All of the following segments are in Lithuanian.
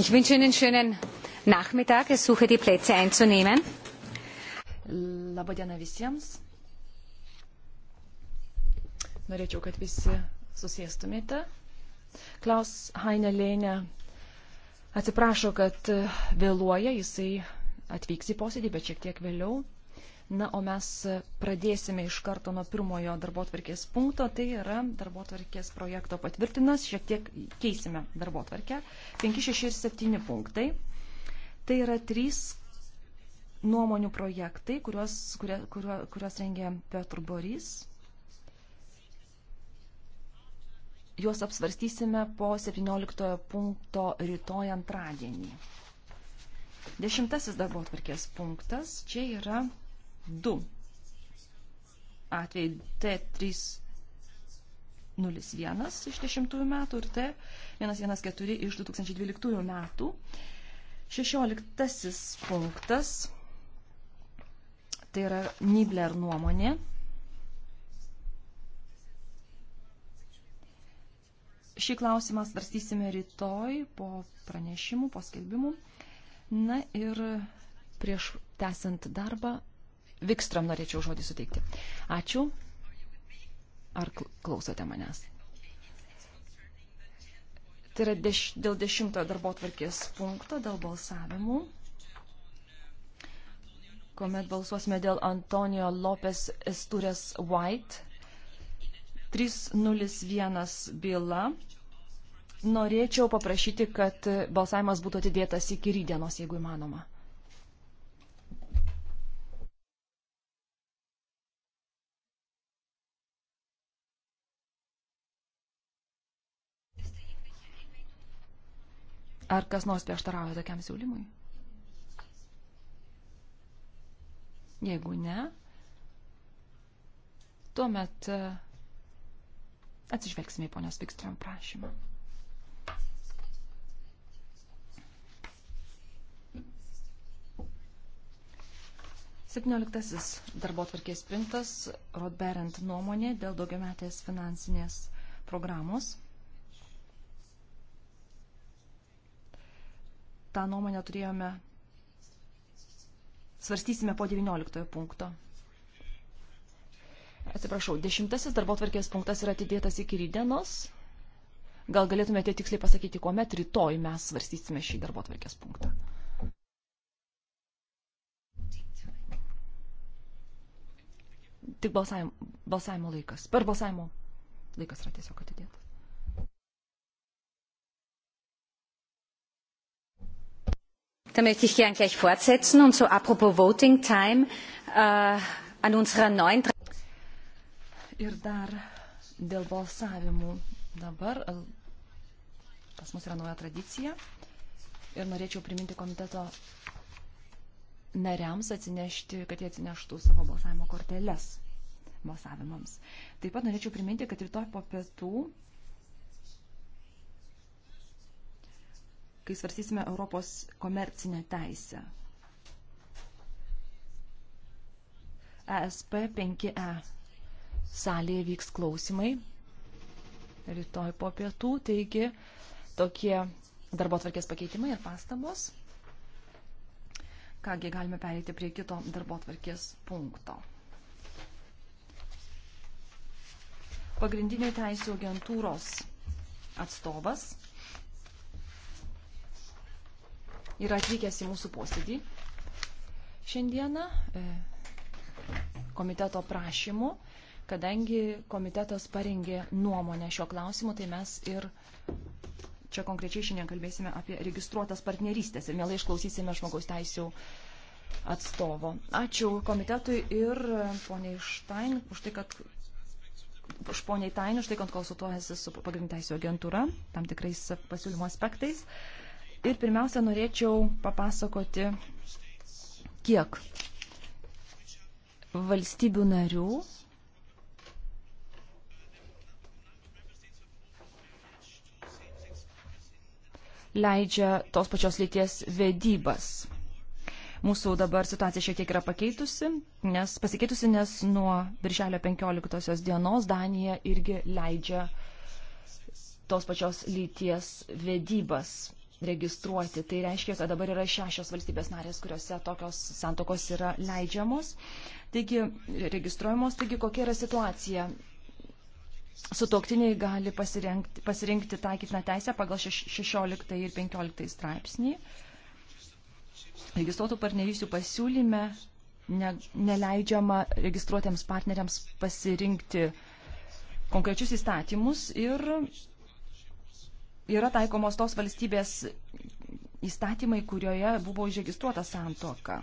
Ich wünsche Ihnen einen schönen Nachmittag. Ich suche die Plätze einzunehmen. Labadiena visiems. Norėčiau, kad visi susėstumėte. Klaus Heinelėne atsiprašo, kad vėluoja, jisai atvyks į posėdį, bet šiek tiek vėliau. Na, o mes pradėsime iš karto nuo pirmojo darbo tvarkės punkto, tai yra darbo tvarkės projekto patvirtinas, šiek tiek keisime darbo tvarkę. 5, 6 ir 7 punktai. Tai yra trys nuomonių projektai, kuriuos, kurie, kurio, kuriuos rengė Petr Borys. Juos apsvarstysime po 17 punkto rytoj antradienį. Dešimtasis darbo tvarkės punktas. Čia yra du atvejai T301 iš 10 metų ir T114 iš 2012 metų. 16 punktas, tai yra Nibler nuomonė. Šį klausimą svarstysime rytoj po pranešimų, po skelbimų. Na ir prieš tęsiant darbą Vikstram norėčiau žodį suteikti. Ačiū. Ar klausote manęs? Tai yra deš, dėl dešimtojo darbo tvarkės punkto, dėl balsavimų, kuomet balsuosime dėl Antonio Lopes Esturės White 301 byla. Norėčiau paprašyti, kad balsavimas būtų atidėtas iki rydienos, jeigu įmanoma. Ar kas nors prieštarauja tokiam siūlymui? Jeigu ne, tuomet e, atsižvelgsime į ponios Vikstrom prašymą. Septynioliktasis darbo tvarkės pintas Rodberent nuomonė dėl daugiametės finansinės programos. tą nuomonę turėjome, svarstysime po 19 punkto. Atsiprašau, dešimtasis darbo tvarkės punktas yra atidėtas iki rydienos. Gal galėtumėte tiksliai pasakyti, kuomet rytoj mes svarstysime šį darbo tvarkės punktą. Tik balsavimo, balsavimo laikas. Per balsavimo laikas yra tiesiog atidėtas. Da möchte ich gern gleich fortsetzen und so apropos Voting Time äh, an unserer neuen. Ir dar dėl balsavimų dabar pas mus yra nauja tradicija ir norėčiau priminti komiteto nariams atsinešti, kad jie atsineštų savo balsavimo korteles balsavimams. Taip pat norėčiau priminti, kad rytoj po pietų kai svarstysime Europos komercinę teisę. ESP 5E salėje vyks klausimai rytoj po pietų, taigi tokie darbo tvarkės pakeitimai ir pastabos. Kągi galime pereiti prie kito darbo tvarkės punkto. Pagrindinių teisų agentūros atstovas yra atvykęs į mūsų posėdį šiandieną e, komiteto prašymu, kadangi komitetas parengė nuomonę šio klausimu, tai mes ir čia konkrečiai šiandien kalbėsime apie registruotas partnerystės ir mielai išklausysime žmogaus teisų atstovo. Ačiū komitetui ir e, poniai Štain už tai, kad už poniai Tain, už tai, kad konsultuojasi su pagrindinė teisų agentūra tam tikrais pasiūlymo aspektais. Ir pirmiausia, norėčiau papasakoti, kiek valstybių narių leidžia tos pačios lyties vedybas. Mūsų dabar situacija šiek tiek yra pakeitusi, nes pasikeitusi, nes nuo birželio 15 dienos Danija irgi leidžia tos pačios lyties vedybas registruoti. Tai reiškia, kad dabar yra šešios valstybės narės, kuriuose tokios santokos yra leidžiamos, taigi registruojamos. Taigi kokia yra situacija? Sutoktiniai gali pasirinkti, pasirinkti taikytiną teisę pagal 16 ir 15 straipsnį. Registruotų partnerysių pasiūlyme ne, neleidžiama registruotiems partneriams pasirinkti konkrečius įstatymus ir yra taikomos tos valstybės įstatymai, kurioje buvo užregistruota santoka.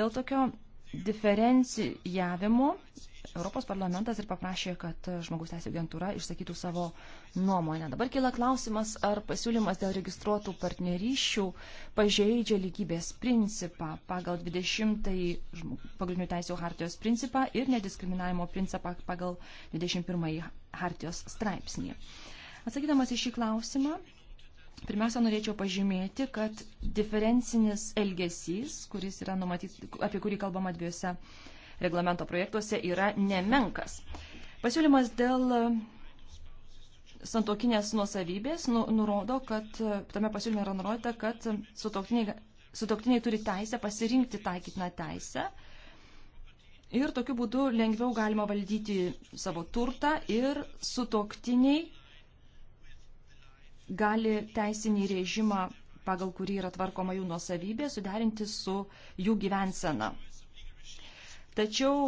Dėl tokio diferencijavimo Europos parlamentas ir paprašė, kad žmogus teisė agentūra išsakytų savo nuomonę. Dabar kyla klausimas, ar pasiūlymas dėl registruotų partnerysčių pažeidžia lygybės principą pagal 20-ąjį pagrindinių teisų hartijos principą ir nediskriminavimo principą pagal 21-ąjį hartijos straipsnį. Uh, Atsakydamas į šį klausimą, pirmiausia, norėčiau pažymėti, kad diferencinis elgesys, kuris yra numatyti, apie kurį kalbama dviejose reglamento projektuose, yra nemenkas. Pasiūlymas dėl santokinės nuosavybės nu, nurodo, kad tame pasiūlyme yra nurodyta, kad sutoktiniai, sutoktiniai turi teisę pasirinkti taikytiną teisę ir tokiu būdu lengviau galima valdyti savo turtą ir sutoktiniai gali teisinį režimą, pagal kurį yra tvarkoma jų nuosavybė, suderinti su jų gyvensena. Tačiau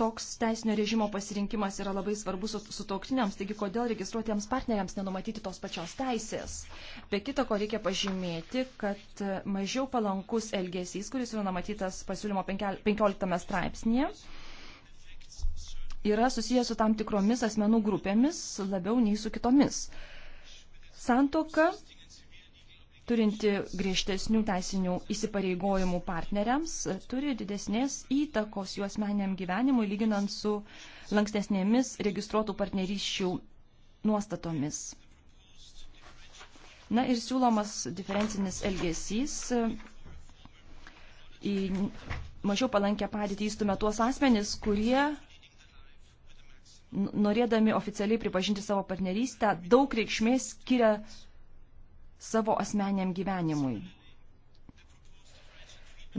toks teisinio režimo pasirinkimas yra labai svarbus sutoktiniams, taigi kodėl registruotiems partneriams nenumatyti tos pačios teisės. Be kita ko reikia pažymėti, kad mažiau palankus elgesys, kuris yra numatytas pasiūlymo 15 straipsnėje, yra susijęs su tam tikromis asmenų grupėmis labiau nei su kitomis. Santoka, turinti griežtesnių teisinių įsipareigojimų partneriams, turi didesnės įtakos jų asmeniam gyvenimui, lyginant su lankstesnėmis registruotų partnerysčių nuostatomis. Na ir siūlomas diferencinis elgesys į mažiau palankę padėtį įstumia tuos asmenys, kurie norėdami oficialiai pripažinti savo partnerystę, daug reikšmės skiria savo asmeniam gyvenimui.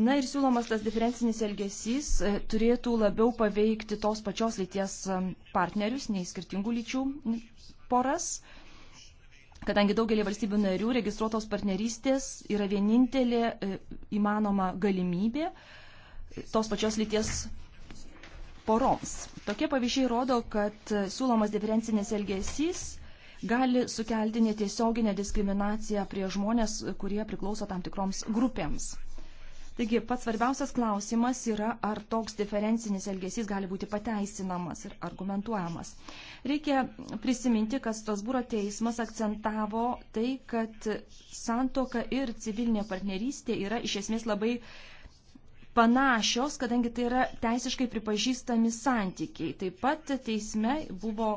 Na ir siūlomas tas diferencinis elgesys e, turėtų labiau paveikti tos pačios lyties e, partnerius, nei skirtingų lyčių poras, kadangi daugelį valstybių narių registruotos partnerystės yra vienintelė e, įmanoma galimybė tos pačios lyties partnerius poroms. Tokie pavyzdžiai rodo, kad siūlomas diferencinis elgesys gali sukelti netiesioginę diskriminaciją prie žmonės, kurie priklauso tam tikroms grupėms. Taigi pats svarbiausias klausimas yra, ar toks diferencinis elgesys gali būti pateisinamas ir argumentuojamas. Reikia prisiminti, kad Strasbūro teismas akcentavo tai, kad santoka ir civilinė partnerystė yra iš esmės labai panašios, kadangi tai yra teisiškai pripažįstami santykiai. Taip pat teisme buvo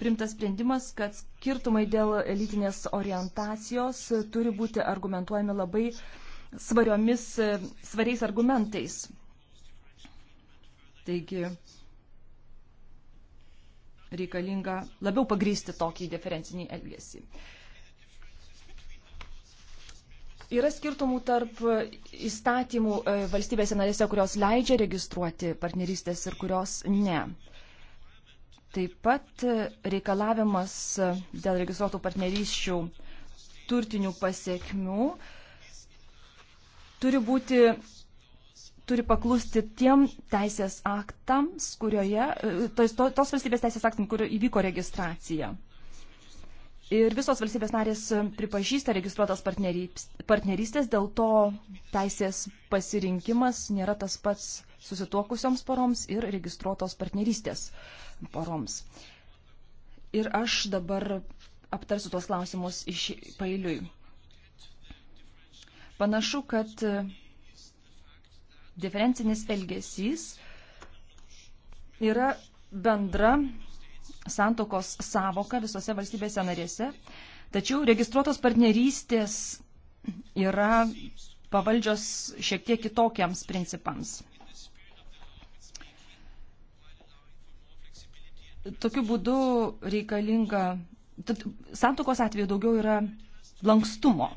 primtas sprendimas, kad skirtumai dėl lytinės orientacijos turi būti argumentuojami labai svariomis, svariais argumentais. Taigi reikalinga labiau pagrysti tokį diferencinį elgesį. Yra skirtumų tarp įstatymų e, valstybėse narėse, kurios leidžia registruoti partnerystės ir kurios ne. Taip pat e, reikalavimas e, dėl registruotų partnerysčių turtinių pasiekmių turi būti turi paklusti tiem teisės aktams, kurioje, tos, tos valstybės teisės aktams, kur įvyko registracija. Ir visos valstybės narės pripažįsta registruotas partnerystės, dėl to teisės pasirinkimas nėra tas pats susituokusioms poroms ir registruotos partnerystės poroms. Ir aš dabar aptarsiu tuos klausimus iš pailiui. Panašu, kad diferencinis elgesys yra bendra santokos savoka visose valstybėse narėse, tačiau registruotos partnerystės yra pavaldžios šiek tiek kitokiams principams. Tokiu būdu reikalinga, santokos atveju daugiau yra lankstumo.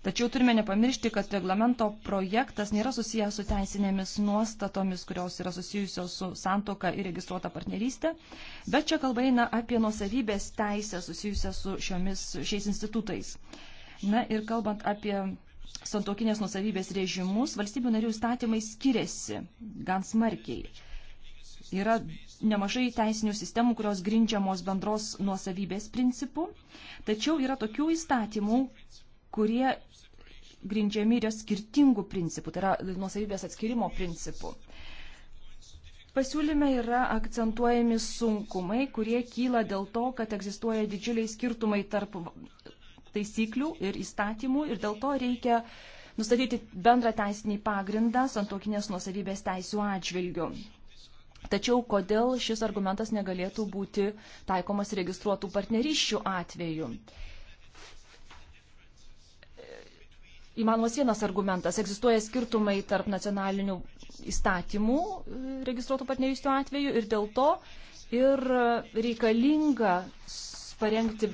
Tačiau turime nepamiršti, kad reglamento projektas nėra susijęs su teisinėmis nuostatomis, kurios yra susijusios su santoka ir registruota partnerystė, bet čia kalba eina apie nuosavybės teisę susijusią su šiomis, šiais institutais. Na ir kalbant apie santokinės nuosavybės režimus, valstybių narių įstatymai skiriasi gan smarkiai. Yra nemažai teisinių sistemų, kurios grindžiamos bendros nuosavybės principu, tačiau yra tokių įstatymų, kurie grindžiami yra skirtingų principų, tai yra nuosavybės atskirimo principų. Pasiūlyme yra akcentuojami sunkumai, kurie kyla dėl to, kad egzistuoja didžiuliai skirtumai tarp taisyklių ir įstatymų ir dėl to reikia nustatyti bendrą teisinį pagrindą santokinės nuosavybės teisų atžvilgių. Tačiau kodėl šis argumentas negalėtų būti taikomas registruotų partnerysčių atveju? įmanomas vienas argumentas. Egzistuoja skirtumai tarp nacionalinių įstatymų e, registruotų partnerystų atveju ir dėl to ir reikalinga parengti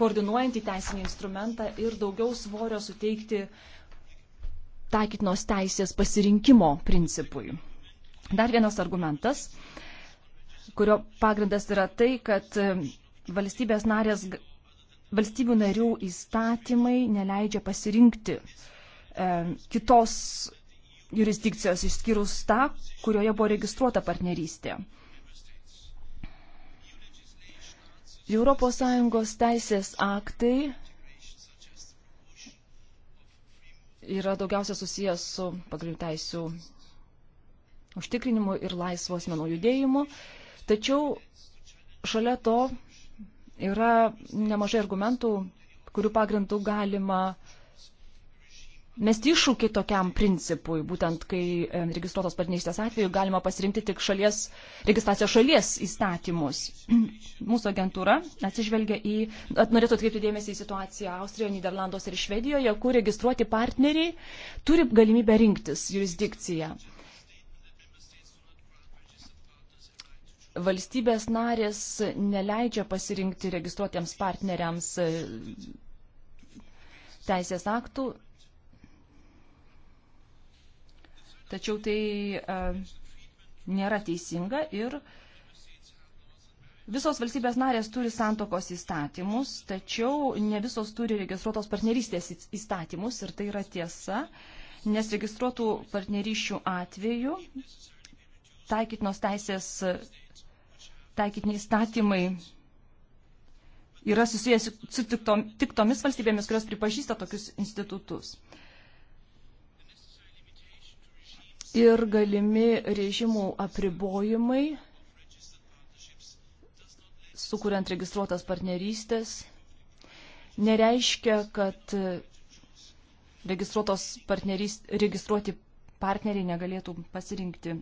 koordinuojantį teisinį instrumentą ir daugiau svorio suteikti taikytinos teisės pasirinkimo principui. Dar vienas argumentas, kurio pagrindas yra tai, kad e, valstybės narės valstybių narių įstatymai neleidžia pasirinkti e, kitos jurisdikcijos išskyrus tą, kurioje buvo registruota partnerystė. ES teisės aktai yra daugiausia susijęs su pagrindinių teisų užtikrinimu ir laisvos menų judėjimu, tačiau šalia to yra nemažai argumentų, kurių pagrindų galima mesti iššūkį tokiam principui, būtent kai e, registruotos partnerystės atveju galima pasirinkti tik šalies, registracijos šalies įstatymus. Mūsų agentūra atsižvelgia į, at, norėtų atkreipti dėmesį į situaciją Austrijoje, Niderlanduose ir Švedijoje, kur registruoti partneriai turi galimybę rinktis jurisdikciją. valstybės narės neleidžia pasirinkti registruotiems partneriams e, teisės aktų, tačiau tai e, nėra teisinga ir visos valstybės narės turi santokos įstatymus, tačiau ne visos turi registruotos partnerystės įstatymus ir tai yra tiesa, nes registruotų partnerysčių atveju taikytinos teisės taikytini įstatymai yra susijęs su tik, tom, tik tomis valstybėmis, kurios pripažįsta tokius institutus. Ir galimi režimų apribojimai, sukuriant registruotas partnerystės, nereiškia, kad registruotos registruoti partneriai negalėtų pasirinkti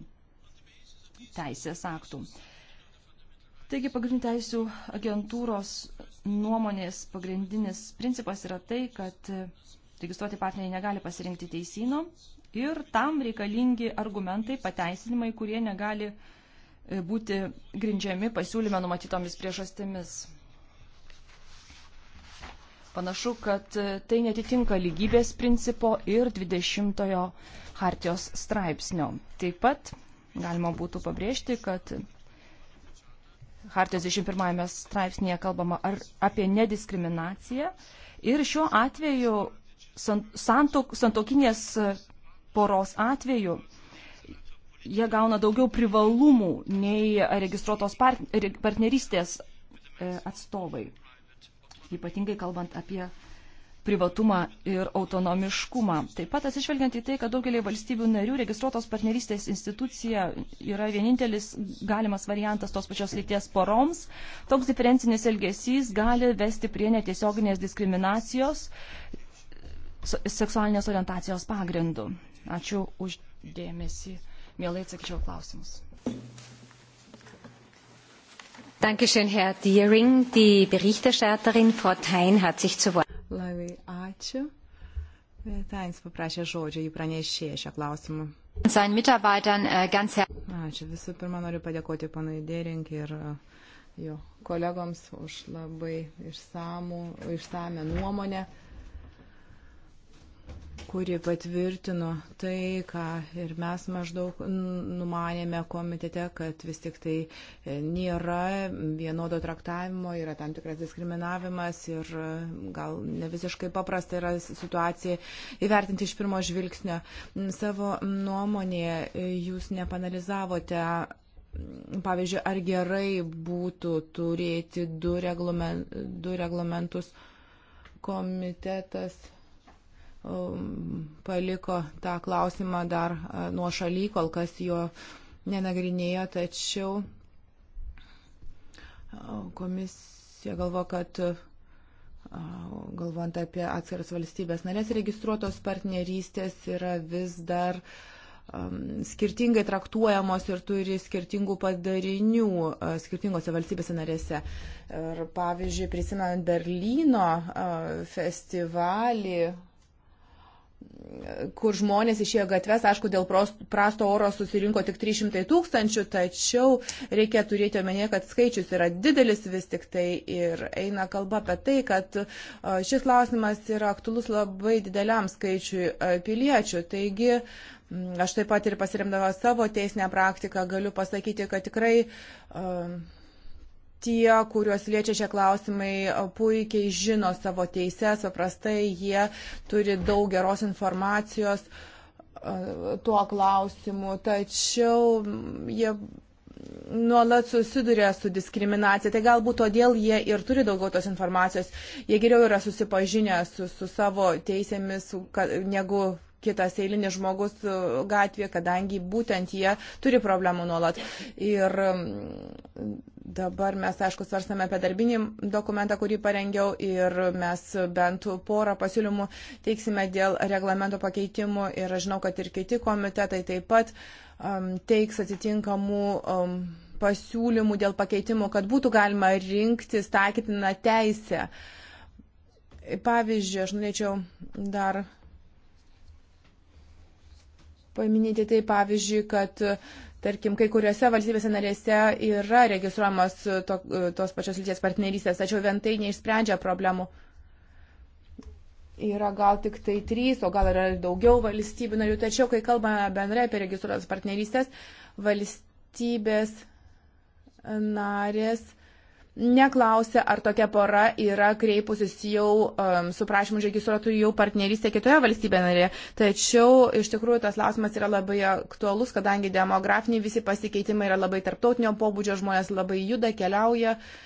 teisės aktų. Taigi pagrindinių teisų agentūros nuomonės pagrindinis principas yra tai, kad registruoti partneriai negali pasirinkti teisino ir tam reikalingi argumentai, pateisinimai, kurie negali e, būti grindžiami pasiūlyme numatytomis priežastimis. Panašu, kad e, tai netitinka lygybės principo ir 20-ojo hartijos straipsnio. Taip pat galima būtų pabrėžti, kad Hartijos 21 straipsnėje kalbama ar, apie nediskriminaciją. Ir šiuo atveju santok, santokinės poros atveju jie gauna daugiau privalumų nei registruotos partnerystės e, atstovai. Ypatingai kalbant apie privatumą ir autonomiškumą. Taip pat atsižvelgiant į tai, kad daugelį valstybių narių registruotos partnerystės institucija yra vienintelis galimas variantas tos pačios lyties poroms, toks diferencinis elgesys gali vesti prie netiesioginės diskriminacijos seksualinės orientacijos pagrindų. Ačiū už dėmesį. Mielai atsakyčiau klausimus. Dankeschön, Herr Diering. Die Berichterstatterin Frau Thein hat sich zu Wort. Labai ačiū. E, Tains paprašė žodžio, jį pranešė šią klausimą. Äh, ačiū. Visų pirma, noriu padėkoti panai Dėrink ir e, jo kolegoms už labai išsamų, išsamę nuomonę. Uh, kuri patvirtino tai, ką ir mes maždaug numanėme komitete, kad vis tik tai e, nėra vienodo traktavimo, yra tam tikras diskriminavimas ir e, gal ne visiškai paprasta yra situacija įvertinti iš pirmo žvilgsnio. Savo nuomonėje jūs nepanalizavote pavyzdžiui, ar gerai būtų turėti du, reglamen, du reglamentus komitetas Um, paliko tą klausimą dar nuo šaly, kol kas jo nenagrinėjo, tačiau komisija galvo, kad galvant apie atskiras valstybės narės registruotos partnerystės yra vis dar um, skirtingai traktuojamos ir turi skirtingų padarinių uh, skirtingose valstybėse narėse. Ir pavyzdžiui, prisimant Berlyno uh, festivalį, kur žmonės išėjo gatves, aišku, dėl prasto oro susirinko tik 300 tūkstančių, tačiau reikia turėti omenyje, kad skaičius yra didelis vis tik tai ir eina kalba apie tai, kad šis klausimas yra aktuolus labai dideliam skaičiui piliečių. Taigi, aš taip pat ir pasiremdama savo teisinę praktiką galiu pasakyti, kad tikrai uh, tie, kuriuos liečia šie klausimai, puikiai žino savo teises, paprastai jie turi daug geros informacijos e, tuo klausimu, tačiau jie nuolat susiduria su diskriminacija, tai galbūt todėl jie ir turi daugiau tos informacijos, jie geriau yra susipažinę su, su savo teisėmis, su, ka, negu kitas eilinis žmogus e, gatvėje, kadangi būtent jie turi problemų nuolat. Ir Dabar mes, aišku, svarstame apie darbinį dokumentą, kurį parengiau ir mes bent porą pasiūlymų teiksime dėl reglamento pakeitimų ir aš žinau, kad ir kiti komitetai taip pat um, teiks atitinkamų um, pasiūlymų dėl pakeitimų, kad būtų galima rinktis taikytiną teisę. Pavyzdžiui, aš norėčiau dar paminėti tai pavyzdžiui, kad Tarkim, kai kuriuose valstybėse narėse yra registruojamos to, tos pačios lyties partnerystės, tačiau vien tai neišsprendžia problemų. Yra gal tik tai trys, o gal yra ir daugiau valstybių narių, tačiau kai kalbame bendrai apie registruotas partnerystės, valstybės narės neklausė, ar tokia pora yra kreipusis jau um, su prašymu užregistruotų jau partnerystė kitoje valstybėje narėje. Tačiau iš tikrųjų tas klausimas yra labai aktualus, kadangi demografiniai visi pasikeitimai yra labai tarptautinio pobūdžio, žmonės labai juda, keliauja. Uh,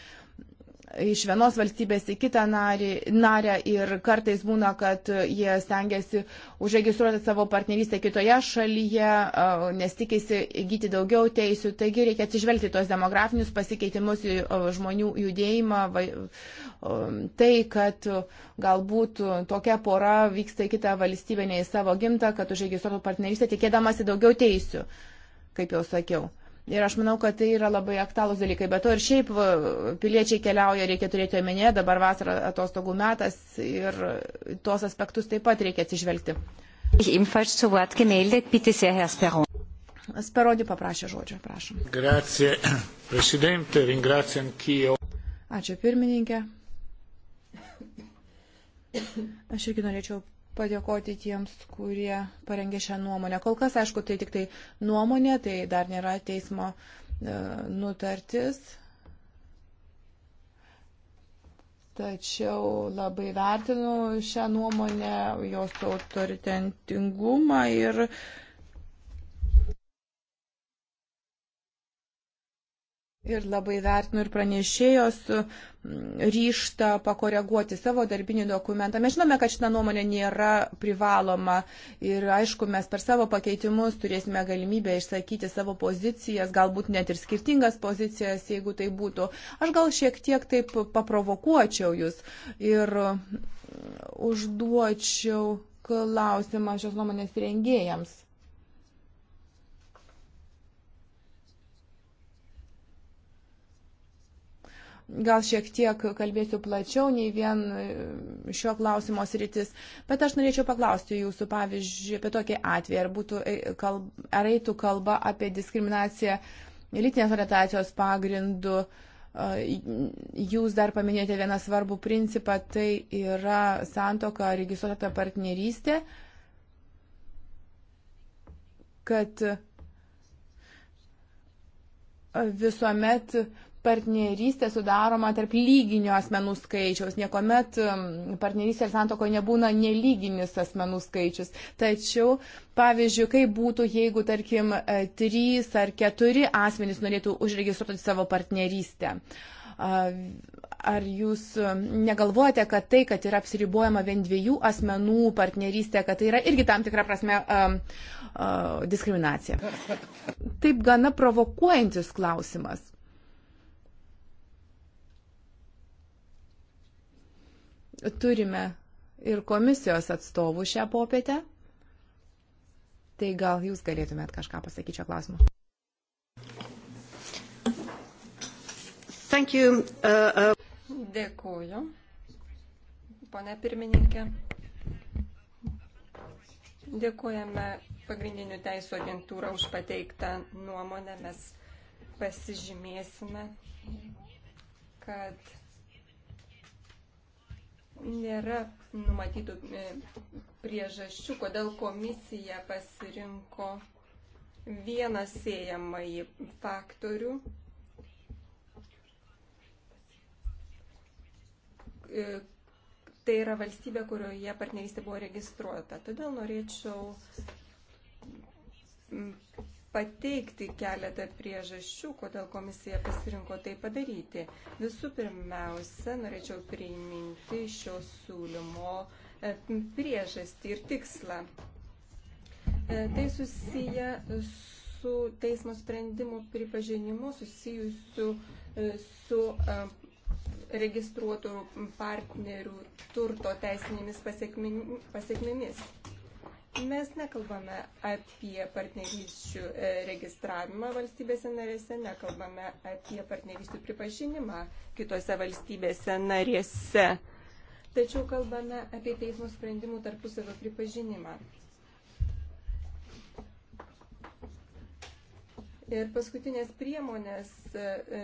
iš vienos valstybės į kitą narį, narę ir kartais būna, kad jie stengiasi užregistruoti savo partnerystę kitoje šalyje, nes tikisi įgyti daugiau teisių. Taigi reikia atsižvelgti tos demografinius pasikeitimus į žmonių judėjimą. Tai, kad galbūt tokia pora vyksta į kitą valstybę, ne į savo gimtą, kad užregistruotų partnerystę, tikėdamasi daugiau teisių, kaip jau sakiau. Ir aš manau, kad tai yra labai aktualūs dalykai. Bet to ir šiaip piliečiai keliauja, reikia turėti omenyje, dabar vasara atostogų metas ir tuos aspektus taip pat reikia atsižvelgti. Sperodi paprašė žodžio, prašom. Grazie, prezidente, ringrazie anch'io. Ačiū pirmininkė. Aš irgi norėčiau padėkoti tiems, kurie parengė šią nuomonę. Kol kas, aišku, tai tik tai nuomonė, tai dar nėra teismo e, nutartis. Tačiau labai vertinu šią nuomonę, jos autoritentingumą ir uh, Ir labai vertinu ir pranešėjos mm, ryštą pakoreguoti savo darbinį dokumentą. Mes žinome, kad šita nuomonė nėra privaloma ir aišku, mes per savo pakeitimus turėsime galimybę išsakyti savo pozicijas, galbūt net ir skirtingas pozicijas, jeigu tai būtų. Aš gal šiek tiek taip paprovokuočiau jūs ir mm, užduočiau klausimą šios nuomonės rengėjams. Gal šiek tiek kalbėsiu plačiau nei vien e, šio klausimo sritis, bet aš norėčiau paklausti jūsų, pavyzdžiui, apie tokį atvejį, ar, būtų, e, ar eitų kalba apie diskriminaciją lytinės orientacijos pagrindų. E, jūs dar paminėjote vieną svarbų principą, tai yra santoka registruota partnerystė, kad visuomet uh, partnerystė sudaroma tarp lyginio asmenų skaičiaus. Niekuomet um, partnerystė ir santokoje nebūna nelyginis asmenų skaičius. Tačiau, pavyzdžiui, kaip būtų, jeigu, tarkim, e, trys ar keturi asmenys norėtų užregistruoti savo partnerystę. Ar jūs um, negalvojate, kad tai, kad yra apsiribuojama vien dviejų asmenų partnerystė, kad tai yra irgi tam tikra prasme um, uh, diskriminacija? Taip gana provokuojantis klausimas. turime ir komisijos atstovų šią popietę. Tai gal jūs galėtumėt kažką pasakyti šio klausimu. Uh, uh... Dėkuoju, ponė pirmininkė. Dėkojame pagrindinių teisų agentūrą už pateiktą nuomonę. Mes pasižymėsime, kad nėra numatytų e, priežasčių, kodėl komisija pasirinko vieną siejamąjį faktorių, e, tai yra valstybė, kurioje partnerystė buvo registruota. Todėl norėčiau pateikti keletą priežasčių, kodėl komisija pasirinko tai padaryti. Visų pirmiausia, norėčiau priminti šio siūlymo e, priežastį ir tikslą. E, tai susiję su teismo sprendimu pripažinimu susijusiu e, su registruotų partnerių turto teisinėmis pasiekmėmis. Mes nekalbame apie partnerysčių e, registravimą valstybėse narėse, nekalbame apie partnerysčių pripažinimą kitose valstybėse narėse, tačiau kalbame apie teismo sprendimų tarpusavio pripažinimą. Ir paskutinės priemonės e, e,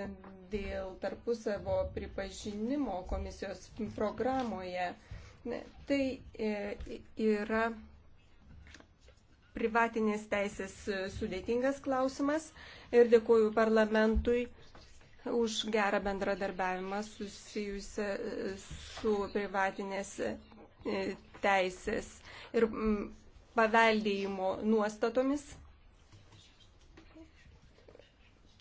dėl tarpusavo pripažinimo komisijos programoje. Tai yra privatinės teisės e, sudėtingas klausimas ir dėkuoju parlamentui už gerą bendradarbiavimą susijusią e, su privatinės e, teisės ir paveldėjimo nuostatomis,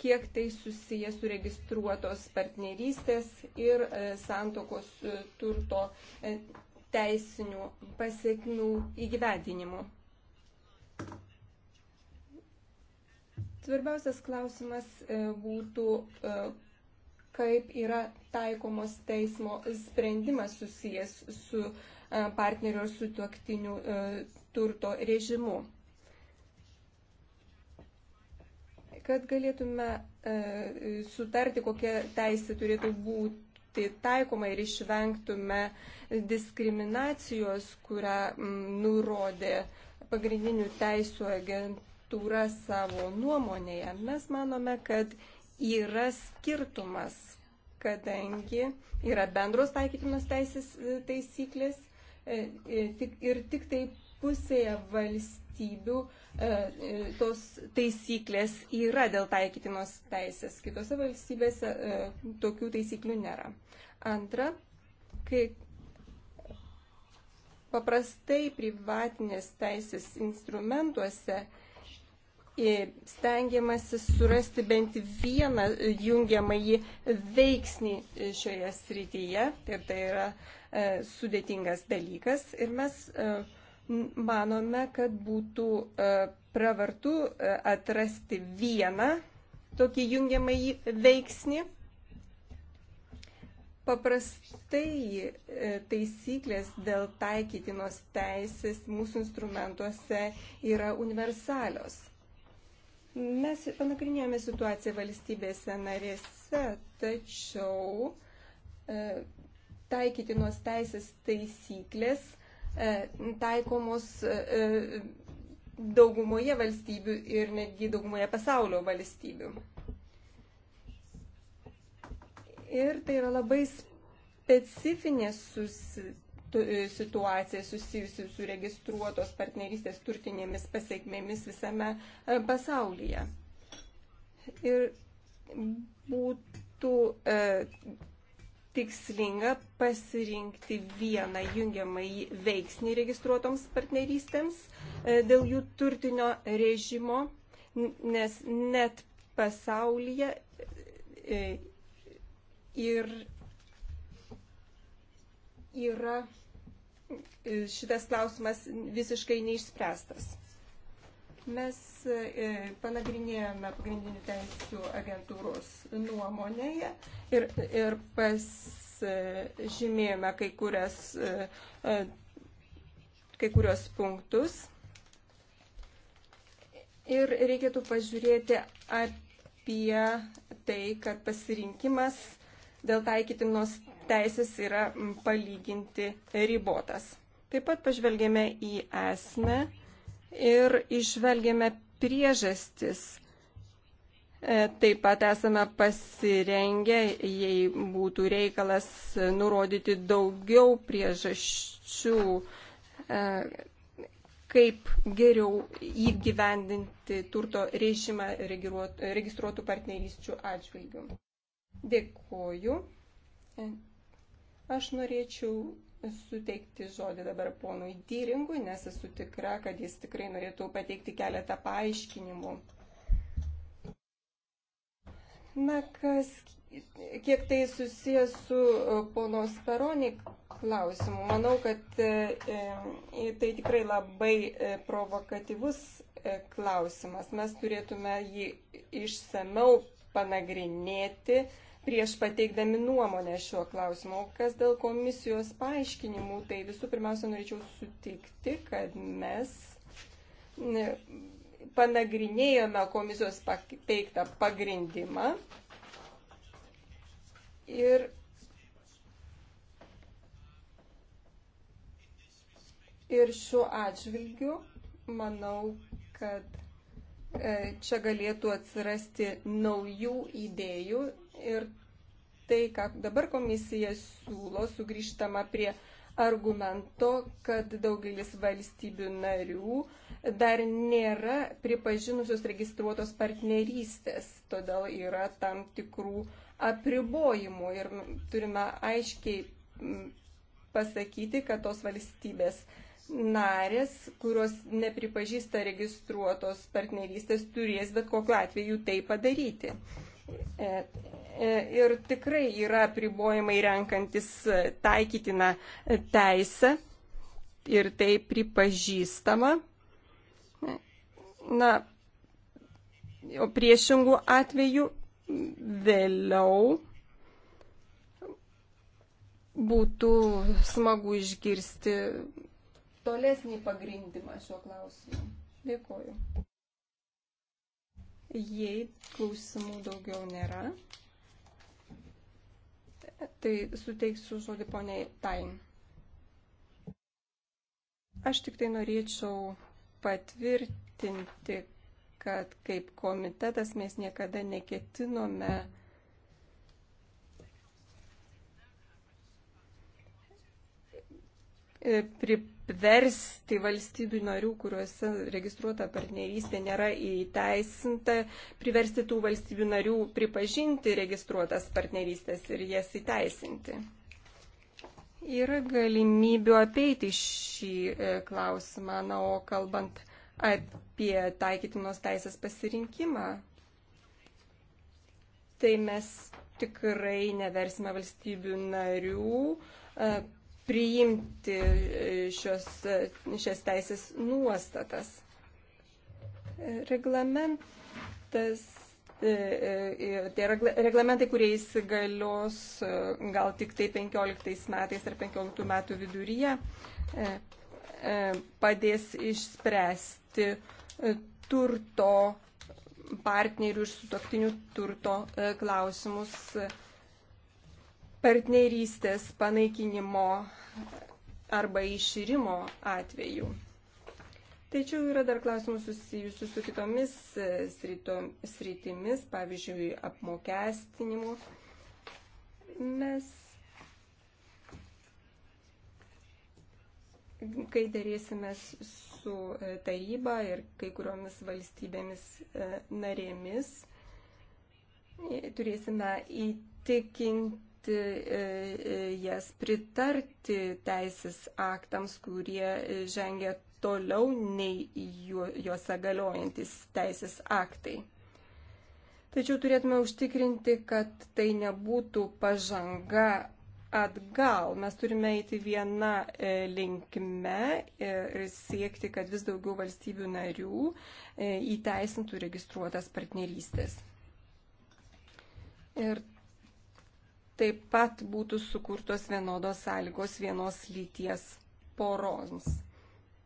kiek tai susiję su registruotos partnerystės ir santokos turto teisinių pasiekmių įgyvendinimu. Svarbiausias klausimas e, būtų, e, kaip yra taikomos teismo sprendimas susijęs su e, partnerio ir su tuoktiniu turto režimu. Kad galėtume sutarti, kokia teisė turėtų būti tai taikoma ir išvengtume diskriminacijos, kurią nurodė pagrindinių teisų agentūra savo nuomonėje, mes manome, kad yra skirtumas, kadangi yra bendros taikytinos teisės e, taisyklės e, e, ir tik tai pusėje valstybių tos taisyklės yra dėl taikytinos teisės. Kitose valstybėse tokių taisyklių nėra. Antra, kai Paprastai privatinės teisės instrumentuose stengiamasi surasti bent vieną jungiamąjį veiksnį šioje srityje ir tai yra e, sudėtingas dalykas ir mes e, manome, kad būtų e, pravartu atrasti vieną tokį jungiamąjį veiksnį Paprastai e, taisyklės dėl taikytinos teisės mūsų instrumentuose yra universalios. Mes panagrinėjome situaciją valstybėse narėse, tačiau e, taikytinos teisės taisyklės e, taikomos daugumoje valstybių ir netgi daugumoje pasaulio valstybių. Ir tai yra labai specifinė susi, tu, situacija susijusi su registruotos partnerystės turtinėmis pasiekmėmis visame e, pasaulyje. Ir būtų e, tikslinga pasirinkti vieną jungiamąjį veiksnį registruotoms partnerystėms e, dėl jų turtinio režimo, nes net pasaulyje e, ir yra e, šitas klausimas visiškai neišspręstas. Mes e, panagrinėjome pagrindinių teisų agentūros nuomonėje ir, ir pasižymėjome kai, kurias, e, kai kurios punktus. Ir reikėtų pažiūrėti apie tai, kad pasirinkimas dėl taikytinos teisės yra palyginti ribotas. Taip pat pažvelgėme į esmę ir išvelgėme priežastis. E, taip pat esame pasirengę, jei būtų reikalas, nurodyti daugiau priežasčių, e, kaip geriau įgyvendinti turto režimą registruotų partnerysčių atžvilgių. Dėkoju. E, aš norėčiau suteikti žodį dabar ponui Dyringui, nes esu tikra, kad jis tikrai norėtų pateikti keletą paaiškinimų. Na, kas, kiek tai susijęs su e, pono Speroni klausimu, manau, kad e, tai tikrai labai provokatyvus klausimas. Mes turėtume jį išsameu panagrinėti prieš pateikdami nuomonę šiuo klausimu. Kas dėl komisijos paaiškinimų, tai visų pirmiausia norėčiau sutikti, kad mes panagrinėjome komisijos pateiktą pagrindimą ir Ir šiuo atžvilgiu manau, kad e, čia galėtų atsirasti naujų idėjų ir tai, ką dabar komisija siūlo, sugrįžtama prie argumento, kad daugelis valstybių narių dar nėra pripažinusios registruotos partnerystės, todėl yra tam tikrų apribojimų ir turime aiškiai pasakyti, kad tos valstybės narės, kurios nepripažįsta registruotos partnerystės, turės bet kokiu atveju tai padaryti. E, E, ir tikrai yra pribojimai renkantis e, taikytiną e, teisę ir tai pripažįstama. Na, o priešingų atvejų vėliau būtų smagu išgirsti tolesnį pagrindimą šiuo klausimu. Dėkoju. Jei klausimų daugiau nėra tai suteiksiu žodį poniai Tain. Aš tik tai norėčiau patvirtinti, kad kaip komitetas mes niekada neketinome e, pri, versti valstybių narių, kuriuose registruota partnerystė nėra įteisinta, priversti tų valstybių narių pripažinti registruotas partnerystės ir jas įteisinti. Yra galimybių apeiti šį e, klausimą, na, o kalbant apie taikytinos teisės pasirinkimą, tai mes tikrai neversime valstybių narių e, priimti e, šios, e, šias teisės nuostatas. Reglamentas, e, tie reglamentai, kuriais galios gal tik tai 15 metais ar 15 metų viduryje, padės išspręsti turto partnerių ir sutoktinių turto klausimus partnerystės panaikinimo arba iširimo atveju. Tačiau yra dar klausimų susijusių su kitomis e, sritimis, pavyzdžiui, apmokestinimu. Mes, kai dėrėsimės su e, taryba ir kai kuriomis valstybėmis e, narėmis, turėsime įtikinti E, e, jas pritarti teisės aktams, kurie e, žengia toliau nei juose galiojantis teisės aktai. Tačiau turėtume užtikrinti, kad tai nebūtų pažanga atgal. Mes turime eiti vieną linkme ir siekti, kad vis daugiau valstybių narių įteisintų registruotas partnerystės. Ir taip pat būtų sukurtos vienodos sąlygos vienos lyties poroms.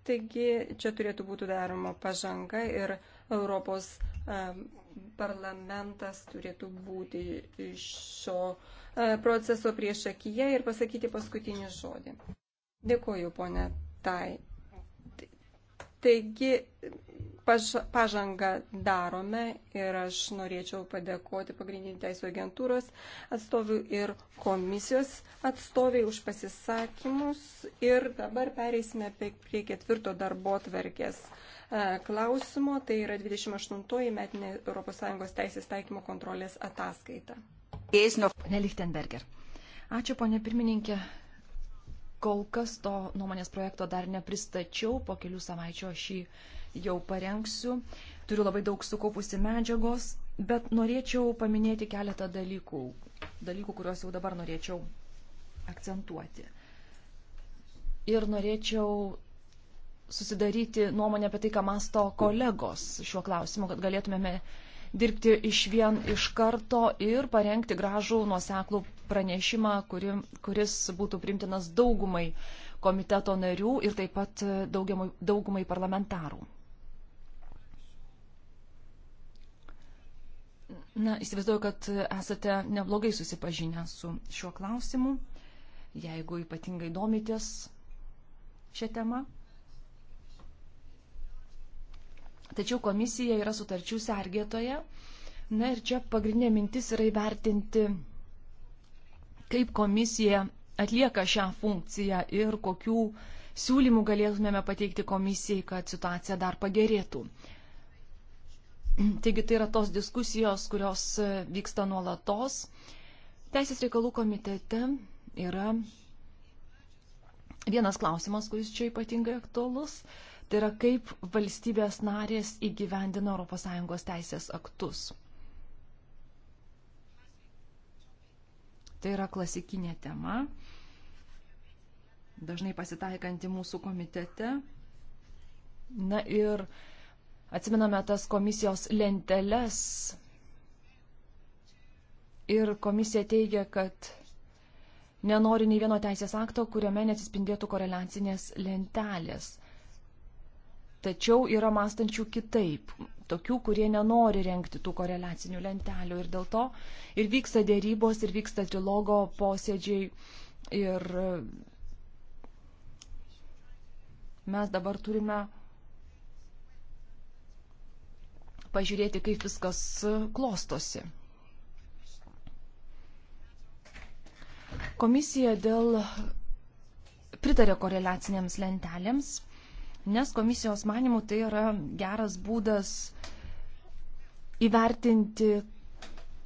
Taigi čia turėtų būti daroma pažanga ir Europos parlamentas turėtų būti šio e, proceso prieš akiją ir pasakyti paskutinį žodį. Dėkuoju, ponė Tai. Taigi pažangą darome ir aš norėčiau padėkoti pagrindinį teisų agentūros atstovui ir komisijos atstoviai už pasisakymus. Ir dabar pereisime prie ketvirto darbo tvarkės e, klausimo, tai yra 28 metinė ES teisės taikymo kontrolės ataskaita. Pane Lichtenberger. Ačiū, ponė pirmininkė. Kol kas to nuomonės projekto dar nepristačiau, po kelių savaičių aš jį šį jau parengsiu. Turiu labai daug sukaupusi medžiagos, bet norėčiau paminėti keletą dalykų, dalykų, kuriuos jau dabar norėčiau akcentuoti. Ir norėčiau susidaryti nuomonę apie tai, ką masto kolegos šiuo klausimu, kad galėtumėme dirbti iš vien iš karto ir parengti gražų nuoseklų pranešimą, kuri, kuris būtų primtinas daugumai komiteto narių ir taip pat daugumai, daugumai parlamentarų. Na, įsivaizduoju, kad esate neblogai susipažinę su šiuo klausimu, jeigu ypatingai domitės šią temą. Tačiau komisija yra sutarčių sergėtoje. Na ir čia pagrindinė mintis yra įvertinti, kaip komisija atlieka šią funkciją ir kokių siūlymų galėtumėme pateikti komisijai, kad situacija dar pagerėtų. Taigi tai yra tos diskusijos, kurios e, vyksta nuolatos. Teisės reikalų komitete yra vienas klausimas, kuris čia ypatingai aktuolus. Tai yra kaip valstybės narės įgyvendina ES teisės aktus. Tai yra klasikinė tema, dažnai pasitaikanti mūsų komitete. Na ir uh, Atsiminame tas komisijos lenteles ir komisija teigia, kad nenori nei vieno teisės akto, kuriame nesispindėtų koreliacinės lentelės. Tačiau yra mąstančių kitaip, tokių, kurie nenori renkti tų koreliacinių lentelių ir dėl to ir vyksta dėrybos, ir vyksta trilogo posėdžiai ir mes dabar turime pažiūrėti, kaip viskas klostosi. Komisija dėl pritarė koreliacinėms lentelėms, nes komisijos manimų tai yra geras būdas įvertinti,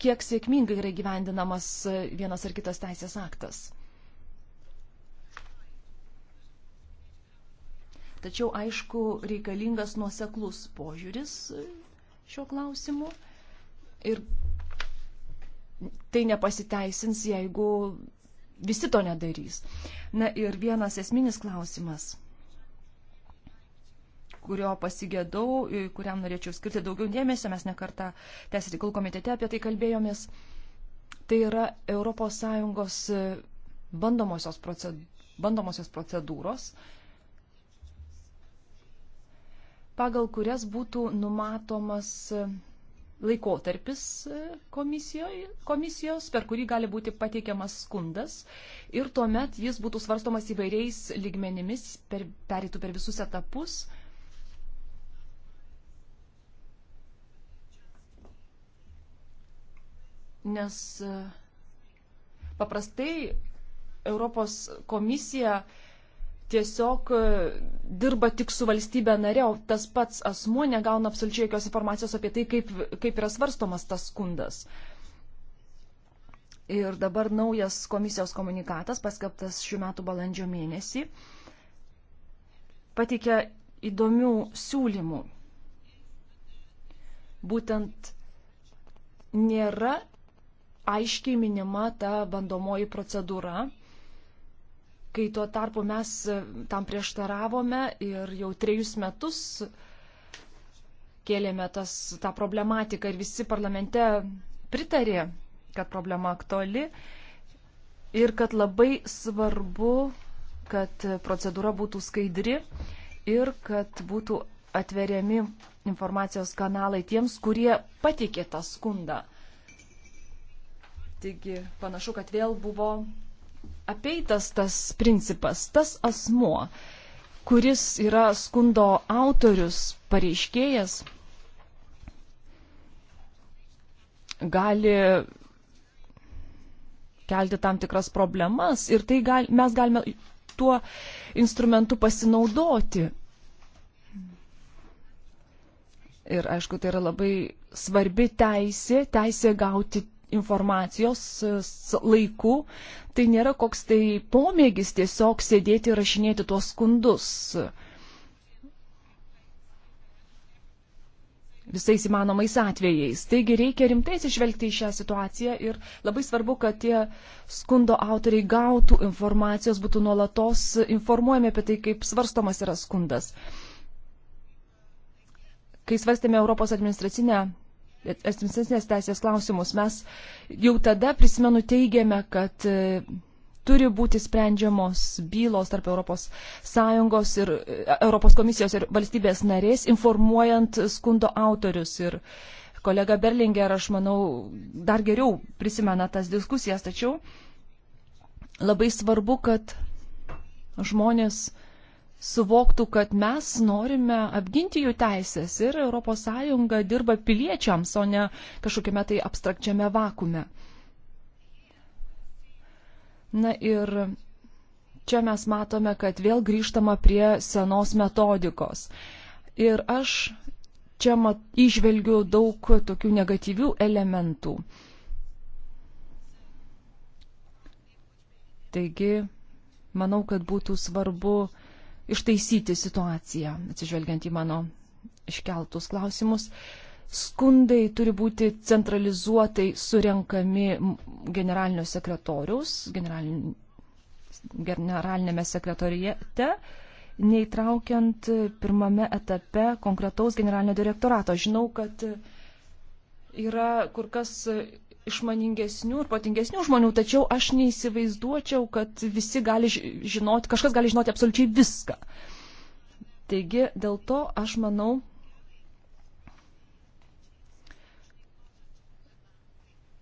kiek sėkmingai yra gyvendinamas vienas ar kitas teisės aktas. Tačiau, aišku, reikalingas nuoseklus požiūris šiuo klausimu. Ir tai nepasiteisins, jeigu visi to nedarys. Na ir vienas esminis klausimas, kurio pasigėdau, kuriam norėčiau skirti daugiau dėmesio, mes nekartą Teisės reikalų komitete apie tai kalbėjomės, tai yra ES bandomosios, proced... bandomosios procedūros, pagal kurias būtų numatomas e, laikotarpis e, komisijos, per kurį gali būti pateikiamas skundas ir tuomet jis būtų svarstomas įvairiais lygmenimis, per, perėtų per visus etapus. Nes e, paprastai Europos komisija uh, tiesiog e, dirba tik su valstybė narė, o tas pats asmuo negauna absoliučiai jokios informacijos apie tai, kaip, kaip yra svarstomas tas skundas. Ir dabar naujas komisijos komunikatas, paskelbtas šių metų balandžio mėnesį, pateikia įdomių siūlymų. Būtent nėra aiškiai minima ta bandomoji procedūra, kai tuo tarpu mes e, tam prieštaravome ir jau trejus metus kėlėme tas, tą problematiką ir visi parlamente pritarė, kad problema aktuali ir kad labai svarbu, kad procedūra būtų skaidri ir kad būtų atveriami informacijos kanalai tiems, kurie patikė tą skundą. Taigi panašu, kad vėl buvo apeitas tas principas, tas asmuo, kuris yra skundo autorius, pareiškėjas, gali kelti tam tikras problemas ir tai gal, mes galime tuo instrumentu pasinaudoti. Ir aišku, tai yra labai svarbi teisė, teisė gauti informacijos laiku, tai nėra koks tai pomėgis tiesiog sėdėti ir rašinėti tuos skundus. visais įmanomais atvejais. Taigi reikia rimtai atsižvelgti į šią situaciją ir labai svarbu, kad tie skundo autoriai gautų informacijos, būtų nuolatos informuojami apie tai, kaip svarstomas yra skundas. Kai svarstėme Europos administracinę administracinės teisės klausimus, mes jau tada, prisimenu, teigėme, kad e, turi būti sprendžiamos bylos tarp ES ir ES komisijos ir valstybės narės, informuojant skundo autorius. Ir kolega Berlinger, aš manau, dar geriau prisimena tas diskusijas, tačiau labai svarbu, kad žmonės suvoktų, kad mes norime apginti jų teisės ir ES dirba piliečiams, o ne kažkokiame tai abstrakčiame vakume. Na ir čia mes matome, kad vėl grįžtama prie senos metodikos. Ir aš čia mat, išvelgiu daug tokių negatyvių elementų. Taigi, manau, kad būtų svarbu uh, ištaisyti situaciją, atsižvelgiant į mano iškeltus klausimus. Skundai turi būti centralizuotai surenkami generalinio sekretoriaus, generalin, generalinėme sekretorijete, neįtraukiant pirmame etape konkretaus generalinio direktorato. Žinau, kad yra kur kas išmaningesnių ir patingesnių žmonių, tačiau aš neįsivaizduočiau, kad visi gali žinoti, kažkas gali žinoti absoliučiai viską. Taigi dėl to aš manau,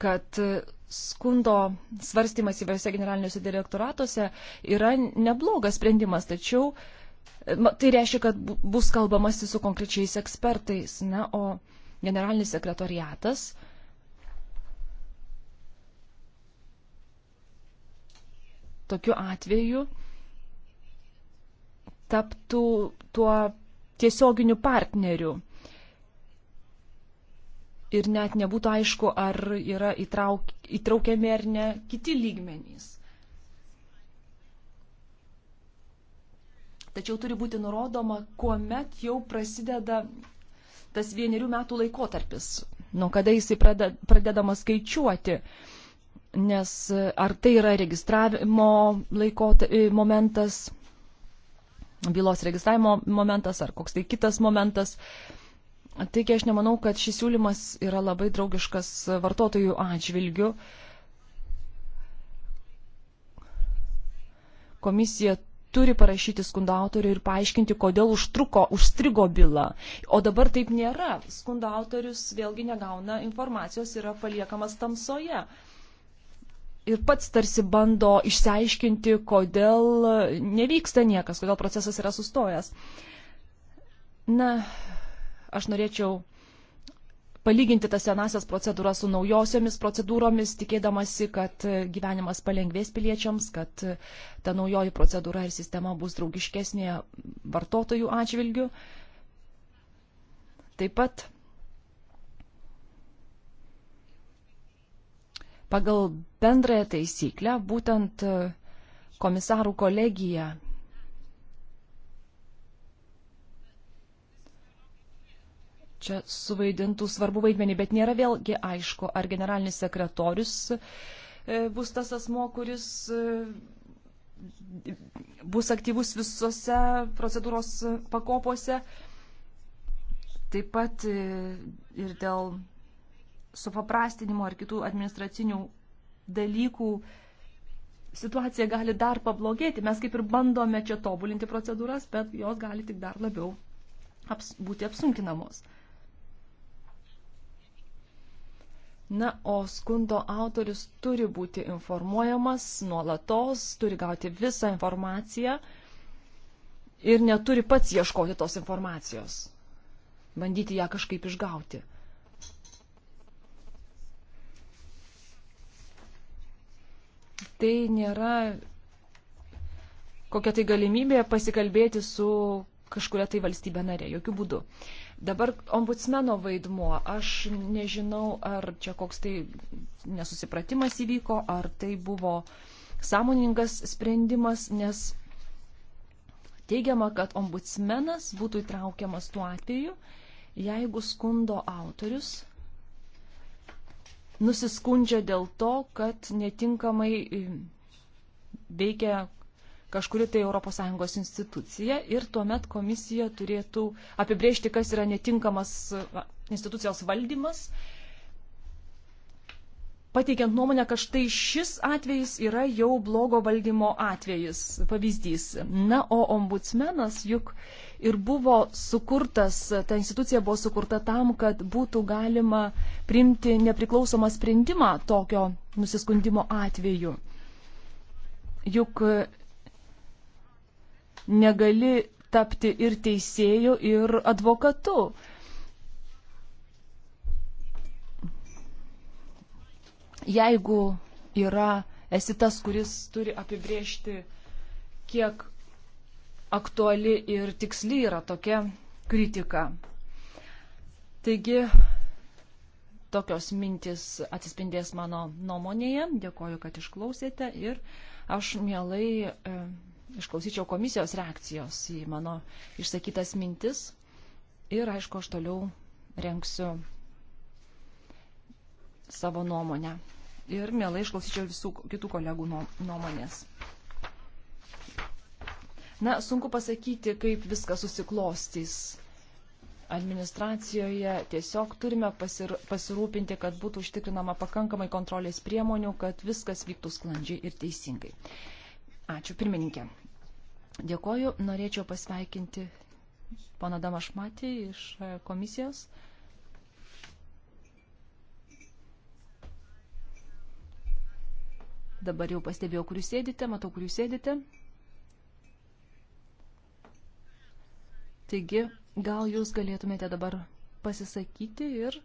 kad skundo svarstymas įvairiose generaliniuose direktoratuose yra neblogas sprendimas, tačiau tai reiškia, kad bus kalbamasi su konkrečiais ekspertais, na, o generalinis sekretoriatas uh, tokiu atveju taptų tuo tiesioginiu partneriu. Ir net nebūtų aišku, ar yra įtrauk, įtraukiami ar ne kiti lygmenys. Tačiau turi būti nurodoma, kuomet jau prasideda tas vienerių metų laikotarpis, nuo kada jisai pradeda, pradedamas skaičiuoti. Uh, nes e, ar tai yra registravimo laiko e, momentas, bylos registravimo momentas ar koks tai kitas momentas. Taigi aš nemanau, kad šis siūlymas yra labai draugiškas vartotojų atžvilgių. Komisija turi parašyti skundo autoriui ir paaiškinti, kodėl užtruko, užstrigo byla. O dabar taip nėra. Skundo autorius vėlgi negauna informacijos, yra paliekamas tamsoje ir pats tarsi bando išsiaiškinti, kodėl nevyksta niekas, kodėl procesas yra sustojęs. Na, aš norėčiau palyginti tas senasias procedūras su naujosiomis procedūromis, tikėdamasi, kad gyvenimas palengvės piliečiams, kad ta naujoji procedūra ir sistema bus draugiškesnė vartotojų atžvilgių. Taip pat Pagal bendrąją taisyklę būtent e, komisarų kolegija čia suvaidintų svarbu vaidmenį, bet nėra vėlgi aišku, ar generalinis sekretorius e, bus tas asmo, kuris e, bus aktyvus visose procedūros pakopose. Taip pat ir dėl supaprastinimo ar kitų administracinių dalykų situacija gali dar pablogėti. Mes kaip ir bandome čia tobulinti procedūras, bet jos gali tik dar labiau aps, būti apsunkinamos. Na, o skundo autoris turi būti informuojamas nuolatos, turi gauti visą informaciją ir neturi pats ieškoti tos informacijos, bandyti ją kažkaip išgauti. tai nėra kokia tai galimybė pasikalbėti su kažkuria tai valstybė narė, jokių būdų. Dabar ombudsmeno vaidmuo, aš nežinau, ar čia koks tai nesusipratimas įvyko, ar tai buvo sąmoningas sprendimas, nes teigiama, kad ombudsmenas būtų įtraukiamas tuo atveju, jeigu skundo autorius nusiskundžia dėl to, kad netinkamai e, veikia kažkuri tai ES institucija ir tuomet komisija turėtų apibrėžti, kas yra netinkamas e, institucijos valdymas pateikiant nuomonę, kad štai šis atvejis yra jau blogo valdymo atvejis, pavyzdys. Na, o ombudsmenas juk ir buvo sukurtas, ta institucija buvo sukurta tam, kad būtų galima priimti nepriklausomą sprendimą tokio nusiskundimo atveju. Juk negali tapti ir teisėju, ir advokatu. jeigu yra, esi tas, kuris turi apibriežti, kiek aktuali ir tiksli yra tokia kritika. Taigi, tokios mintis atsispindės mano nuomonėje. Dėkoju, kad išklausėte ir aš mielai e, išklausyčiau komisijos reakcijos į mano išsakytas mintis. Ir aišku, aš toliau renksiu savo nuomonę ir mielai išklausyčiau visų kitų kolegų nuomonės. Na, sunku pasakyti, kaip viskas susiklostys administracijoje. Tiesiog turime pasirūpinti, kad būtų užtikrinama pakankamai kontrolės priemonių, kad viskas vyktų sklandžiai ir teisingai. Ačiū, pirmininkė. Dėkoju, norėčiau pasveikinti pana Damašmatį iš e, komisijos. Dabar jau pastebėjau, kur jūs sėdite, matau, kur jūs sėdite. Taigi, gal jūs galėtumėte dabar pasisakyti ir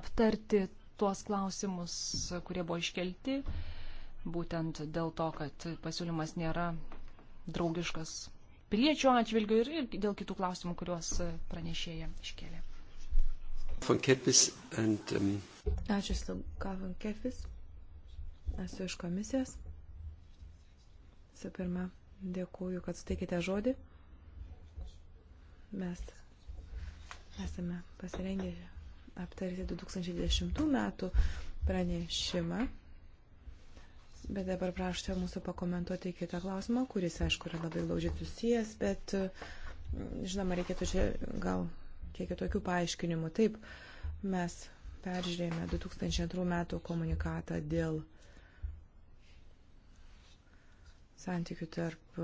aptarti tuos klausimus, kurie buvo iškelti, būtent dėl to, kad pasiūlymas nėra draugiškas piliečių atžvilgių ir, ir dėl kitų klausimų, kuriuos pranešėja iškėlė. Um, Ačiū, Slaukavan Kefis. Esu iš komisijos. Visų pirma, dėkuoju, kad suteikite žodį. Mes esame pasirengę aptarti 2010 metų pranešimą. Bet dabar prašau mūsų pakomentuoti kitą klausimą, kuris, aišku, yra labai glaudžiai susijęs, bet, žinoma, reikėtų čia gal kiek kitokių paaiškinimų. Taip, mes peržiūrėjome 2002 metų komunikatą dėl santykių tarp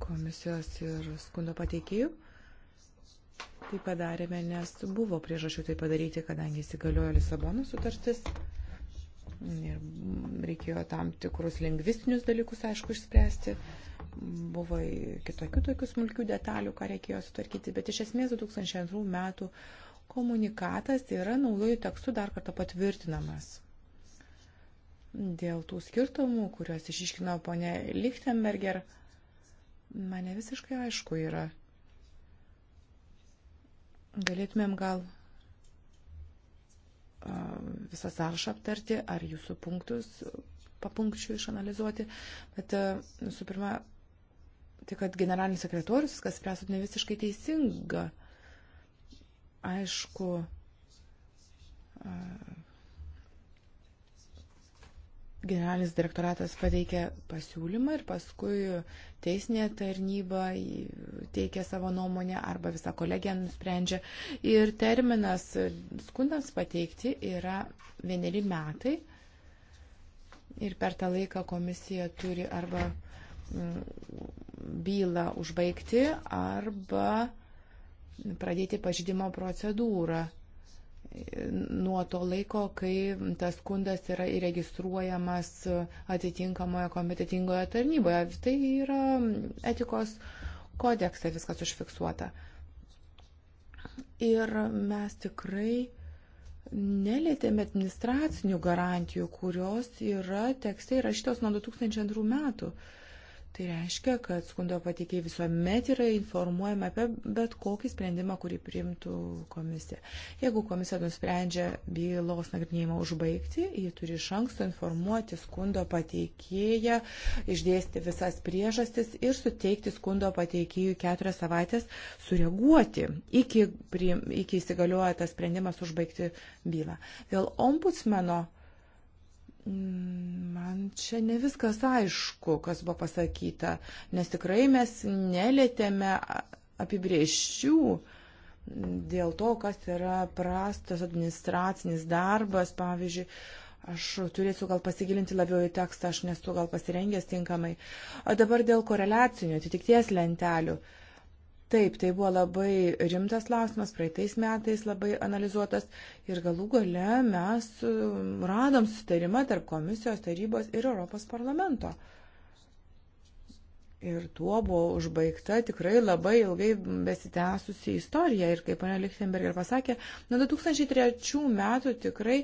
komisijos ir skundo pateikėjų. Tai padarėme, nes buvo priežasčių tai padaryti, kadangi įsigaliojo Lisabono sutartis ir reikėjo tam tikrus lingvistinius dalykus, aišku, išspręsti. Buvo kitokių tokių smulkių detalių, ką reikėjo sutvarkyti, bet iš esmės 2002 metų komunikatas yra naujojų tekstų dar kartą patvirtinamas dėl tų skirtumų, kuriuos išiškino ponė Lichtenberger, mane visiškai aišku yra. Galėtumėm gal visą sąrašą aptarti ar jūsų punktus papunkčių išanalizuoti, bet visų pirma, tai kad generalinis sekretorius, kas spręsot ne visiškai teisinga, aišku, generalinis direktoratas pateikė pasiūlymą ir paskui teisinė tarnyba teikia savo nuomonę arba visa kolegija nusprendžia. Ir terminas skundams pateikti yra vieneri metai. Ir per tą laiką komisija turi arba mm, bylą užbaigti arba pradėti pažydimo procedūrą nuo to laiko, kai tas skundas yra įregistruojamas atitinkamoje kompetitingoje tarnyboje. Tai yra etikos kodekse viskas užfiksuota. Ir mes tikrai nelėtėme administracinių garantijų, kurios yra tekste įrašytos nuo 2002 metų. Tai reiškia, kad skundo pateikėjai visuomet yra informuojami apie bet kokį sprendimą, kurį priimtų komisija. Jeigu komisija nusprendžia bylos nagrinėjimą užbaigti, ji turi iš anksto informuoti skundo pateikėją, išdėsti visas priežastis ir suteikti skundo pateikėjui keturias savaitės sureaguoti iki, iki įsigalioja tas sprendimas užbaigti bylą. Dėl ombudsmeno Man čia ne viskas aišku, kas buvo pasakyta, nes tikrai mes nelėtėme apibrieščių dėl to, kas yra prastas administracinis darbas, pavyzdžiui, aš turėsiu gal pasigilinti labiau į tekstą, aš nesu gal pasirengęs tinkamai. O dabar dėl koreliacinių atitikties lentelių. Uh, Taip, tai buvo labai rimtas klausimas, praeitais metais labai analizuotas ir galų gale mes um, radom sutarimą tarp komisijos tarybos ir Europos parlamento. Ir tuo buvo užbaigta tikrai labai ilgai besitęsusi istorija. Ir kaip ponia Lichtenberger pasakė, nuo 2003 metų tikrai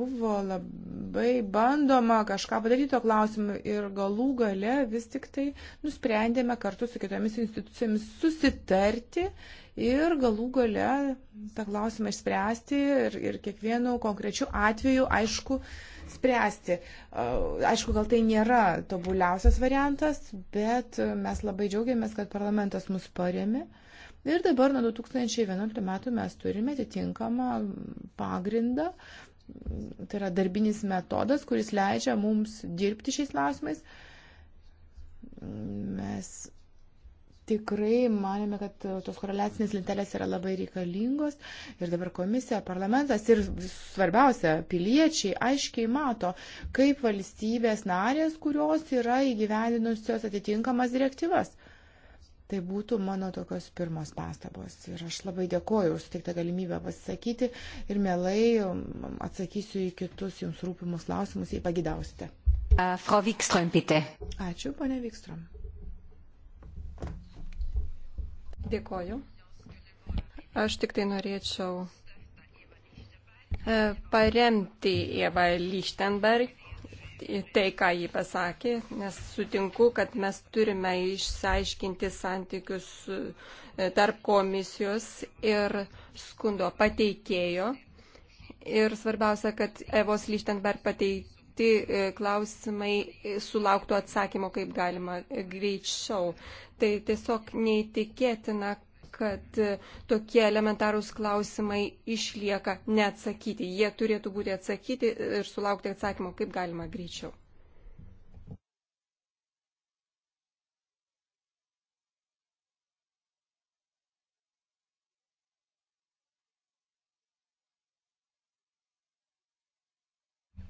buvo labai bandoma kažką padaryti to klausimu ir galų gale vis tik tai nusprendėme kartu su kitomis institucijomis susitarti ir galų gale tą klausimą išspręsti ir, ir kiekvienu konkrečiu atveju, aišku, spręsti. Aišku, gal tai nėra tobuliausias variantas, bet mes labai džiaugiamės, kad parlamentas mus paremė. Ir dabar nuo 2011 metų mes turime atitinkamą pagrindą, tai yra darbinis metodas, kuris leidžia mums dirbti šiais klausimais. Mes tikrai manėme, kad tos koreliacinės lentelės yra labai reikalingos ir dabar komisija, parlamentas ir svarbiausia, piliečiai aiškiai mato, kaip valstybės narės, kurios yra įgyvendinusios atitinkamas direktyvas. Tai būtų mano tokios pirmos pastabos. Ir aš labai dėkoju už suteiktą galimybę pasisakyti ir mielai um, atsakysiu į kitus jums rūpimus klausimus, jei pagidausite. Uh, Frau Wikström, bitte. Ačiū, ponia Wikström. Dėkoju. Aš tik tai norėčiau e, paremti Eva Lichtenberg, tai, ką jį pasakė, nes sutinku, kad mes turime išsiaiškinti santykius e, tarp komisijos ir skundo pateikėjo. Ir svarbiausia, kad Evos Lichtenberg pateikti e, klausimai sulauktų atsakymo kaip galima greičiau. Tai tiesiog neįtikėtina, kad e, tokie elementarūs klausimai išlieka neatsakyti. Jie turėtų būti atsakyti ir sulaukti atsakymo kaip galima greičiau.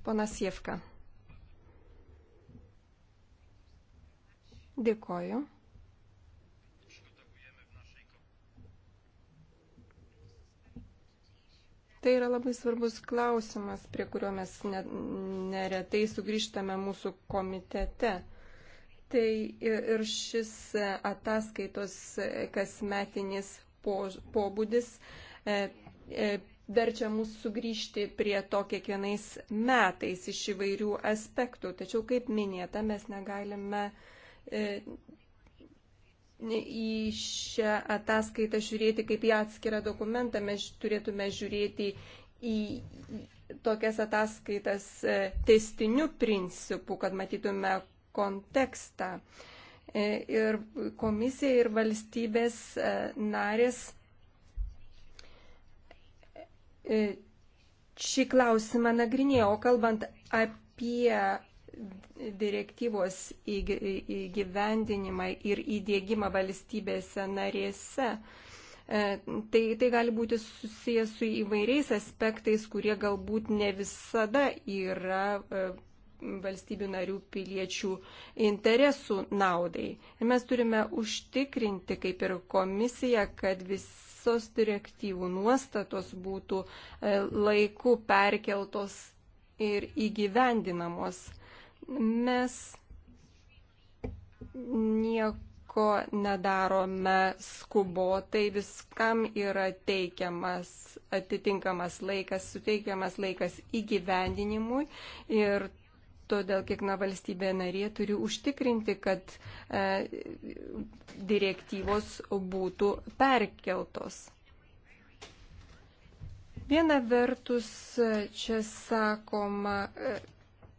Ponas Jevka. Dėkoju. Tai yra labai svarbus klausimas, prie kurio mes neretai sugrįžtame mūsų komitete. Tai ir šis ataskaitos kasmetinis pobūdis e, e, verčia mus sugrįžti prie to kiekvienais metais iš įvairių aspektų. Tačiau, kaip minėta, mes negalime e, į šią ataskaitą žiūrėti kaip į atskirą dokumentą, mes turėtume žiūrėti į tokias ataskaitas e, testiniu principu, kad matytume kontekstą. E, ir komisija ir valstybės e, narės šį klausimą nagrinėjo, o kalbant apie direktyvos įgyvendinimą ir įdėgymą valstybėse narėse. E, tai, tai gali būti susijęs su įvairiais aspektais, kurie galbūt ne visada yra e, valstybių narių piliečių interesų naudai. Ir mes turime užtikrinti, kaip ir komisija, kad visos direktyvų nuostatos būtų e, laiku perkeltos ir įgyvendinamos mes nieko nedarome skubotai, viskam yra teikiamas atitinkamas laikas, suteikiamas laikas įgyvendinimui ir todėl kiekviena valstybė narė turi užtikrinti, kad e, direktyvos būtų perkeltos. Viena vertus, čia sakoma,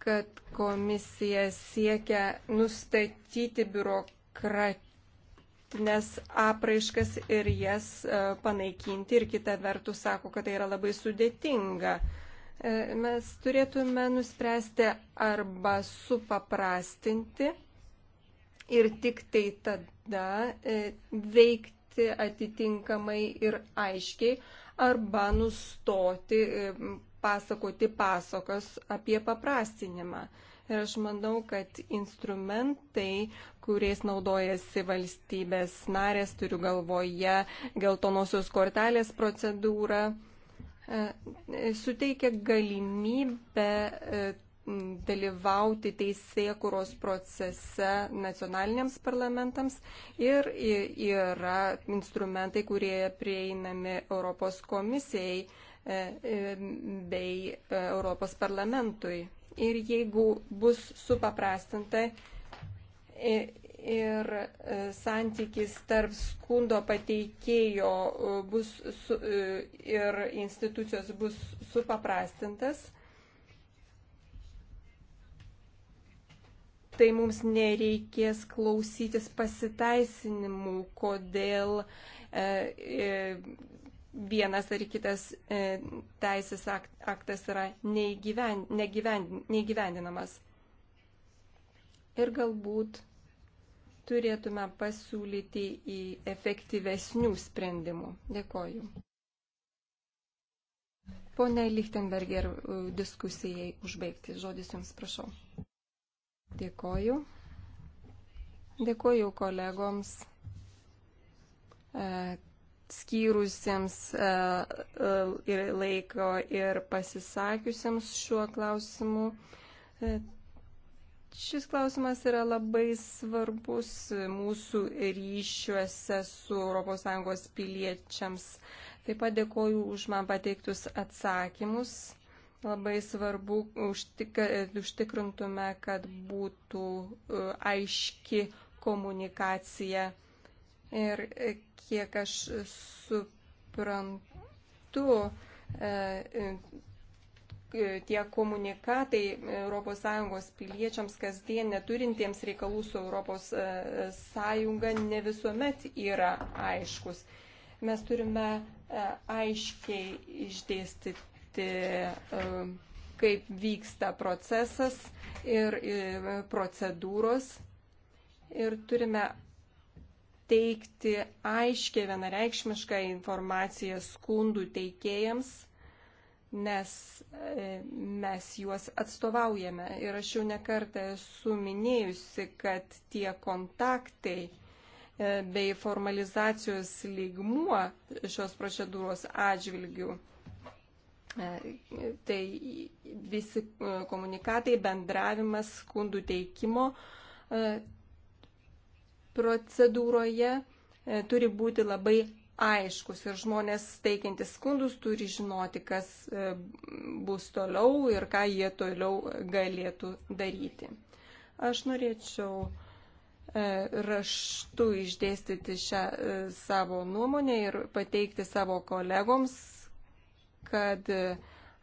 kad komisija siekia nustatyti biurokratinės apraiškas ir jas e, panaikinti ir kita vertus sako, kad tai yra labai sudėtinga. E, mes turėtume nuspręsti arba supaprastinti ir tik tai tada e, veikti atitinkamai ir aiškiai arba nustoti pasakoti pasakas apie paprastinimą. Ir aš manau, kad instrumentai, kuriais naudojasi valstybės narės, turiu galvoje geltonosios kortelės procedūrą, e, suteikia galimybę e, dalyvauti teisėkuros procese nacionaliniams parlamentams ir yra instrumentai, kurie prieinami Europos komisijai E, e, bei e, Europos parlamentui. Ir jeigu bus supaprastinta ir santykis tarp skundo pateikėjo bus su, ir institucijos bus supaprastintas, tai mums nereikės klausytis pasiteisinimų, kodėl e, e, vienas ar kitas e, teisės aktas yra neįgyven, negyven, neįgyvendinamas. Ir galbūt turėtume pasiūlyti į efektyvesnių sprendimų. Dėkoju. Pone Lichtenberger, e, diskusijai užbaigti. Žodis Jums prašau. Dėkoju. Dėkoju kolegoms e, skyrusiems e, e, ir laiko ir pasisakiusiems šiuo klausimu. E, šis klausimas yra labai svarbus mūsų ryšiuose su ES piliečiams. Taip pat dėkoju už man pateiktus atsakymus. Labai svarbu užtikrintume, kad būtų aiški komunikacija Ir e, kiek aš suprantu, e, e, tie komunikatai ES piliečiams kasdien neturintiems reikalų su ES ne visuomet yra aiškus. Mes turime aiškiai išdėstyti, kaip vyksta procesas ir procedūros ir turime teikti aiškę vienareikšmišką informaciją skundų teikėjams, nes e, mes juos atstovaujame. Ir aš jau nekartą esu minėjusi, kad tie kontaktai e, bei formalizacijos lygmuo šios procedūros atžvilgių e, Tai visi komunikatai, bendravimas, skundų teikimo procedūroje e, turi būti labai aiškus ir žmonės teikiantis skundus turi žinoti, kas e, bus toliau ir ką jie toliau galėtų daryti. Aš norėčiau e, raštu išdėstyti šią savo nuomonę ir pateikti savo kolegoms, kad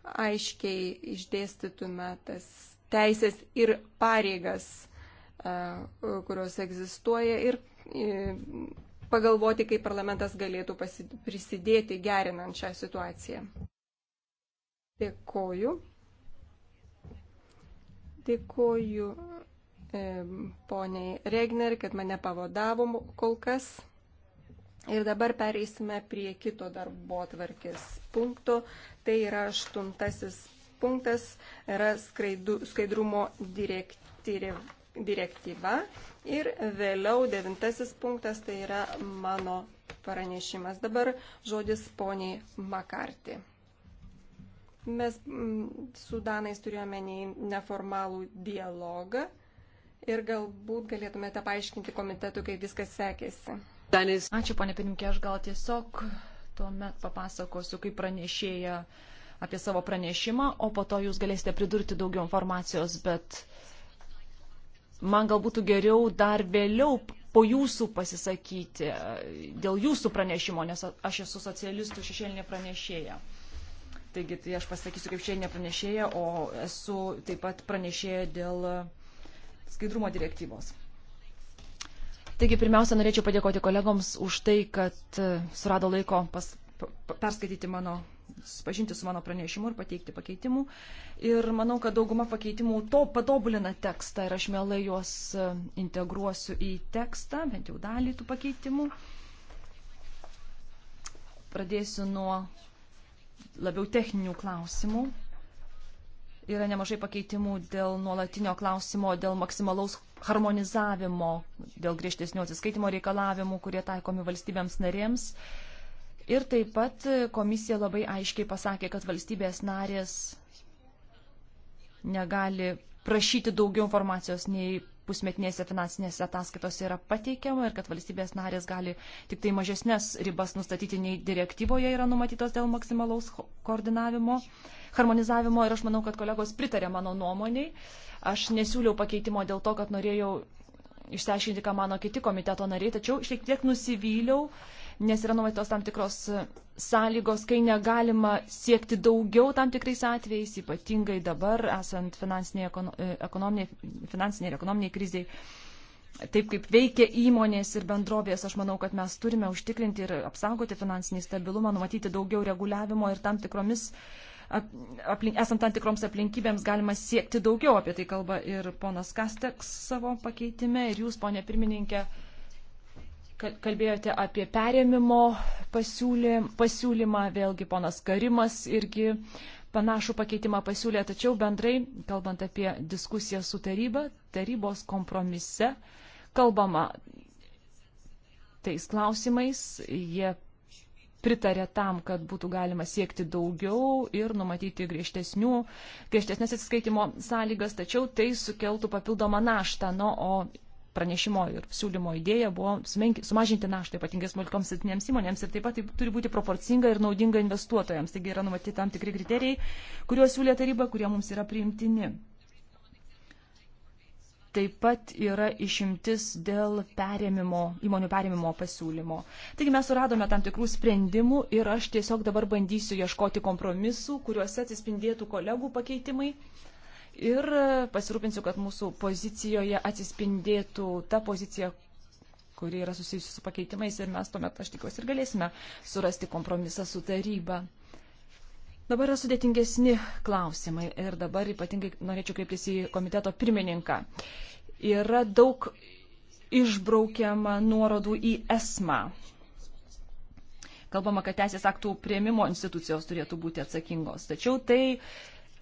aiškiai išdėstytume tas teisės ir pareigas kurios egzistuoja ir pagalvoti, kaip parlamentas galėtų prisidėti gerinant šią situaciją. Dėkoju. Dėkoju e, poniai Regner, kad mane pavadavom kol kas. Ir dabar pereisime prie kito darbo tvarkės punkto. Tai yra aštuntasis punktas, yra skraidu, skaidrumo direktyva direktyva. Ir vėliau devintasis punktas tai yra mano pranešimas. Dabar žodis poniai Makarti. Mes mm, su Danais turėjome neformalų dialogą ir galbūt galėtumėte paaiškinti komitetui, kaip viskas sekėsi. Danis. Ačiū, ponė Pirinkė, aš gal tiesiog tuomet papasakosiu, kaip pranešėja apie savo pranešimą, o po to jūs galėsite pridurti daugiau informacijos, bet uh, man gal būtų geriau dar vėliau po jūsų pasisakyti e, dėl jūsų pranešimo, nes aš esu socialistų šešėlinė pranešėja. Taigi tai aš pasakysiu kaip šešėlinė pranešėja, o esu taip pat pranešėja dėl e, skaidrumo direktyvos. Taigi pirmiausia, norėčiau padėkoti kolegoms už tai, kad e, surado laiko pas, perskaityti mano susipažinti su mano pranešimu ir pateikti pakeitimų. Ir manau, kad dauguma pakeitimų to patobulina tekstą ir aš mielai juos e, integruosiu į tekstą, bent jau dalį tų pakeitimų. Pradėsiu nuo labiau techninių klausimų. Yra nemažai pakeitimų dėl nuolatinio klausimo, dėl maksimalaus harmonizavimo, dėl griežtesnių atsiskaitimo reikalavimų, kurie taikomi valstybėms narėms. Uh, Ir taip pat komisija labai aiškiai pasakė, kad valstybės narės negali prašyti daugiau informacijos nei pusmetinėse finansinėse ataskaitose yra pateikiama ir kad valstybės narės gali tik tai mažesnės ribas nustatyti nei direktyvoje yra numatytos dėl maksimalaus koordinavimo, harmonizavimo ir aš manau, kad kolegos pritarė mano nuomoniai. Aš nesiūliau pakeitimo dėl to, kad norėjau išsiaiškinti, ką mano kiti komiteto nariai, tačiau šiek tiek nusivyliau, nes yra numatytos tam tikros e, sąlygos, kai negalima siekti daugiau tam tikrais atvejais, ypatingai dabar esant finansiniai, e, ekonominiai, finansiniai ir ekonominiai kriziai. Taip kaip veikia įmonės ir bendrovės, aš manau, kad mes turime užtikrinti ir apsaugoti finansinį stabilumą, numatyti daugiau reguliavimo ir tam tikromis uh, aplink, esant tam tikroms aplinkybėms galima siekti daugiau, apie tai kalba ir ponas Kasteks savo pakeitime, ir jūs, ponė pirmininkė, uh, kalbėjote apie perėmimo pasiūlymą, vėlgi ponas Karimas irgi panašų pakeitimą pasiūlė, tačiau bendrai, kalbant apie diskusiją su taryba, tarybos kompromise, kalbama tais klausimais, jie pritarė tam, kad būtų galima siekti daugiau ir numatyti griežtesnių, griežtesnės atsiskaitimo sąlygas, tačiau tai sukeltų papildomą naštą, nu, o pranešimo ir siūlymo idėja buvo sumažinti naštą ypatingai smulkioms sitinėms įmonėms ir taip pat tai turi būti proporcinga ir naudinga investuotojams. Taigi yra numatyti tam tikri kriterijai, kuriuos siūlė taryba, kurie mums yra priimtini. Taip pat yra išimtis dėl perėmimo, įmonių perėmimo pasiūlymo. Taigi mes suradome tam tikrų sprendimų ir aš tiesiog dabar bandysiu ieškoti kompromisų, kuriuose atsispindėtų kolegų pakeitimai. Uh, ir pasirūpinsiu, kad mūsų pozicijoje atsispindėtų ta pozicija, kuri yra susijusi su pakeitimais ir mes tuomet, aš tikiuosi, ir galėsime surasti kompromisą su taryba. Dabar yra sudėtingesni klausimai ir dabar ypatingai norėčiau kreiptis į komiteto pirmininką. Yra daug išbraukiama nuorodų į esmą. Kalbama, kad teisės aktų prieimimo institucijos turėtų būti atsakingos. Tačiau tai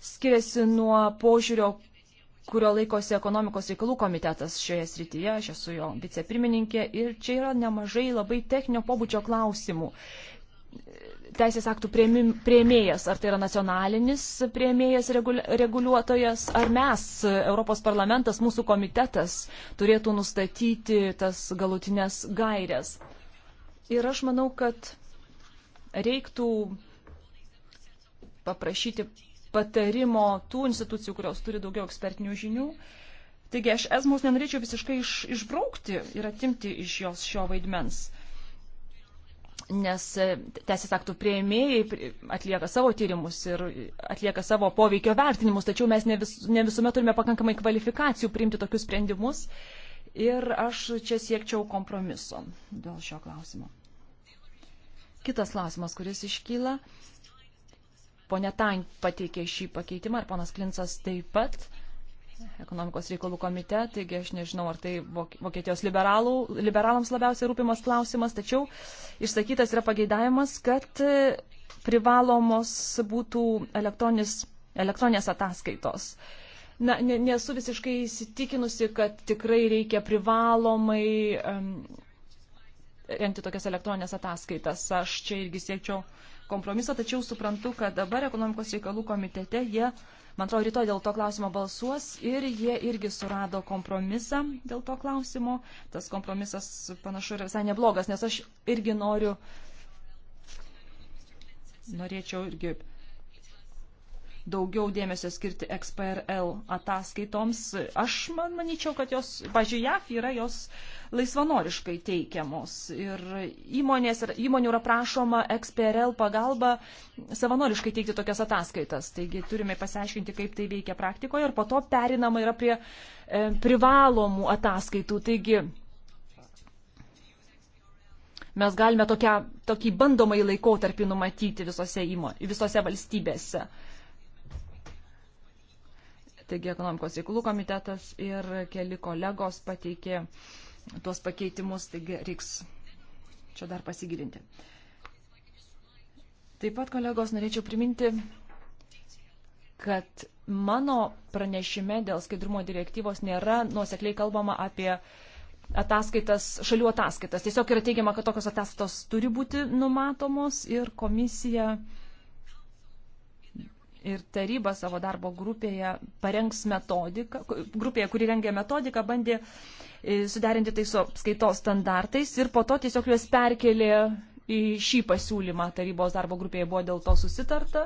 skiriasi nuo požiūrio, kurio laikosi ekonomikos reikalų komitetas šioje srityje, aš esu jo vicepirmininkė ir čia yra nemažai labai techninio pobūdžio klausimų. Teisės aktų prieimėjas, ar tai yra nacionalinis prieimėjas reguliuotojas, ar mes, Europos parlamentas, mūsų komitetas turėtų nustatyti tas galutinės gairias. Ir aš manau, kad reiktų paprašyti patarimo tų institucijų, kurios turi daugiau ekspertinių žinių. Taigi aš Esmos nenorėčiau visiškai iš, išbraukti ir atimti iš jos šio vaidmens, nes e, teisės aktų prieimėjai atlieka savo tyrimus ir atlieka savo poveikio vertinimus, tačiau mes ne, vis, ne visuomet turime pakankamai kvalifikacijų priimti tokius sprendimus ir aš čia siekčiau kompromiso dėl šio klausimo. Kitas klausimas, kuris iškyla, Pone Tain pateikė šį pakeitimą ir ponas Klincas taip pat. Ekonomikos reikalų komite, taigi aš nežinau, ar tai Vokietijos liberalų, liberalams labiausiai rūpimas klausimas, tačiau išsakytas yra pageidavimas, kad e, privalomos būtų elektroninės ataskaitos. Na, nesu visiškai įsitikinusi, kad tikrai reikia privalomai um, renti tokias elektroninės ataskaitas. Aš čia irgi siekčiau uh, kompromiso, tačiau suprantu, kad dabar ekonomikos reikalų komitete jie, man atrodo, rytoj dėl to klausimo balsuos ir jie irgi surado kompromisą dėl to klausimo. Tas kompromisas panašu yra visai neblogas, nes aš irgi noriu, norėčiau irgi daugiau dėmesio skirti XPRL ataskaitoms. Aš man, manyčiau, kad jos, pažiūrėjau, JAF yra jos laisvanoriškai teikiamos ir įmonės, įmonių yra prašoma XPRL pagalba savanoriškai teikti tokias ataskaitas. Taigi turime pasiaiškinti, kaip tai veikia praktikoje ir po to perinama yra prie e, privalomų ataskaitų. Taigi, mes galime tokią, tokį bandomąjį laikotarpį numatyti visose, įmo, visose valstybėse. Uh, Taigi ekonomikos reikalų komitetas ir keli kolegos pateikė tuos pakeitimus, taigi reiks čia dar pasigilinti. Taip pat, kolegos, norėčiau priminti, kad mano pranešime dėl skaidrumo direktyvos nėra nuosekliai kalbama apie ataskaitas, šalių ataskaitas. Tiesiog yra teigiama, kad tokios ataskaitos turi būti numatomos ir komisija uh, ir taryba savo darbo grupėje parengs metodiką, grupėje, kuri rengia metodiką, bandė e, suderinti tai su apskaitos standartais ir po to tiesiog juos perkelė į šį pasiūlymą. Tarybos darbo grupėje buvo dėl to susitarta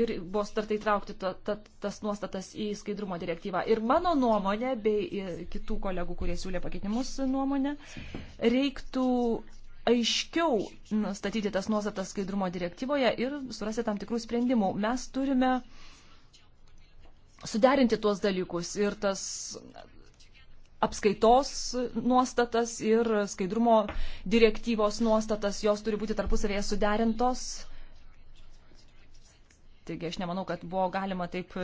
ir buvo startai traukti ta, ta, tas nuostatas į skaidrumo direktyvą. Ir mano nuomonė, bei e, kitų kolegų, kurie siūlė pakeitimus nuomonę, reiktų aiškiau nustatyti tas nuostatas skaidrumo direktyvoje ir surasti tam tikrų sprendimų. Mes turime suderinti tuos dalykus ir tas apskaitos nuostatas ir skaidrumo direktyvos nuostatas, jos turi būti tarpusavėje suderintos. Taigi aš nemanau, kad buvo galima taip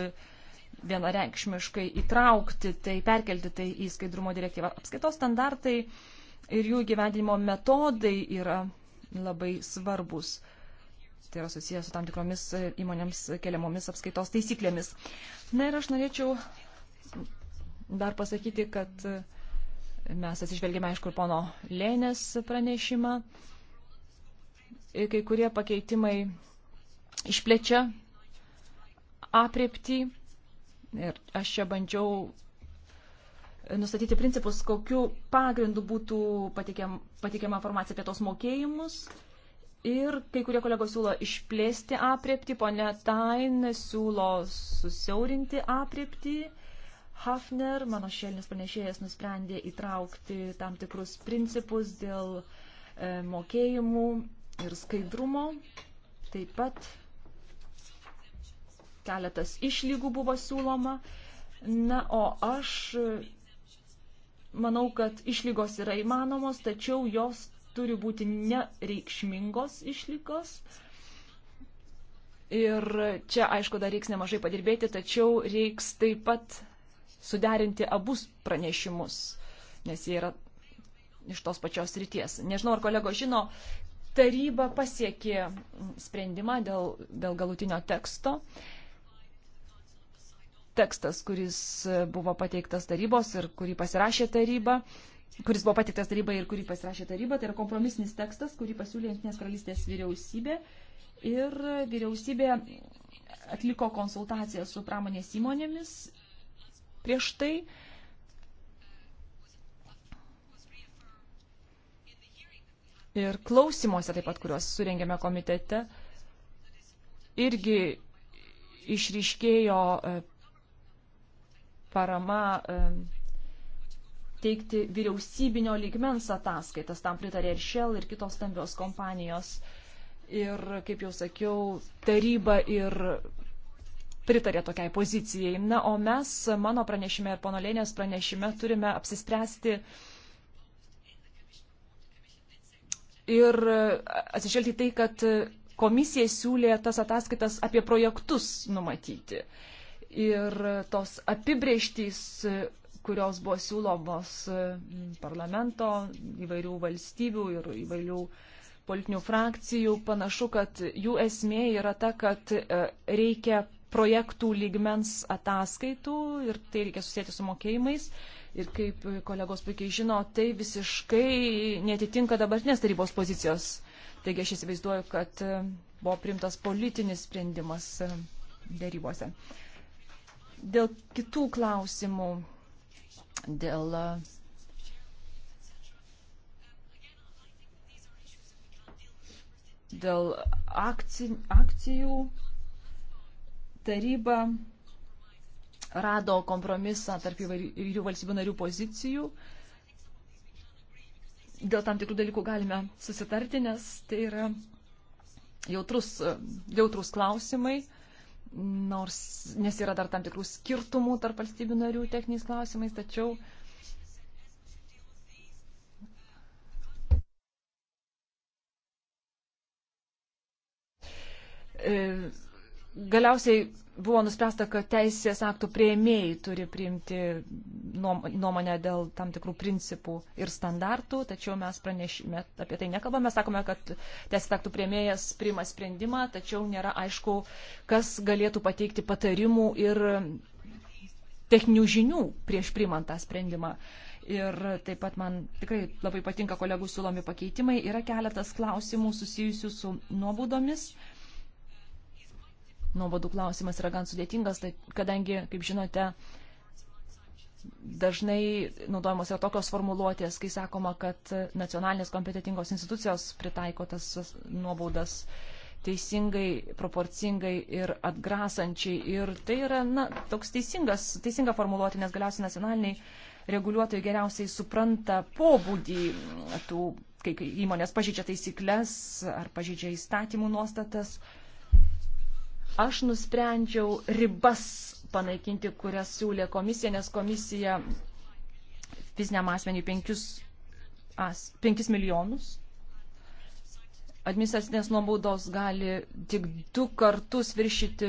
vienareikšmiškai įtraukti, tai perkelti tai į skaidrumo direktyvą. Apskaitos standartai uh, ir jų gyvendinimo metodai yra labai svarbus. Tai yra susijęs su tam tikromis e, įmonėms keliamomis apskaitos taisyklėmis. Na ir aš norėčiau dar pasakyti, kad e, mes atsižvelgėme, aišku, ir pono Lėnės pranešimą. Ir e, kai kurie pakeitimai išplečia apriepti. Ir aš čia bandžiau nustatyti principus, kokiu pagrindu būtų patikiam, patikiama informacija apie tos mokėjimus. Ir kai kurie kolegos siūlo išplėsti apriepti, ponė Tain siūlo susiaurinti apriepti. Hafner, mano šelnis panešėjas, nusprendė įtraukti tam tikrus principus dėl e, mokėjimų ir skaidrumo. Taip pat keletas išlygų buvo siūloma. Na, o aš manau, kad išlygos yra įmanomos, tačiau jos turi būti nereikšmingos išlygos. Ir čia, aišku, dar reiks nemažai padirbėti, tačiau reiks taip pat suderinti abus pranešimus, nes jie yra iš tos pačios ryties. Nežinau, ar kolego žino, taryba pasiekė sprendimą dėl, dėl galutinio teksto. Uh, tekstas, kuris buvo pateiktas tarybos ir kurį pasirašė taryba, kuris buvo pateiktas taryba ir kurį pasirašė taryba, tai yra kompromisinis tekstas, kurį pasiūlė Junktinės karalystės vyriausybė. Ir vyriausybė atliko konsultaciją su pramonės įmonėmis prieš tai. Ir klausimuose taip pat, kuriuos surengėme komitete, irgi išryškėjo e, parama teikti vyriausybinio lygmens ataskaitas, tam pritarė ir Shell, ir kitos stambios kompanijos. Ir, kaip jau sakiau, taryba ir pritarė tokiai pozicijai. Na, o mes mano pranešime ir ponolėnės pranešime turime apsispręsti ir atsižvelgti tai, kad komisija siūlė tas ataskaitas apie projektus numatyti. Uh, ir tos apibrieštys, kurios buvo siūlomos mm, parlamento įvairių valstybių ir įvairių politinių frakcijų, panašu, kad jų esmė yra ta, kad e, reikia projektų lygmens ataskaitų ir tai reikia susijęti su mokėjimais. Ir kaip kolegos puikiai žino, tai visiškai netitinka dabartinės tarybos pozicijos. Taigi aš įsivaizduoju, kad e, buvo primtas politinis sprendimas e, dėrybose. Uh, Dėl kitų klausimų, dėl dėl akcijų, akcijų taryba rado kompromisą tarp įvairių valstybių narių pozicijų. Dėl tam tikrų dalykų galime susitarti, nes tai yra jautrus, jautrus klausimai nors, nes yra dar tam tikrų skirtumų tarp valstybių narių techniniais klausimais, tačiau e, galiausiai buvo nuspręsta, kad teisės aktų prieimėjai turi priimti nuomonę dėl tam tikrų principų ir standartų, tačiau mes pranešime apie tai nekalbame, sakome, kad teisės aktų prieimėjas priima sprendimą, tačiau nėra aišku, kas galėtų pateikti patarimų ir techninių žinių prieš priimant tą sprendimą. Ir taip pat man tikrai labai patinka kolegų siūlomi pakeitimai. Yra keletas klausimų susijusių su nuobodomis. Uh, nuobodų klausimas yra gan sudėtingas, tai kadangi, kaip žinote, dažnai naudojamos yra tokios formuluotės, kai sakoma, kad nacionalinės kompetitingos institucijos pritaiko tas nuobaudas teisingai, proporcingai ir atgrasančiai. Ir tai yra, na, toks teisingas, teisinga formuluotė, nes galiausiai nacionaliniai reguliuotojai geriausiai supranta pobūdį tų, kai įmonės pažydžia taisyklės ar pažydžia įstatymų nuostatas. Uh, Aš nusprendžiau ribas panaikinti, kurias siūlė komisija, nes komisija fiziniam asmeniui 5, as, 5 milijonus. Administracinės nuobaudos gali tik du kartus viršyti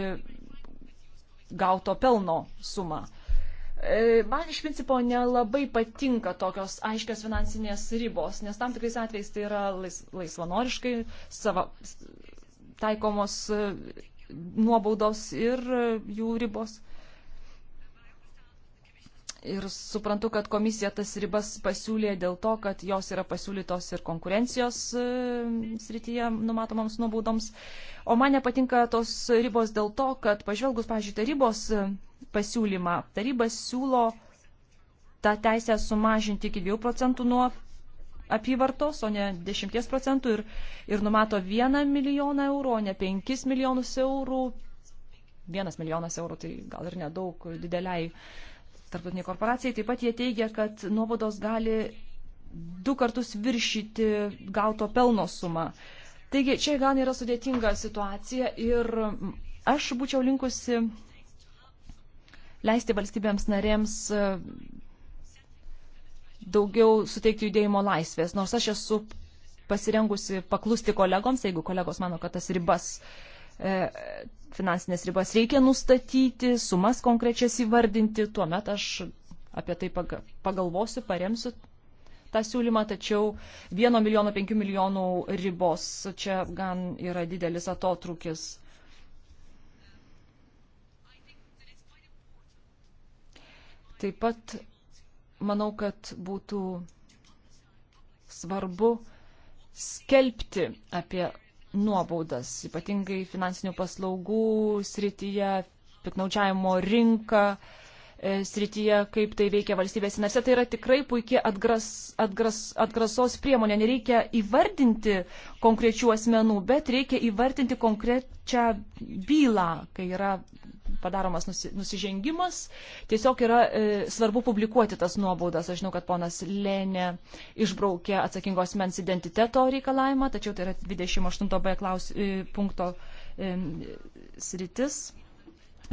gauto pelno sumą. E, man iš principo nelabai patinka tokios aiškios finansinės ribos, nes tam tikrais atvejais tai yra lais, laisvanoriškai sava, taikomos nuobaudos ir jų ribos. Ir suprantu, kad komisija tas ribas pasiūlė dėl to, kad jos yra pasiūlytos ir konkurencijos e, srityje numatomoms nuobaudoms. O man nepatinka tos ribos dėl to, kad pažvelgus, pažiūrėjau, tarybos e, pasiūlymą, taryba siūlo tą teisę sumažinti iki 2 procentų nuo apyvartos, o ne 10 procentų ir, ir numato 1 milijoną eurų, o ne 5 milijonus eurų. 1 milijonas eurų tai gal ir nedaug dideliai tarptautiniai korporacijai. Taip pat jie teigia, kad nuobodos gali du kartus viršyti gauto pelno sumą. Taigi čia gan yra sudėtinga situacija ir aš būčiau linkusi leisti valstybėms narėms daugiau suteikti judėjimo laisvės, nors aš esu pasirengusi paklusti kolegoms, jeigu kolegos mano, kad tas ribas, e, finansinės ribas reikia nustatyti, sumas konkrečias įvardinti, tuomet aš apie tai pagalvosiu, paremsiu tą siūlymą, tačiau 1 milijono 5 milijonų ribos čia gan yra didelis atotrukis. Taip pat manau, kad būtų svarbu skelbti apie nuobaudas, ypatingai finansinių paslaugų srityje, piknaudžiavimo rinką e, srityje, kaip tai veikia valstybės narse. Tai yra tikrai puikia atgras, atgras, atgrasos priemonė. Nereikia įvardinti konkrečių asmenų, bet reikia įvardinti konkrečią bylą, kai yra padaromas nusi, nusižengimas, tiesiog yra e, svarbu publikuoti tas nuobaudas. Aš žinau, kad ponas Lenė išbraukė atsakingos mens identiteto reikalavimą, tačiau tai yra 28b klaus, e, punkto e, sritis.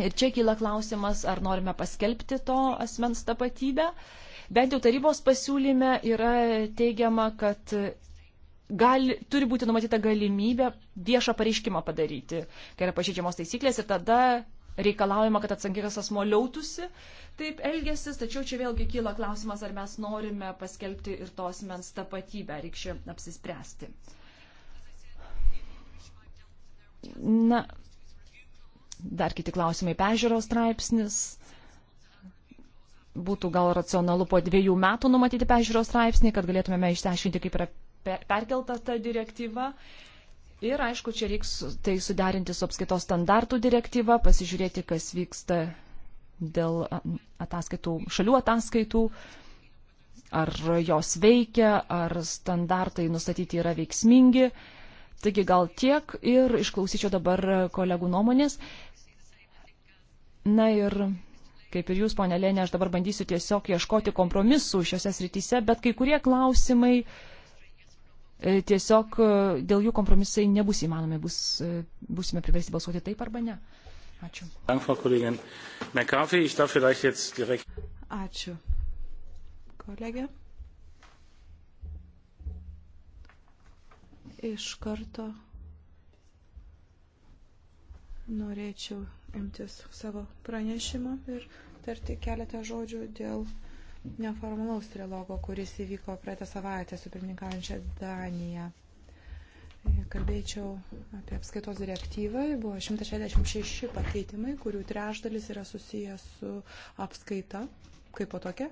Ir čia kyla klausimas, ar norime paskelbti to asmens tapatybę. Bent jau tarybos pasiūlyme yra teigiama, kad gali, turi būti numatyta galimybė viešą pareiškimą padaryti, kai yra pažeidžiamos taisyklės ir tada reikalaujama, kad atsakingas asmo liautusi taip elgesis, tačiau čia vėlgi kyla klausimas, ar mes norime paskelbti ir tos mens tapatybę, reikšia apsispręsti. Na, dar kiti klausimai, pežiūros straipsnis. Būtų gal racionalu po dviejų metų numatyti pežiūros straipsnį, kad galėtumėme išsiaiškinti, kaip yra perkelta ta direktyva. Uh, Ir aišku, čia reiks tai suderinti su apskaitos standartų direktyva, pasižiūrėti, kas vyksta dėl ataskaitų, šalių ataskaitų, ar jos veikia, ar standartai nustatyti yra veiksmingi. Taigi gal tiek ir išklausyčiau dabar kolegų nuomonės. Na ir kaip ir jūs, ponė Lėnė, aš dabar bandysiu tiesiog ieškoti kompromisų šiuose srityse, bet kai kurie klausimai uh, E, tiesiog e, dėl jų kompromisai nebus įmanomi, bus, e, busime priversti balsuoti taip arba ne. Ačiū. Ačiū. Kolegė. Iš karto norėčiau imtis savo pranešimo ir tarti keletą žodžių dėl neformalaus trilogo, kuris įvyko praeitą savaitę su pirmininkaujančia Danija. Kalbėčiau apie apskaitos direktyvą. Buvo 166 pakeitimai, kurių trešdalis yra susijęs su apskaita kaip po tokia.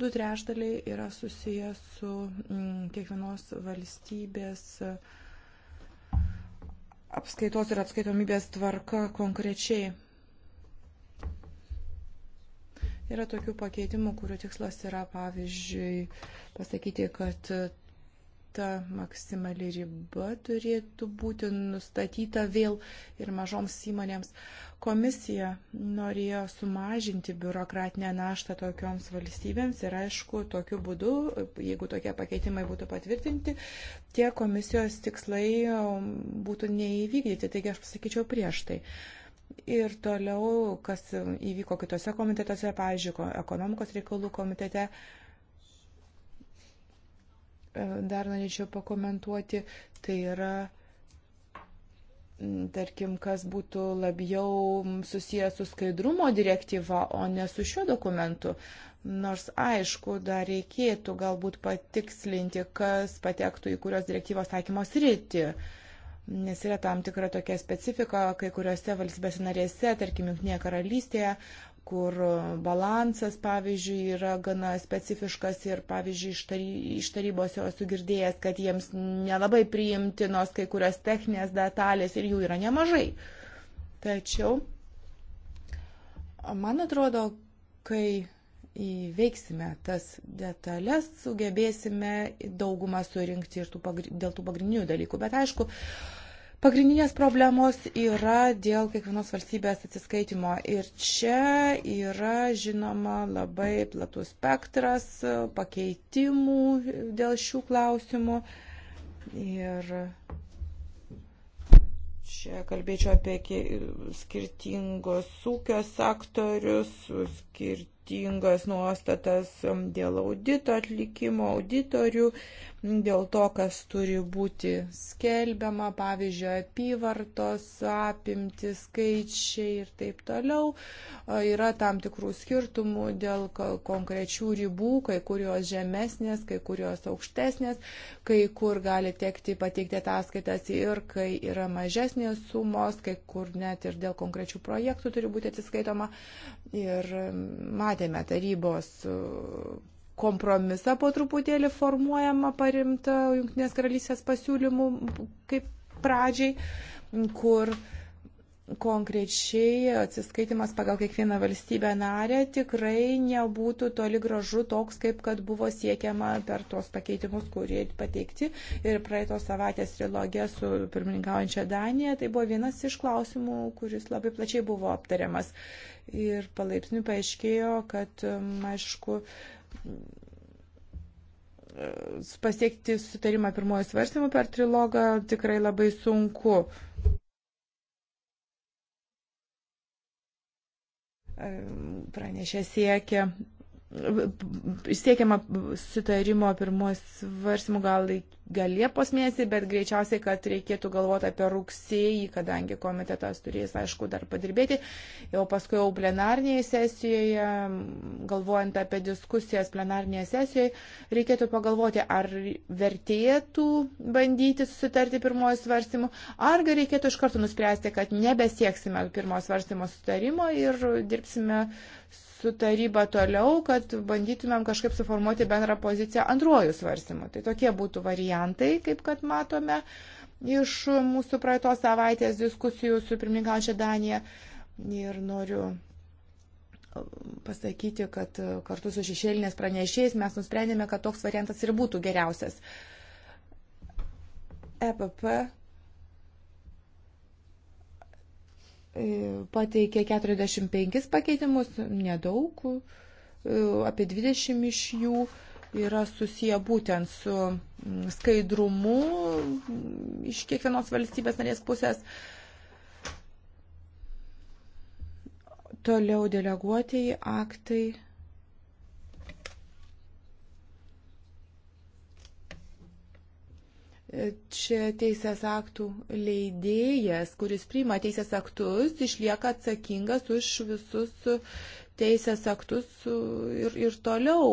Du trešdaliai yra susijęs su mm, kiekvienos valstybės e, apskaitos ir atskaitomybės tvarka konkrečiai. Yra tokių pakeitimų, kurių tikslas yra, pavyzdžiui, pasakyti, kad ta maksimali riba turėtų būti nustatyta vėl ir mažoms įmonėms. Komisija norėjo sumažinti biurokratinę naštą tokioms valstybėms ir aišku, tokiu būdu, jeigu tokie pakeitimai būtų patvirtinti, tie komisijos tikslai būtų neįvykdyti. Taigi aš pasakyčiau prieš tai. Uh, Ir toliau, kas įvyko kitose komitetuose, pavyzdžiui, ekonomikos reikalų komitete, e, dar norėčiau pakomentuoti, tai yra, tarkim, kas būtų labiau susijęs su skaidrumo direktyva, o ne su šiuo dokumentu. Nors aišku, dar reikėtų galbūt patikslinti, kas patektų į kurios direktyvos taikymos rytį. Uh, nes yra tam tikra tokia specifika kai kuriuose valstybėse narėse, tarkim, Junktinėje karalystėje, kur balansas, pavyzdžiui, yra gana specifiškas ir, pavyzdžiui, iš tarybos jau esu girdėjęs, kad jiems nelabai priimtinos kai kurios techninės detalės ir jų yra nemažai. Tačiau, man atrodo, kai įveiksime tas detalės, sugebėsime daugumą surinkti ir tų pagri... dėl tų pagrindinių dalykų. Bet aišku, uh, Pagrindinės problemos yra dėl kiekvienos valstybės atsiskaitimo ir čia yra žinoma labai platus spektras pakeitimų dėl šių klausimų. Ir čia kalbėčiau apie skirtingos ūkio sektorius, skirtingas nuostatas dėl audito atlikimo, auditorių dėl to, kas turi būti skelbiama, pavyzdžiui, apyvartos apimti, skaičiai ir taip toliau. Yra tam tikrų skirtumų dėl konkrečių ribų, kai kurios žemesnės, kai kurios aukštesnės, kai kur gali tekti pateikti ataskaitas ir kai yra mažesnės sumos, kai kur net ir dėl konkrečių projektų turi būti atsiskaitoma. Ir matėme tarybos kompromisą po truputėlį formuojama parimta Junktinės karalystės pasiūlymų kaip pradžiai, kur konkrečiai atsiskaitimas pagal kiekvieną valstybę narę tikrai nebūtų toli gražu toks, kaip kad buvo siekiama per tuos pakeitimus, kurie pateikti. Ir praeitos savaitės trilogija su pirmininkaujančia Danija, tai buvo vienas iš klausimų, kuris labai plačiai buvo aptariamas. Ir palaipsniui paaiškėjo, kad, aišku, um, pasiekti sutarimą pirmojo svarstymo per trilogą tikrai labai sunku. Pranešė siekia siekiama sutarimo pirmos svarsimų gal, gal Liepos mėnesį, bet greičiausiai, kad reikėtų galvoti apie rugsėjį, kadangi komitetas turės, aišku, dar padirbėti. Jau paskui jau plenarnėje sesijoje, galvojant apie diskusijas plenarnėje sesijoje, reikėtų pagalvoti, ar vertėtų bandyti susitarti pirmojo svarsimų, ar reikėtų iš karto nuspręsti, kad nebesieksime pirmojo svarsimo sutarimo ir dirbsime su su taryba toliau, kad bandytumėm kažkaip suformuoti bendrą poziciją antruoju svarstymu. Tai tokie būtų variantai, kaip kad matome iš mūsų praeitos savaitės diskusijų su pirmininkaučia Danija. Ir noriu pasakyti, kad kartu su šešėlinės pranešėjais mes nusprendėme, kad toks variantas ir būtų geriausias. EPP E, pateikė 45 pakeitimus, nedaug, e, apie 20 iš jų yra susiję būtent su mm, skaidrumu mm, iš kiekvienos valstybės narės pusės. Toliau deleguotieji aktai čia teisės aktų leidėjas, kuris priima teisės aktus, išlieka atsakingas už visus teisės aktus ir, ir toliau.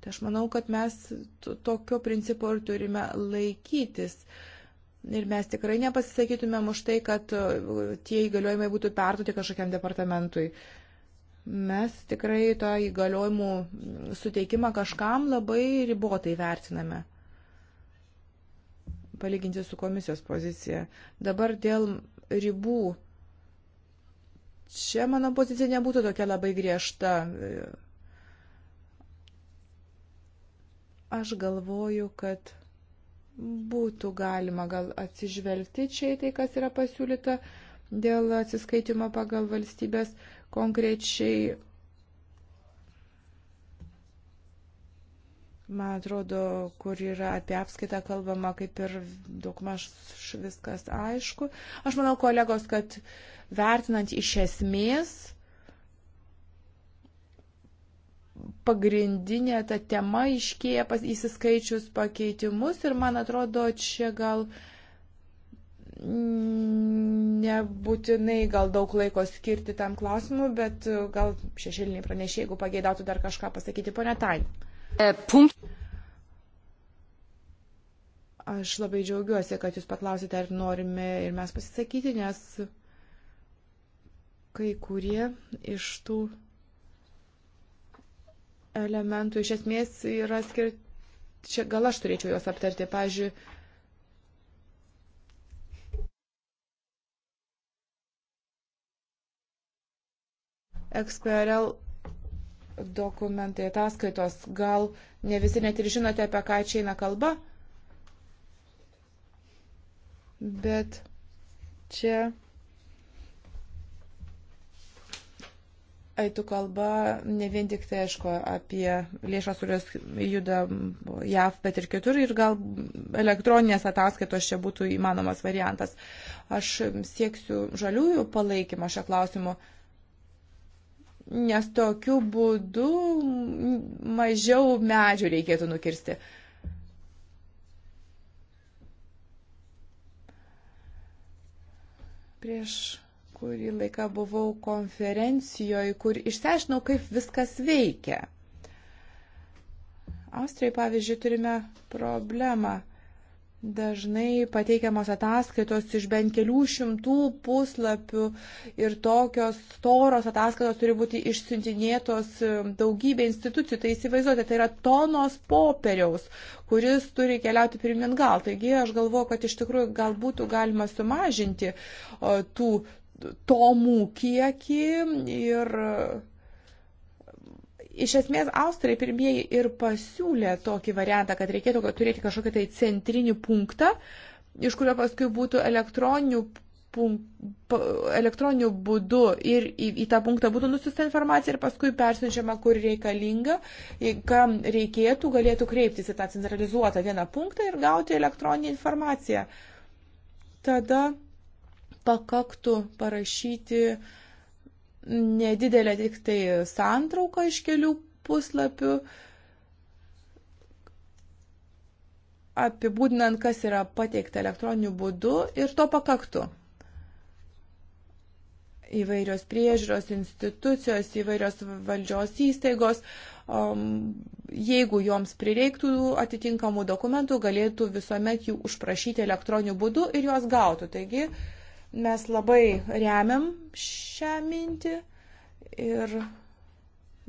Tai aš manau, kad mes tokio principo ir turime laikytis. Ir mes tikrai nepasisakytumėm už tai, kad e, tie įgaliojimai būtų perduoti kažkokiam departamentui. Mes tikrai tą įgaliojimų suteikimą kažkam labai ribotai vertiname palyginti su komisijos pozicija. Dabar dėl ribų. Čia mano pozicija nebūtų tokia labai griežta. Aš galvoju, kad būtų galima gal atsižvelgti čia į tai, kas yra pasiūlyta dėl atsiskaitimo pagal valstybės konkrečiai man atrodo, kur yra apie apskaitą kalbama, kaip ir daugmaž viskas aišku. Aš manau, kolegos, kad vertinant iš esmės, pagrindinė ta tema iškėja pas įsiskaičius pakeitimus ir man atrodo, čia gal nebūtinai gal daug laiko skirti tam klausimui, bet gal šešėliniai pranešė, jeigu pageidautų dar kažką pasakyti, ponia Tain. E, aš labai džiaugiuosi, kad jūs paklausite, ar norime ir mes pasisakyti, nes kai kurie iš tų elementų iš esmės yra skirti. Čia gal aš turėčiau juos aptarti. Pavyzdžiui, XPRL dokumentai, ataskaitos, gal ne visi net ir žinote, apie ką čia eina kalba, bet čia eitų kalba ne vien tik tai, aišku, apie lėšas, kurios juda JAV, bet ir kitur, ir gal elektroninės ataskaitos čia būtų įmanomas variantas. Aš sieksiu žaliųjų palaikymą šio klausimu nes tokiu būdu mažiau medžių reikėtų nukirsti. Prieš kurį laiką buvau konferencijoje, kur išsiaiškinau, kaip viskas veikia. Austrijai, pavyzdžiui, turime problemą Dažnai pateikiamos ataskaitos iš bent kelių šimtų puslapių ir tokios storos ataskaitos turi būti išsiuntinėtos e, daugybė institucijų. Tai įsivaizduoti, tai yra tonos popieriaus, kuris turi keliauti pirmin gal. Taigi aš galvoju, kad iš tikrųjų gal būtų galima sumažinti tų tomų kiekį ir Iš esmės, Austrai pirmieji ir pasiūlė tokį variantą, kad reikėtų turėti kažkokį tai centrinį punktą, iš kurio paskui būtų elektroninių elektroniniu būdu ir į, į tą punktą būtų nusiusta informacija ir paskui persiunčiama, kur reikalinga, kam reikėtų, galėtų kreiptis į tą centralizuotą vieną punktą ir gauti elektroninę informaciją. Tada pakaktų parašyti uh, nedidelė tik tai santrauka iš kelių puslapių, apibūdinant, kas yra pateikta elektroniniu būdu ir to pakaktų. Įvairios priežiūros institucijos, įvairios valdžios įstaigos, um, jeigu joms prireiktų atitinkamų dokumentų, galėtų visuomet jų užprašyti elektroniniu būdu ir juos gautų. Taigi, uh, Mes labai remiam šią mintį ir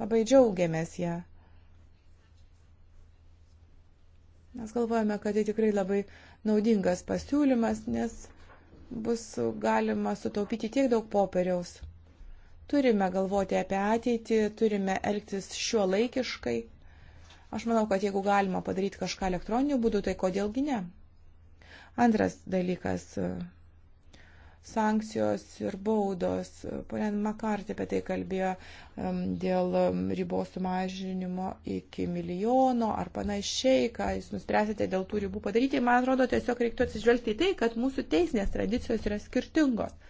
labai džiaugiamės ją. Mes galvojame, kad tai tikrai labai naudingas pasiūlymas, nes bus galima sutaupyti tiek daug popieriaus. Turime galvoti apie ateitį, turime elgtis šiuo laikiškai. Aš manau, kad jeigu galima padaryti kažką elektroniniu būdu, tai kodėlgi ne. Antras dalykas sankcijos ir baudos. Pone Makartė apie tai kalbėjo dėl ribos sumažinimo iki milijono ar panašiai, ką jūs nuspręsite dėl tų ribų padaryti. Man atrodo, tiesiog reiktų atsižvelgti į tai, kad mūsų teisinės tradicijos yra skirtingos.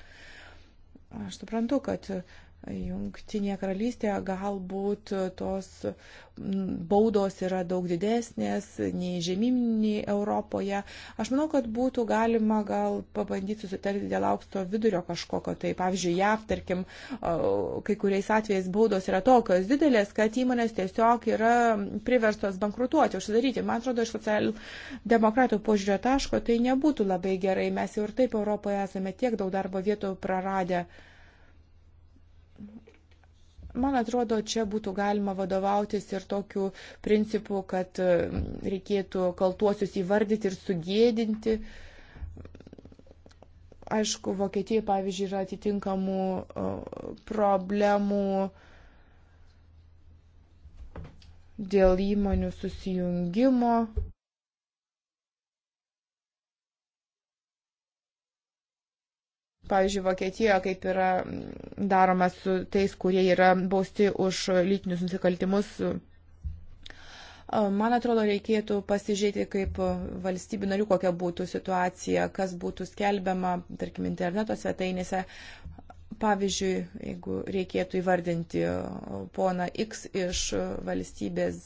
Aš suprantu, kad Jungtinėje karalystėje galbūt tos baudos yra daug didesnės nei žemyninėje Europoje. Aš manau, kad būtų galima gal pabandyti susitarti dėl aukšto vidurio kažkokio. Tai pavyzdžiui, JAV, tarkim, kai kuriais atvejais baudos yra tokios didelės, kad įmonės tiesiog yra priverstos bankrutuoti, užsidaryti. Man atrodo, iš socialdemokratų požiūrio taško tai nebūtų labai gerai. Mes jau ir taip Europoje esame tiek daug darbo vietų praradę. Yeah Man atrodo, čia būtų galima vadovautis ir tokiu principu, kad reikėtų kaltuosius įvardyti ir sugėdinti. Aišku, Vokietija, pavyzdžiui, yra atitinkamų problemų dėl įmonių susijungimo. pavyzdžiui, Vokietijoje, kaip yra daroma su tais, kurie yra bausti už lytinius nusikaltimus. Man atrodo, reikėtų pasižiūrėti, kaip valstybių narių kokia būtų situacija, kas būtų skelbiama, tarkim, interneto svetainėse. Pavyzdžiui, jeigu reikėtų įvardinti poną X iš valstybės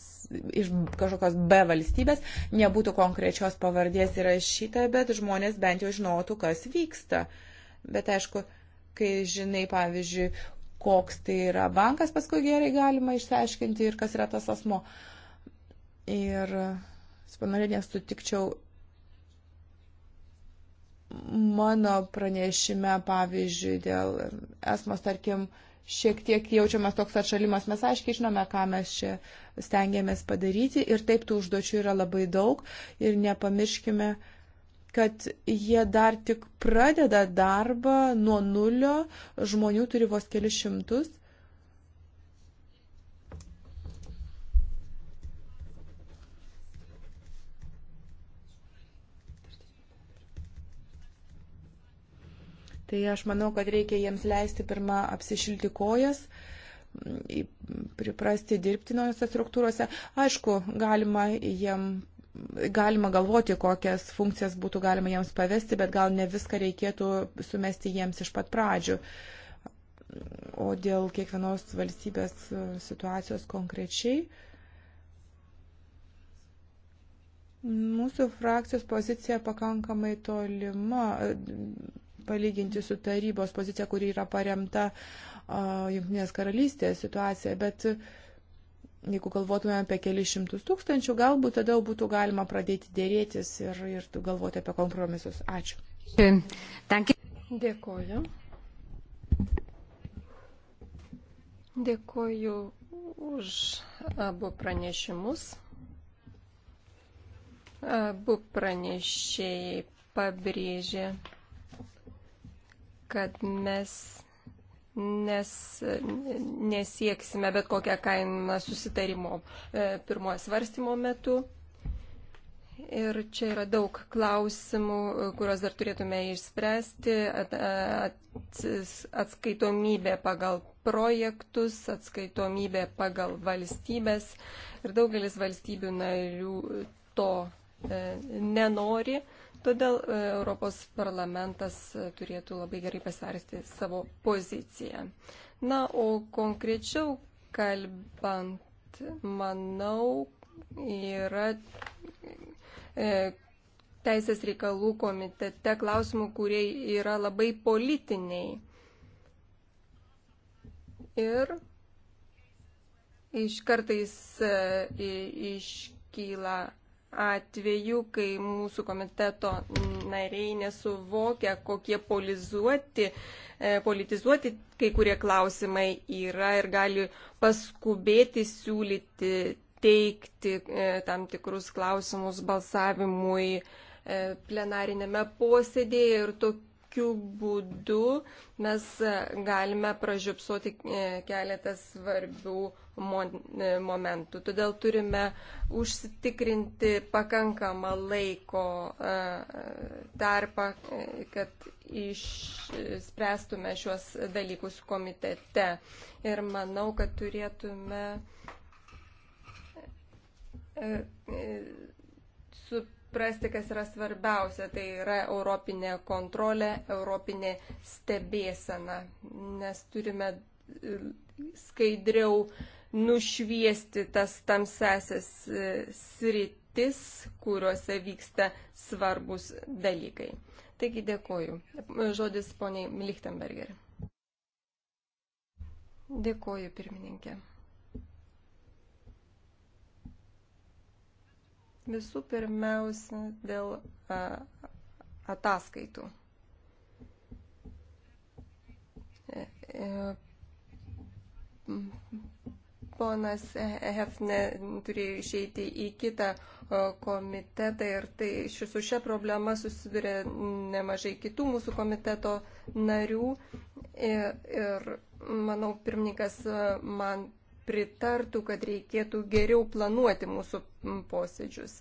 iš kažkokios B valstybės, nebūtų konkrečios pavardės įrašyta, bet žmonės bent jau žinotų, kas vyksta. Uh, Bet aišku, kai žinai, pavyzdžiui, koks tai yra bankas, paskui gerai galima išsiaiškinti ir kas yra tas asmo. Ir e, spanalinės sutikčiau mano pranešime, pavyzdžiui, dėl esmos, tarkim, šiek tiek jaučiamas toks atšalimas, mes aiškiai žinome, ką mes čia stengiamės padaryti ir taip tų užduočių yra labai daug ir nepamirškime, kad jie dar tik pradeda darbą nuo nulio, žmonių turi vos kelius šimtus. Tai aš manau, kad reikia jiems leisti pirmą apsišilti kojas, priprasti dirbti naujose struktūrose. Aišku, galima jiem galima galvoti, kokias funkcijas būtų galima jiems pavesti, bet gal ne viską reikėtų sumesti jiems iš pat pradžių. O dėl kiekvienos valstybės e, situacijos konkrečiai. Mūsų frakcijos pozicija pakankamai tolima, e, palyginti su tarybos pozicija, kuri yra paremta uh, Junktinės karalystės situacija, bet uh, jeigu galvotume apie kelius šimtus tūkstančių, galbūt tada jau būtų galima pradėti dėrėtis ir, ir galvoti apie kompromisus. Ačiū. Dėkoju. Dėkoju už abu pranešimus. Abu pranešėjai pabrėžė, kad mes nes nesieksime bet kokią kainą susitarimo e, pirmojo svarstymo metu. Ir čia yra daug klausimų, e, kuriuos dar turėtume išspręsti. E, atskaitomybė pagal projektus, atskaitomybė pagal valstybės. Ir daugelis valstybių narių to nenori. Todėl e, Europos parlamentas e, turėtų labai gerai pasversti savo poziciją. Na, o konkrečiau kalbant, manau, yra e, teisės reikalų komitete klausimų, kurie yra labai politiniai. Ir iš kartais e, iškyla atvejų, kai mūsų komiteto nariai nesuvokia, kokie polizuoti, e, politizuoti kai kurie klausimai yra ir gali paskubėti siūlyti teikti e, tam tikrus klausimus balsavimui e, plenarinėme posėdėje ir tokiu būdu mes galime pražiopsoti keletą svarbių E, momentų. Todėl turime užsitikrinti pakankamą laiko e, tarpą, e, kad išspręstume šiuos dalykus komitete. Ir manau, kad turėtume suprasti, kas yra svarbiausia. Tai yra europinė kontrolė, europinė stebėsena. Nes turime skaidriau nušviesti tas tamsesias e, sritis, kuriuose vyksta svarbus dalykai. Taigi dėkoju. Žodis poniai Lichtenberger. Dėkoju, pirmininkė. Visų pirmiausia dėl a, ataskaitų. E, e, ponas Hefne turėjo išeiti į kitą komitetą ir tai ši, su šia problema susiduria nemažai kitų mūsų komiteto narių. Ir, ir manau, pirmininkas man pritartų, kad reikėtų geriau planuoti mūsų posėdžius.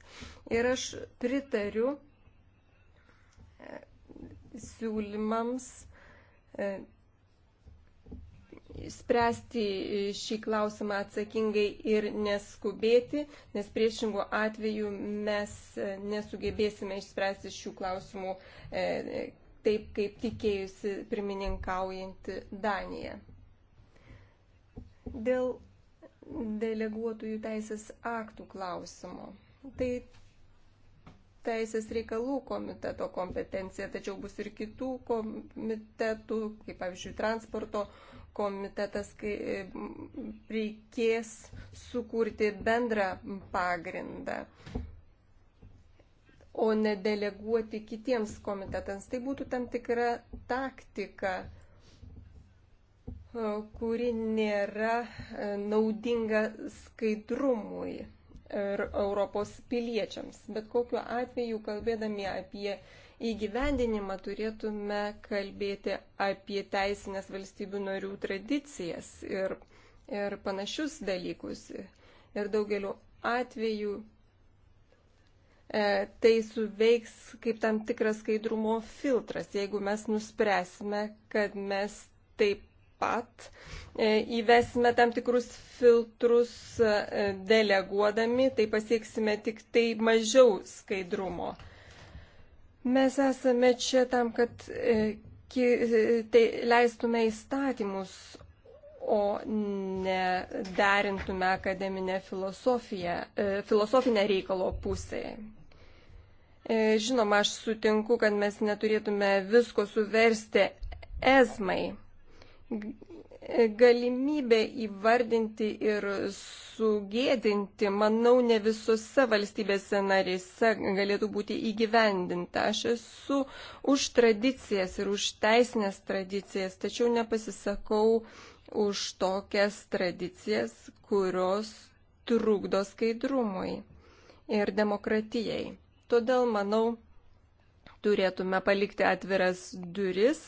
Ir aš pritariu e, siūlymams e, spręsti šį klausimą atsakingai ir neskubėti, nes priešingų atveju mes e, nesugebėsime išspręsti šių klausimų e, taip, kaip tikėjusi pirmininkaujanti Danija. Dėl deleguotųjų teisės aktų klausimo. Tai teisės reikalų komiteto kompetencija, tačiau bus ir kitų komitetų, kaip pavyzdžiui, transporto komitetas, kai reikės sukurti bendrą pagrindą, o nedeleguoti kitiems komitetams. Tai būtų tam tikra taktika, kuri nėra e, naudinga skaidrumui ir Europos piliečiams. Bet kokiu atveju, kalbėdami apie įgyvendinimą turėtume kalbėti apie teisinės valstybių narių tradicijas ir, ir panašius dalykus. Ir daugeliu atveju e, tai suveiks kaip tam tikras skaidrumo filtras, jeigu mes nuspręsime, kad mes taip pat e, įvesime tam tikrus filtrus e, deleguodami, tai pasieksime tik tai mažiau skaidrumo. Mes esame čia tam, kad tai leistume įstatymus, o ne derintume akademinę filosofiją, e, filosofinę reikalo pusę. Žinoma, aš sutinku, kad mes neturėtume visko suversti esmai galimybė įvardinti ir sugėdinti, manau, ne visose valstybėse narėse galėtų būti įgyvendinta. Aš esu už tradicijas ir už teisinės tradicijas, tačiau nepasisakau už tokias tradicijas, kurios trukdo skaidrumui ir demokratijai. Todėl, manau, turėtume palikti atviras duris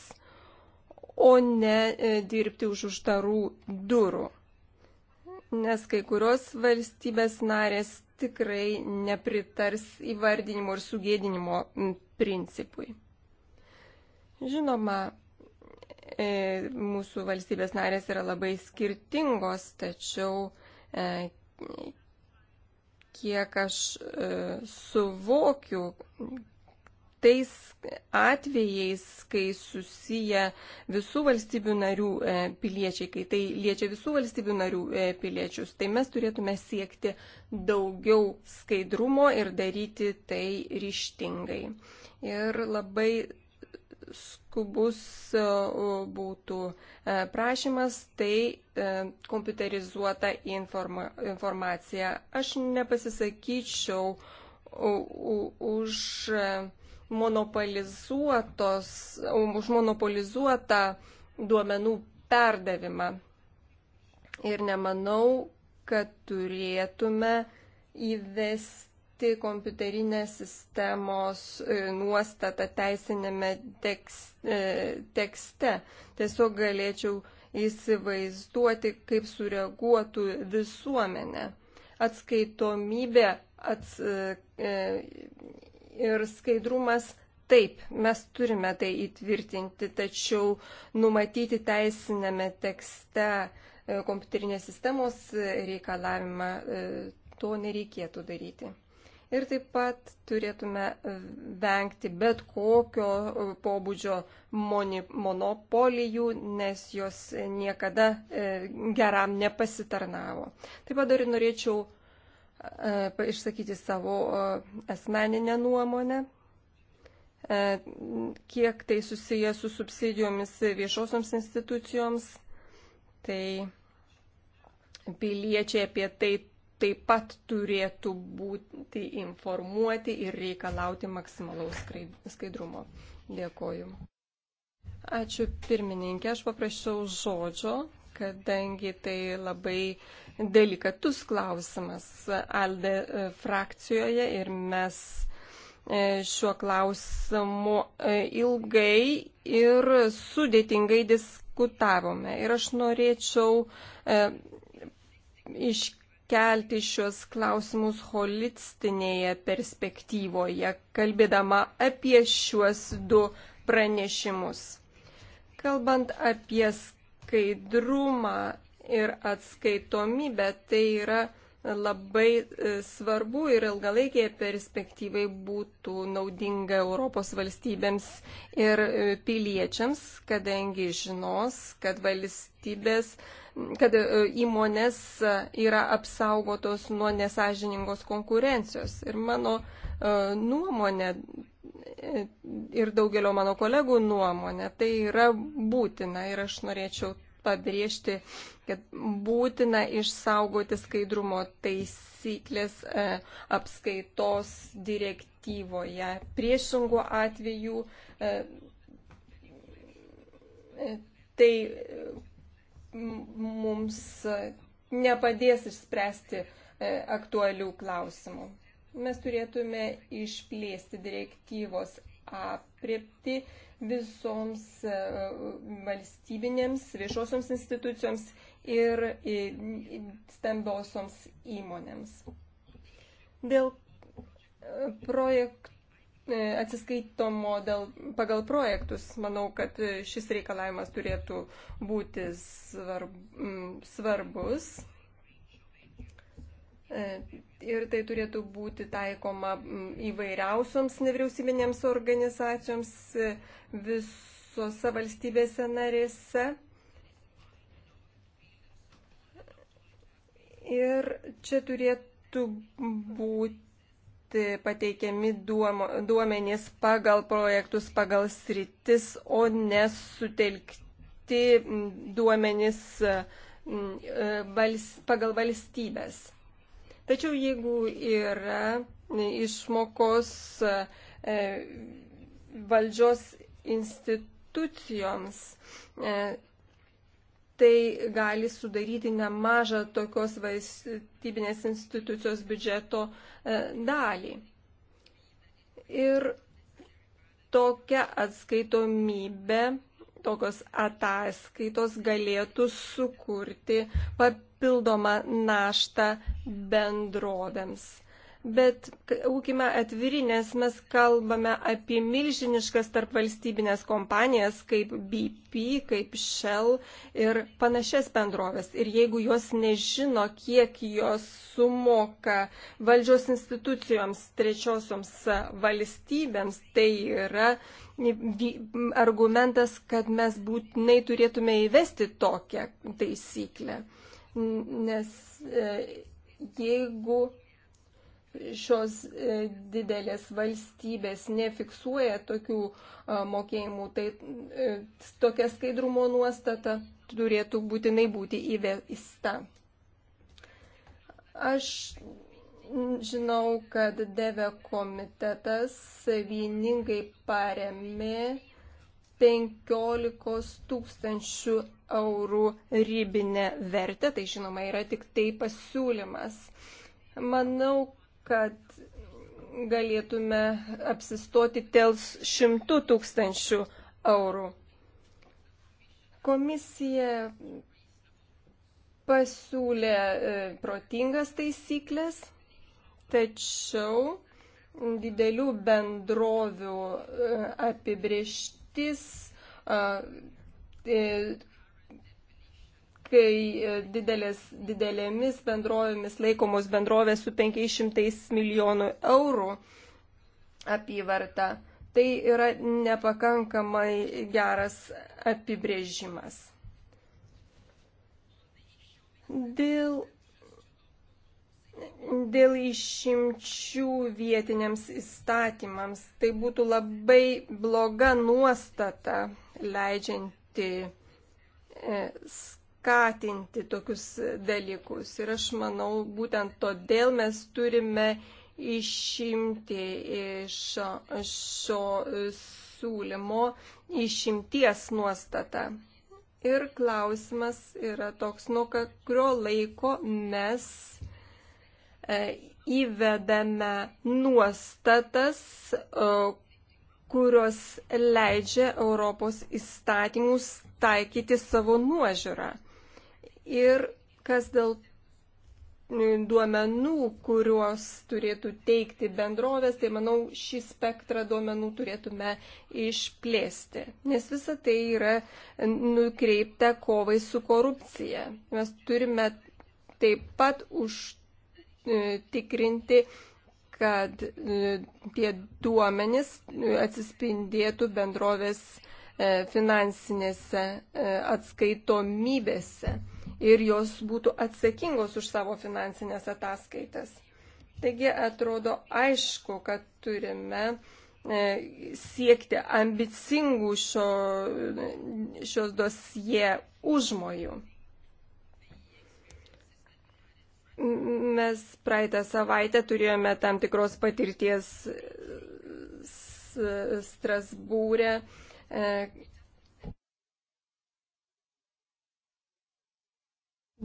o ne e, dirbti už uždarų durų. Nes kai kurios valstybės narės tikrai nepritars įvardinimo ir sugėdinimo principui. Žinoma, e, mūsų valstybės narės yra labai skirtingos, tačiau e, kiek aš suvokiu, tais atvejais, kai susiję visų valstybių narių e, piliečiai, kai tai liečia visų valstybių narių e, piliečius, tai mes turėtume siekti daugiau skaidrumo ir daryti tai ryštingai. Ir labai skubus e, būtų prašymas, tai kompiuterizuota informa, informacija. Aš nepasisakyčiau už. Uh, monopolizuotos, už monopolizuotą duomenų perdavimą. Ir nemanau, kad turėtume įvesti kompiuterinės sistemos e, nuostatą teisinėme e, tekste. Tiesiog galėčiau įsivaizduoti, kaip sureaguotų visuomenė. Atskaitomybė ats, e, ir skaidrumas Taip, mes turime tai įtvirtinti, tačiau numatyti teisinėme tekste e, kompiuterinės sistemos reikalavimą e, to nereikėtų daryti. Ir taip pat turėtume e, vengti bet kokio pobūdžio monopolijų, nes jos niekada geram nepasitarnavo. Taip pat dar norėčiau E, išsakyti savo e, asmeninę nuomonę, e, kiek tai susiję su subsidijomis viešosioms institucijoms, tai piliečiai apie tai taip pat turėtų būti informuoti ir reikalauti maksimalaus skaidrumo. Dėkoju. Ačiū pirmininkė, aš paprašiau žodžio, kadangi tai labai delikatus klausimas ALDE e, frakcijoje ir mes e, šiuo klausimu e, ilgai ir sudėtingai diskutavome. Ir aš norėčiau iškelti šios klausimus holistinėje perspektyvoje, kalbėdama apie šiuos du pranešimus. Kalbant apie skaidrumą ir atskaitomybę. Tai yra labai e, svarbu ir ilgalaikėje perspektyvai būtų naudinga Europos valstybėms ir e, piliečiams, kadangi žinos, kad valstybės, kad e, įmonės yra apsaugotos nuo nesažiningos konkurencijos. Ir mano nuomonė ir daugelio mano kolegų nuomonė, tai yra būtina ir aš norėčiau pabrėžti, kad būtina išsaugoti skaidrumo taisyklės e, apskaitos direktyvoje. Priešingų atvejų e, e tai mums nepadės išspręsti e, aktualių klausimų mes turėtume išplėsti direktyvos aprepti visoms e, valstybinėms viešosioms institucijoms ir e, stambiosioms įmonėms. Dėl e, projektų atsiskaitomo dėl, pagal projektus, manau, kad šis reikalavimas turėtų būti svarb, svarbus. E, ir tai turėtų būti taikoma įvairiausioms nevyriausybinėms organizacijoms e, visose valstybėse narėse. Ir čia turėtų būti pateikiami duomenys pagal projektus, pagal sritis, o nesutelkti duomenys e, pagal valstybės. Tačiau jeigu yra išmokos e, valdžios institucijoms, e, tai gali sudaryti nemažą tokios valstybinės institucijos biudžeto e, dalį. Ir tokia atskaitomybė tokios ataskaitos galėtų sukurti papildomą naštą bendrovėms bet būkime atviri, nes mes kalbame apie milžiniškas tarpvalstybinės kompanijas kaip BP, kaip Shell ir panašias bendrovės. Ir jeigu jos nežino, kiek jos sumoka valdžios institucijoms trečiosioms valstybėms, tai yra argumentas, kad mes būtinai turėtume įvesti tokią taisyklę. Nes e, jeigu šios e, didelės valstybės nefiksuoja tokių e, mokėjimų, tai e, tokia skaidrumo nuostata turėtų būtinai būti įvesta. Aš žinau, kad DEVE komitetas vieningai paremė 15 tūkstančių eurų ribinę vertę, tai žinoma yra tik tai pasiūlymas. Manau, kad galėtume apsistoti tels šimtų tūkstančių eurų. Komisija pasiūlė e, protingas taisyklės, tačiau didelių bendrovių e, apibrieštis e, kai e, didelės, didelėmis bendrovėmis laikomos bendrovės su 500 milijonų eurų apyvarta. Tai yra nepakankamai geras apibrėžimas. Dėl, dėl išimčių vietiniams įstatymams tai būtų labai bloga nuostata leidžianti e, skatinti tokius dalykus. Ir aš manau, būtent todėl mes turime išimti iš šio siūlymo išimties nuostatą. Ir klausimas yra toks, nuo kurio laiko mes e, įvedame nuostatas, e, kurios leidžia Europos įstatymus taikyti savo nuožiūrą. Ir kas dėl duomenų, kuriuos turėtų teikti bendrovės, tai manau šį spektrą duomenų turėtume išplėsti, nes visa tai yra nukreipta kovai su korupcija. Mes turime taip pat užtikrinti, e, kad e, tie duomenys atsispindėtų bendrovės e, finansinėse atskaitomybėse ir jos būtų atsakingos už savo finansinės ataskaitas. Taigi atrodo aišku, kad turime e, siekti ambicingų šio, šios dosie užmojų. Mes praeitą savaitę turėjome tam tikros patirties Strasbūrė, e,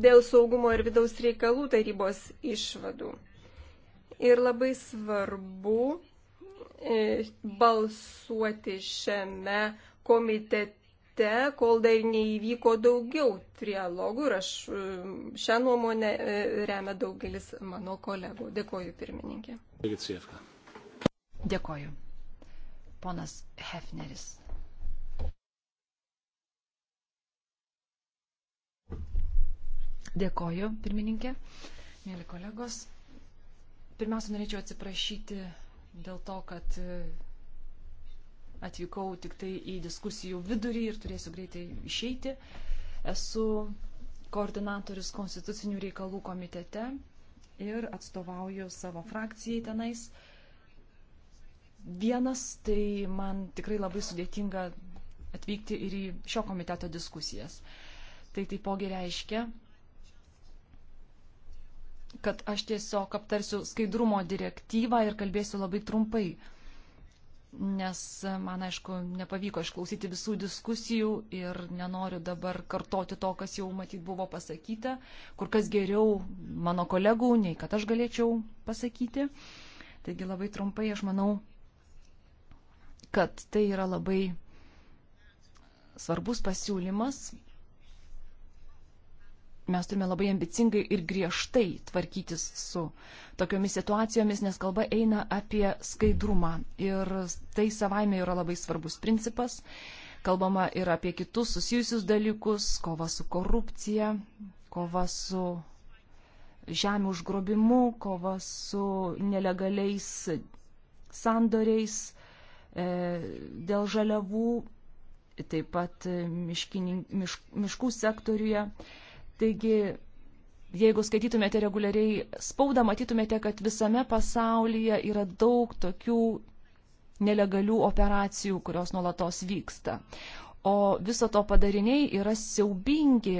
dėl saugumo ir vidaus reikalų tarybos išvadų. Ir labai svarbu e, balsuoti šiame komitete, kol dar neįvyko daugiau trialogų ir aš e, šią nuomonę e, remia daugelis mano kolegų. Dėkoju, pirmininkė. Dėkoju. Ponas Hefneris. Dėkoju, pirmininkė, mėly kolegos. Pirmiausia, norėčiau atsiprašyti dėl to, kad e, atvykau tik tai į diskusijų vidurį ir turėsiu greitai išeiti. Esu koordinatorius konstitucinių reikalų komitete ir atstovauju savo frakcijai tenais. Vienas, tai man tikrai labai sudėtinga atvykti ir į šio komiteto diskusijas. Tai taipogi reiškia, kad aš tiesiog aptarsiu skaidrumo direktyvą ir kalbėsiu labai trumpai, nes man, aišku, nepavyko išklausyti visų diskusijų ir nenoriu dabar kartoti to, kas jau matyt buvo pasakyta, kur kas geriau mano kolegų, nei kad aš galėčiau pasakyti. Taigi labai trumpai aš manau, kad tai yra labai svarbus pasiūlymas mes turime labai ambicingai ir griežtai tvarkytis su tokiomis situacijomis, nes kalba eina apie skaidrumą. Ir tai savaime yra labai svarbus principas. Kalbama ir apie kitus susijusius dalykus - kova su korupcija, kova su žemė užgrobimu, kova su nelegaliais sandoriais e, dėl žaliavų, taip pat miškinin, miš, miškų sektoriuje. E, Taigi, jeigu skaitytumėte reguliariai spaudą, matytumėte, kad visame pasaulyje yra daug tokių nelegalių operacijų, kurios nuolatos vyksta. O viso to padariniai yra siaubingi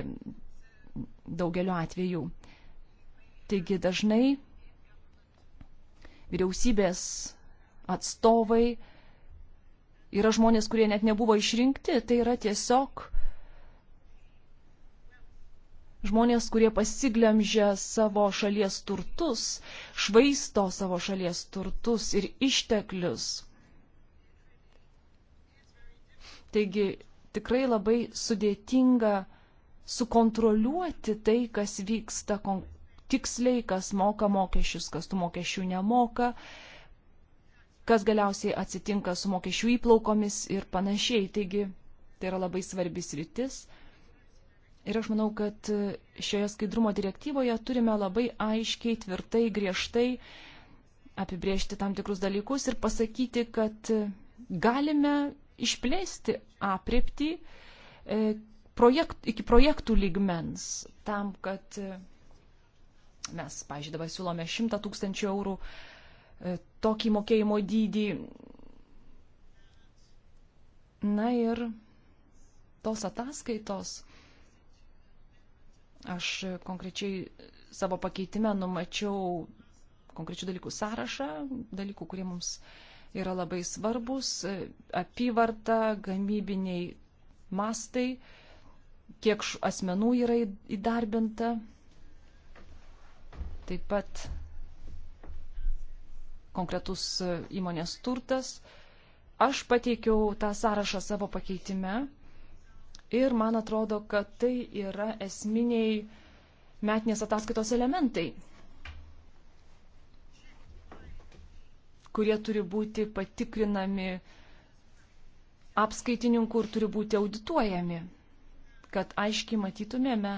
daugeliu atveju. Taigi dažnai vyriausybės atstovai yra žmonės, kurie net nebuvo išrinkti, tai yra tiesiog žmonės, kurie pasiglemžia savo šalies turtus, švaisto savo šalies turtus ir išteklius. Taigi tikrai labai sudėtinga sukontroliuoti tai, kas vyksta tiksliai, kas moka mokesčius, kas tų mokesčių nemoka, kas galiausiai atsitinka su mokesčių įplaukomis ir panašiai. Taigi tai yra labai svarbis rytis Ir aš manau, kad šioje skaidrumo direktyvoje turime labai aiškiai, tvirtai, griežtai apibriežti tam tikrus dalykus ir pasakyti, kad galime išplėsti apriepti e, projekt, iki projektų lygmens tam, kad e, mes, pažiūrėjau, dabar siūlome 100 tūkstančių eurų e, tokį mokėjimo dydį. Na ir tos ataskaitos Aš konkrečiai savo pakeitime numačiau konkrečių dalykų sąrašą, dalykų, kurie mums yra labai svarbus - apyvarta, gamybiniai mastai, kiek asmenų yra įdarbinta. Taip pat konkretus e, įmonės turtas. Aš pateikiau tą sąrašą savo pakeitime Ir man atrodo, kad tai yra esminiai metinės ataskaitos elementai, kurie turi būti patikrinami apskaitininkų ir turi būti audituojami, kad aiškiai matytumėme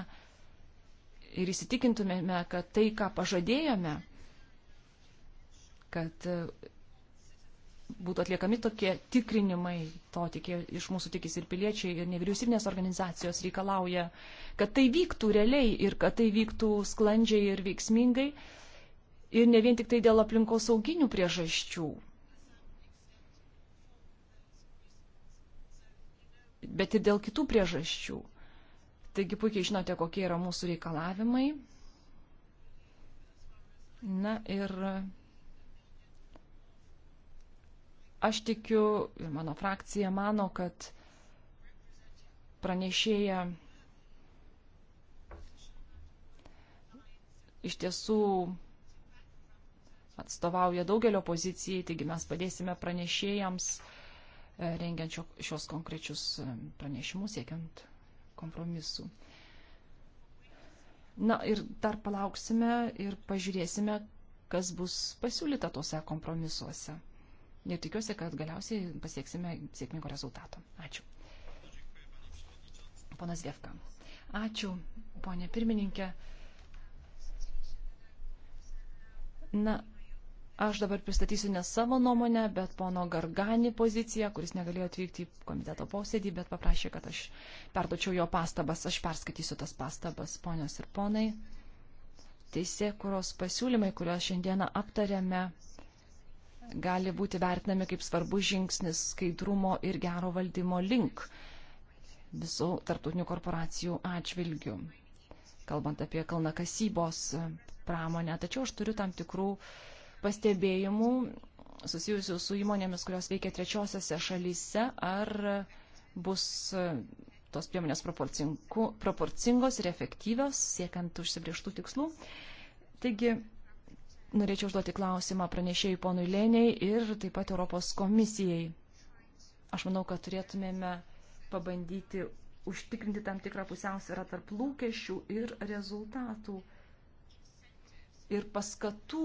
ir įsitikintumėme, kad tai, ką pažadėjome, kad būtų atliekami tokie tikrinimai, to tikė, iš mūsų tikisi ir piliečiai, ir nevyriausybinės organizacijos reikalauja, kad tai vyktų realiai ir kad tai vyktų sklandžiai ir veiksmingai, ir ne vien tik tai dėl aplinkos sauginių priežasčių, bet ir dėl kitų priežasčių. Taigi puikiai žinote, kokie yra mūsų reikalavimai. Na ir Aš tikiu ir mano frakcija mano, kad pranešėja iš tiesų atstovauja daugelio pozicijai, taigi mes padėsime pranešėjams e, rengiant šios konkrečius e, pranešimus, siekiant kompromisų. Na ir dar palauksime ir pažiūrėsime, kas bus pasiūlyta tose kompromisuose ir tikiuosi, kad galiausiai pasieksime sėkmingo rezultato. Ačiū. Ponas Jefka. Ačiū, ponė pirmininkė. Na, aš dabar pristatysiu ne savo nuomonę, bet pono Gargani poziciją, kuris negalėjo atvykti į komiteto posėdį, bet paprašė, kad aš perdočiau jo pastabas. Aš perskaitysiu tas pastabas, ponios ir ponai. Teisė, kurios pasiūlymai, kuriuos šiandieną aptarėme, gali būti vertinami kaip svarbus žingsnis skaidrumo ir gero valdymo link visų tarptautinių korporacijų atžvilgių, kalbant apie kalnakasybos pramonę. Tačiau aš turiu tam tikrų pastebėjimų susijusių su įmonėmis, kurios veikia trečiosiose šalyse, ar bus tos priemonės proporcingos ir efektyvios, siekiant užsibrieštų tikslų. Taigi, norėčiau užduoti klausimą pranešėjai ponui Leniai ir taip pat Europos komisijai. Aš manau, kad turėtumėme pabandyti užtikrinti tam tikrą pusiausvyrą tarp lūkesčių ir rezultatų ir paskatų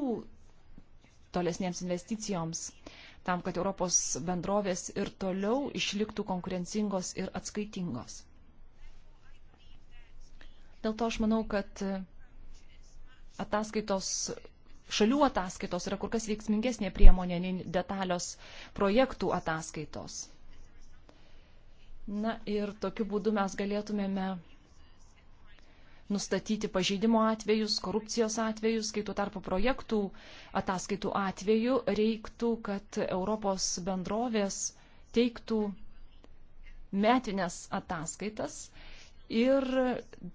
tolesniems investicijoms, tam, kad Europos bendrovės ir toliau išliktų konkurencingos ir atskaitingos. Dėl to aš manau, kad ataskaitos šalių ataskaitos yra kur kas veiksmingesnė priemonė nei detalios projektų ataskaitos. Na ir tokiu būdu mes galėtumėme nustatyti pažeidimo atvejus, korupcijos atvejus, kai tuo tarpu projektų ataskaitų atveju reiktų, kad Europos bendrovės teiktų metinės ataskaitas ir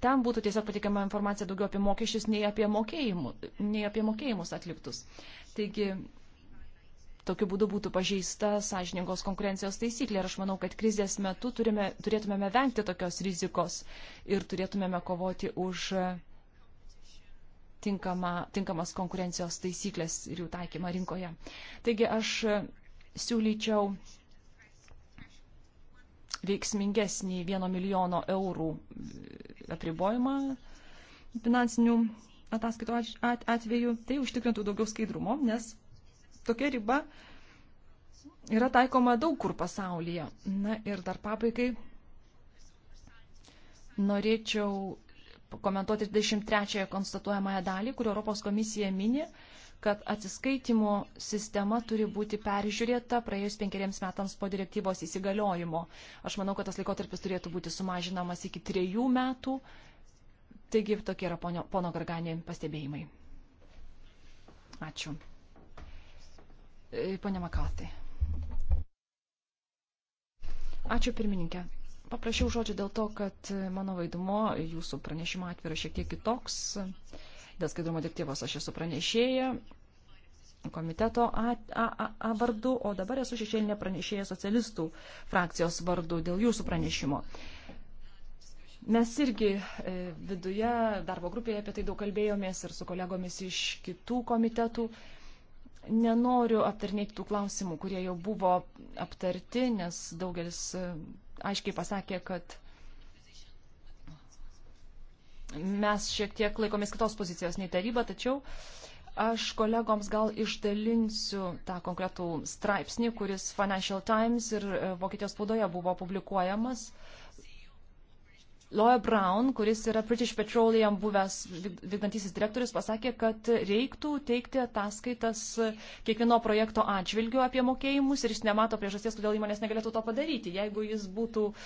ten būtų tiesiog patikiama informacija daugiau apie mokesčius nei apie, mokėjimu, nei apie mokėjimus atliktus. Taigi, tokiu būdu būtų pažeista sąžiningos konkurencijos taisyklė ir aš manau, kad krizės metu turime, turėtumėme vengti tokios rizikos ir turėtumėme kovoti už tinkama, tinkamas konkurencijos taisyklės ir jų taikymą rinkoje. Taigi aš siūlyčiau veiksmingesnį 1 milijono eurų apribojimą finansinių ataskaitų atveju, tai užtikrintų daugiau skaidrumo, nes tokia riba yra taikoma daug kur pasaulyje. Na ir dar pabaigai norėčiau pakomentuoti 23-ąją konstatuojamąją dalį, kur Europos komisija mini, kad atsiskaitimo sistema turi būti peržiūrėta praėjus penkeriems metams po direktyvos įsigaliojimo. Aš manau, kad tas laikotarpis turėtų būti sumažinamas iki trejų metų. Taigi tokie yra pono, pono Garganė pastebėjimai. Ačiū. E, Pone Makatai. Ačiū pirmininkė. Paprašiau žodžio dėl to, kad mano vaidmo jūsų pranešimo atvira šiek tiek kitoks. Uh, dėl skaidrumo direktyvos aš esu pranešėja komiteto A, A, A, A vardu, o dabar esu šešėlinė pranešėja socialistų frakcijos vardu dėl jūsų pranešimo. Mes irgi e, viduje, darbo grupėje apie tai daug kalbėjomės ir su kolegomis iš kitų komitetų. Nenoriu aptarnėti tų klausimų, kurie jau buvo aptarti, nes daugelis e, aiškiai pasakė, kad mes šiek tiek laikomės kitos pozicijos nei taryba, tačiau aš kolegoms gal išdalinsiu tą konkretų straipsnį, kuris Financial Times ir e, Vokietijos spaudoje buvo publikuojamas. Loja Brown, kuris yra British Petroleum buvęs vykdantisis direktorius, pasakė, kad reiktų teikti ataskaitas kiekvieno projekto atžvilgiu apie mokėjimus ir jis nemato priežasties, kodėl įmonės negalėtų to padaryti. Jeigu jis būtų uh,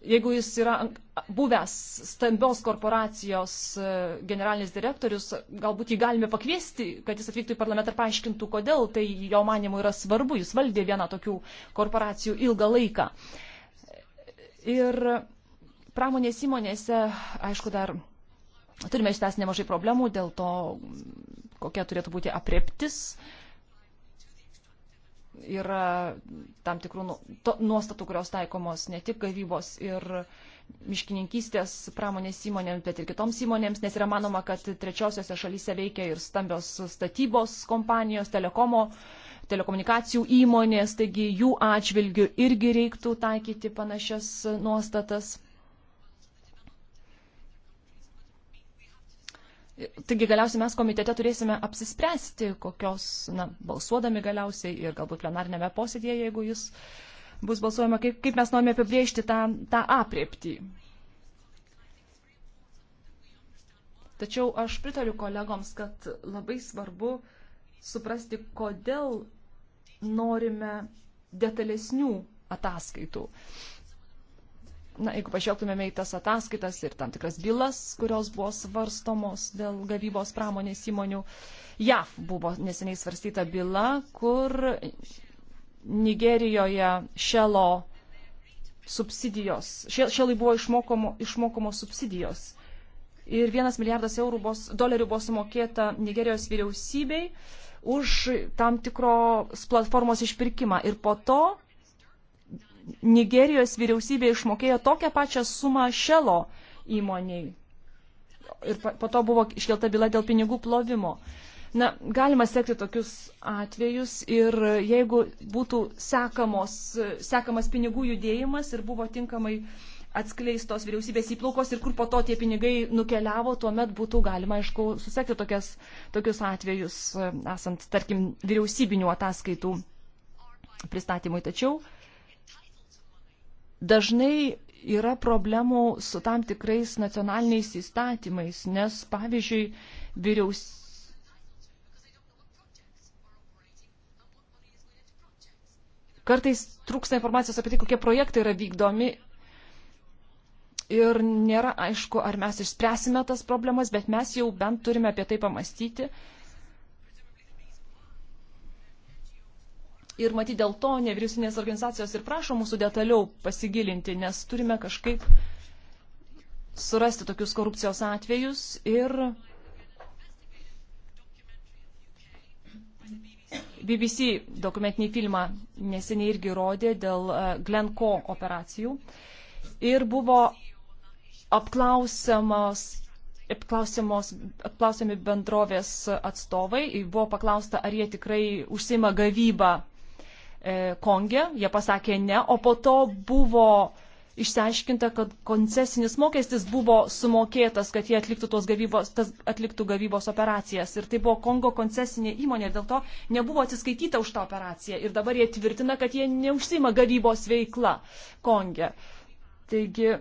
jeigu jis yra buvęs stambios korporacijos e, generalinis direktorius, galbūt jį galime pakviesti, kad jis atvyktų į parlamentą ir paaiškintų, kodėl tai jo manimu yra svarbu. Jis valdė vieną tokių korporacijų ilgą laiką. Ir pramonės įmonėse, aišku, dar turime išties nemažai problemų dėl to, kokia turėtų būti apreptis. Uh, yra tam tikrų nu, nuostatų, kurios taikomos ne tik gavybos ir miškininkystės pramonės įmonėms, bet ir kitoms įmonėms, nes yra manoma, kad trečiosiose šalyse veikia ir stambios statybos kompanijos, telekomo, telekomunikacijų įmonės, taigi jų atžvilgių irgi reiktų taikyti panašias nuostatas. Taigi galiausiai mes komitete turėsime apsispręsti, kokios, na, balsuodami galiausiai ir galbūt plenarinėme posėdėje, jeigu jis bus balsuojama, kaip, kaip mes norime apibriežti tą, tą apriepti. Tačiau aš pritariu kolegoms, kad labai svarbu suprasti, kodėl norime detalesnių ataskaitų. Uh, na, jeigu pažvelgtumėme į tas ataskaitas ir tam tikras bylas, kurios buvo svarstomos dėl gavybos pramonės įmonių, JAV buvo neseniai svarstyta byla, kur Nigerijoje šelo subsidijos, šelai buvo išmokomo, išmokomos subsidijos. Ir vienas milijardas eurų bos, dolerių buvo sumokėta Nigerijos vyriausybei už tam tikros platformos išpirkimą. Ir po to Nigerijos vyriausybė išmokėjo tokią pačią sumą Šelo įmoniai. Ir po to buvo iškelta byla dėl pinigų plovimo. Na, galima sekti tokius atvejus ir jeigu būtų sekamos, sekamas pinigų judėjimas ir buvo tinkamai atskleistos vyriausybės įplaukos ir kur po to tie pinigai nukeliavo, tuomet būtų galima, aišku, susekti tokias, tokius atvejus, esant, tarkim, vyriausybinių ataskaitų pristatymui. Tačiau uh, dažnai yra problemų su tam tikrais nacionaliniais įstatymais, nes pavyzdžiui, vyriaus... kartais trūksta informacijos apie tai, kokie projektai yra vykdomi ir nėra aišku, ar mes išspręsime tas problemas, bet mes jau bent turime apie tai pamastyti Ir matyti dėl to nevyriausinės organizacijos ir prašo mūsų detaliau pasigilinti, nes turime kažkaip surasti tokius korupcijos atvejus ir BBC dokumentinį filmą neseniai irgi rodė dėl e, Glenko operacijų. Ir buvo apklausiamas apklausiamos, apklausiami bendrovės atstovai, buvo paklausta, ar jie tikrai užsima gavybą E, Konge, jie pasakė ne, o po to buvo išsiaiškinta, kad koncesinis mokestis buvo sumokėtas, kad jie atliktų, tos gavybos, tas, atliktų gavybos operacijas. Ir tai buvo Kongo koncesinė įmonė, dėl to nebuvo atsiskaityta už tą operaciją. Ir dabar jie tvirtina, kad jie neužsima gavybos veikla Konge. Taigi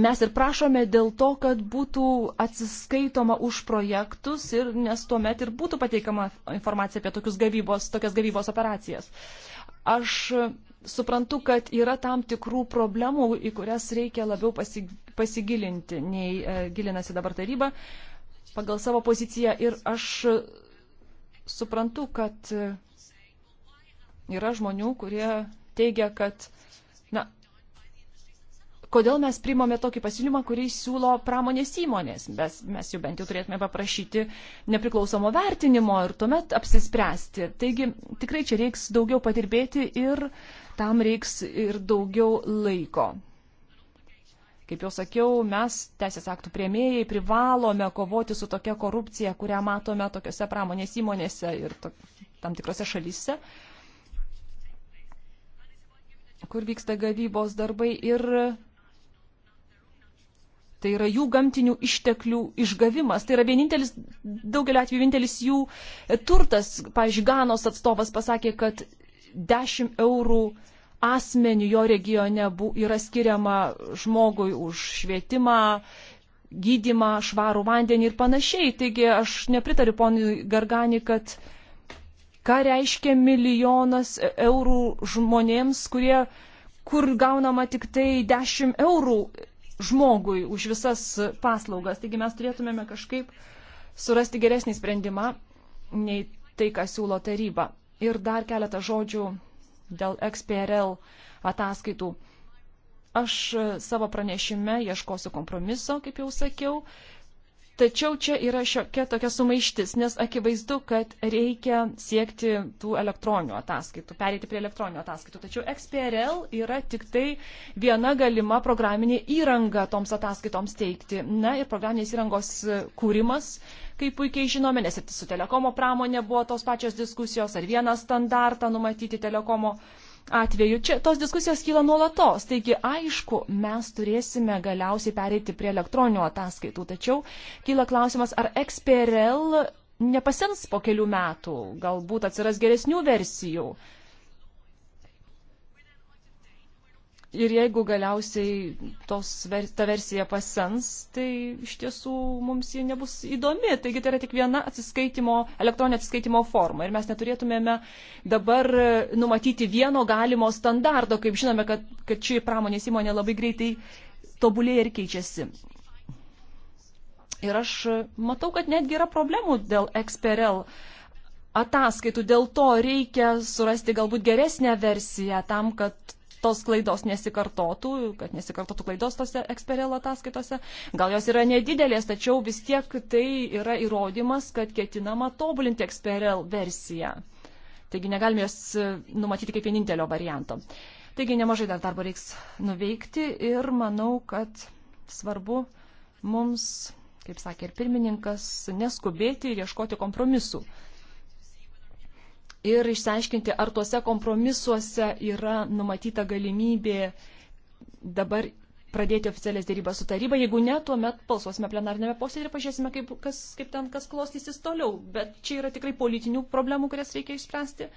mes ir prašome dėl to, kad būtų atsiskaitoma už projektus ir nes tuomet ir būtų pateikama informacija apie tokius gavybos, tokias gavybos operacijas. Aš suprantu, kad yra tam tikrų problemų, į kurias reikia labiau pasigilinti, nei e, gilinasi dabar taryba pagal savo poziciją. Ir aš suprantu, kad yra žmonių, kurie teigia, kad, na, kodėl mes primame tokį pasiūlymą, kurį siūlo pramonės įmonės. Mes, mes jau bent jau turėtume paprašyti nepriklausomo vertinimo ir tuomet apsispręsti. Taigi tikrai čia reiks daugiau padirbėti ir tam reiks ir daugiau laiko. Kaip jau sakiau, mes, teisės aktų prieimėjai, privalome kovoti su tokia korupcija, kurią matome tokiuose pramonės įmonėse ir to, tam tikrose šalyse kur vyksta gavybos darbai ir Tai yra jų gamtinių išteklių išgavimas. Tai yra vienintelis, daugelio atveju vienintelis jų e, turtas. Pavyzdžiui, Ganos atstovas pasakė, kad 10 eurų asmenių jo regione yra skiriama žmogui už švietimą, gydimą, švarų vandenį ir panašiai. Taigi aš nepritariu ponui Gargani, kad ką reiškia milijonas e, eurų žmonėms, kurie kur gaunama tik tai 10 eurų žmogui už visas paslaugas. Taigi mes turėtumėme kažkaip surasti geresnį sprendimą nei tai, ką siūlo taryba. Ir dar keletą žodžių dėl XPRL ataskaitų. Aš savo pranešime ieškosiu kompromiso, kaip jau sakiau, Tačiau čia yra šiokia tokia sumaištis, nes akivaizdu, kad reikia siekti tų elektroninių ataskaitų, pereiti prie elektroninių ataskaitų. Tačiau XPRL yra tik tai viena galima programinė įranga toms ataskaitoms teikti. Na ir programinės įrangos kūrimas, kaip puikiai žinome, nes ir su telekomo pramonė buvo tos pačios diskusijos, ar vieną standartą numatyti telekomo pramonė atveju. Čia tos diskusijos kyla nuolatos, taigi aišku, mes turėsime galiausiai pereiti prie elektroninių ataskaitų, tačiau kyla klausimas, ar XPRL nepasens po kelių metų, galbūt atsiras geresnių versijų. Ir jeigu galiausiai tos, ta versija pasens, tai iš tiesų mums ji nebus įdomi. Taigi tai yra tik viena atsiskaitimo, elektroninio atsiskaitimo forma. Ir mes neturėtumėme dabar numatyti vieno galimo standarto, kaip žinome, kad, kad ši pramonės įmonė labai greitai tobulėja ir keičiasi. Ir aš matau, kad netgi yra problemų dėl XPRL ataskaitų. Dėl to reikia surasti galbūt geresnę versiją tam, kad tos klaidos nesikartotų, kad nesikartotų klaidos tose eksperėlo ataskaitose. Gal jos yra nedidelės, tačiau vis tiek tai yra įrodymas, kad ketinama tobulinti eksperėl versiją. Taigi negalime jos e, numatyti kaip vienintelio varianto. Taigi nemažai dar darbo reiks nuveikti ir manau, kad svarbu mums, kaip sakė ir pirmininkas, neskubėti ir ieškoti kompromisų ir išsiaiškinti, ar tuose kompromisuose yra numatyta galimybė dabar pradėti oficialias dėrybas su taryba. Jeigu ne, tuomet balsuosime plenarnėme posėdėje ir pažiūrėsime, kaip, kas, kaip ten kas klostysis toliau. Bet čia yra tikrai politinių problemų, kurias reikia išspręsti.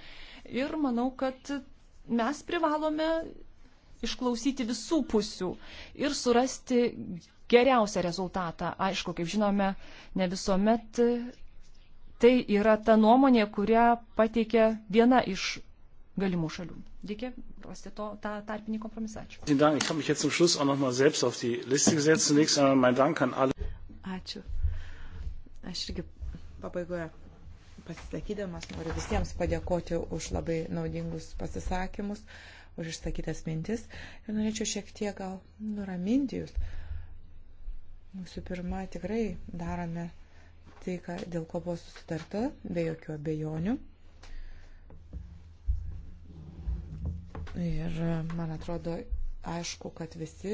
Ir manau, kad mes privalome išklausyti visų pusių ir surasti geriausią rezultatą. Aišku, kaip žinome, ne visuomet Tai yra ta nuomonė, kurią pateikė viena iš galimų šalių. Reikia rasti to, tą tarpinį kompromisą. Ačiū. Ačiū. Aš irgi pabaigoje pasisakydamas noriu visiems padėkoti už labai naudingus pasisakymus, už išsakytas mintis ir norėčiau šiek tiek gal nuraminti jūs. Mūsų pirma, tikrai darome tai, ką, dėl ko buvo susitarta, be jokių abejonių. Ir man atrodo, aišku, kad visi,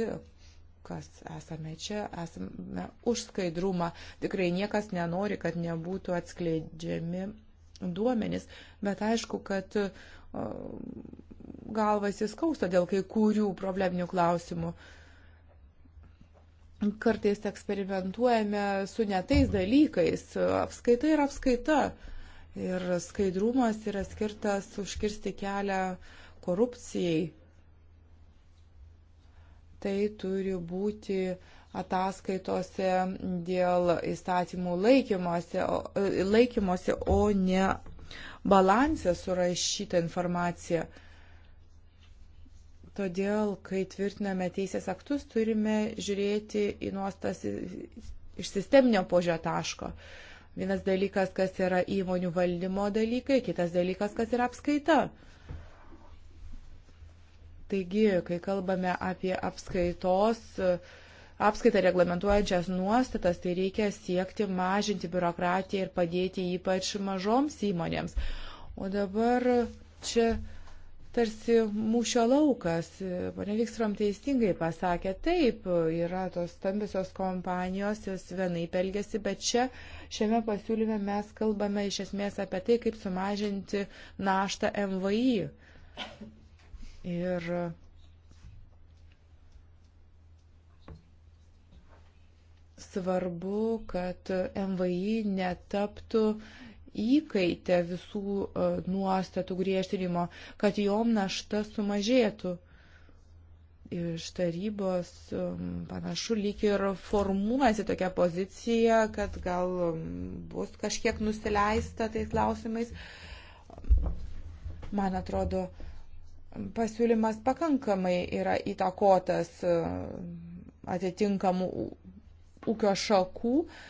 kas esame čia, esame už skaidrumą. Tikrai niekas nenori, kad nebūtų atskleidžiami duomenys. Bet aišku, kad galvas įskausta dėl kai kurių probleminių klausimų. Uh, kartais eksperimentuojame su netais dalykais. Apskaita yra apskaita. Ir skaidrumas yra skirtas užkirsti kelią korupcijai. Tai turi būti ataskaitose dėl įstatymų laikymosi, laikymosi o ne balansė surašyta informacija. Todėl, kai tvirtiname teisės aktus, turime žiūrėti į nuostas iš sisteminio požio taško. Vienas dalykas, kas yra įmonių valdymo dalykai, kitas dalykas, kas yra apskaita. Taigi, kai kalbame apie apskaitos, apskaitą reglamentuojančias nuostatas, tai reikia siekti mažinti biurokratiją ir padėti ypač mažoms įmonėms. O dabar čia tarsi mūšio laukas. Pane Vikstrom teisingai pasakė, taip, yra tos stambiosios kompanijos, jos vienai pelgėsi, bet čia šiame pasiūlyme mes kalbame iš esmės apie tai, kaip sumažinti naštą MVI. Ir svarbu, kad MVI netaptų įkaitę visų e, nuostatų griežtinimo, kad jom našta sumažėtų. Iš tarybos e, panašu lyg ir formuojasi tokia pozicija, kad gal e, bus kažkiek nusileista tais klausimais. Man atrodo, pasiūlymas pakankamai yra įtakotas atitinkamų ūkio šakų. Uh,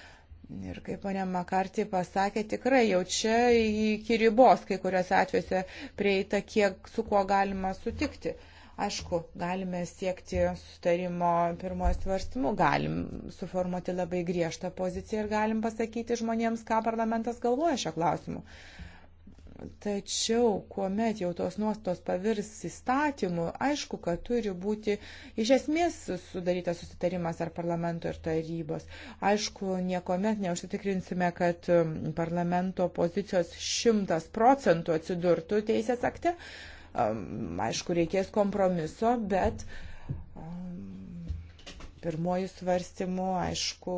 Ir kaip ponia Makartį pasakė, tikrai jau čia iki ribos kai kuriuose atvejuose prieita, kiek su kuo galima sutikti. Aišku, galime siekti sutarimo pirmojo svarstymu, galim suformuoti labai griežtą poziciją ir galim pasakyti žmonėms, ką parlamentas galvoja šio klausimu. Uh, Tačiau, kuomet jau tos nuostos pavirs įstatymu, aišku, kad turi būti iš esmės sudarytas susitarimas ar parlamento ir tarybos. Aišku, niekuomet neužsitikrinsime, kad um, parlamento pozicijos šimtas procentų atsidurtų teisės akte. Um, aišku, reikės kompromiso, bet um, pirmojų svarstymų, aišku,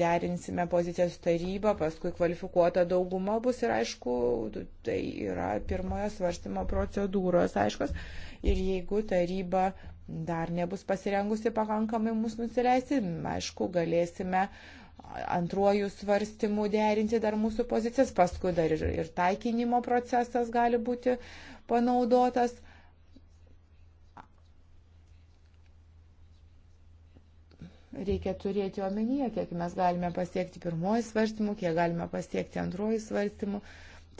derinsime poziciją su taryba, paskui kvalifikuota dauguma bus ir, aišku, tai yra pirmojo svarstymo procedūros, aiškus. Ir jeigu taryba dar nebus pasirengusi pakankamai mus nusileisti, aišku, galėsime antruoju svarstymu derinti dar mūsų pozicijas, paskui dar ir, ir taikinimo procesas gali būti panaudotas. reikia turėti omenyje, kiek mes galime pasiekti pirmoji svarstymų, kiek galime pasiekti antroji svarstymų.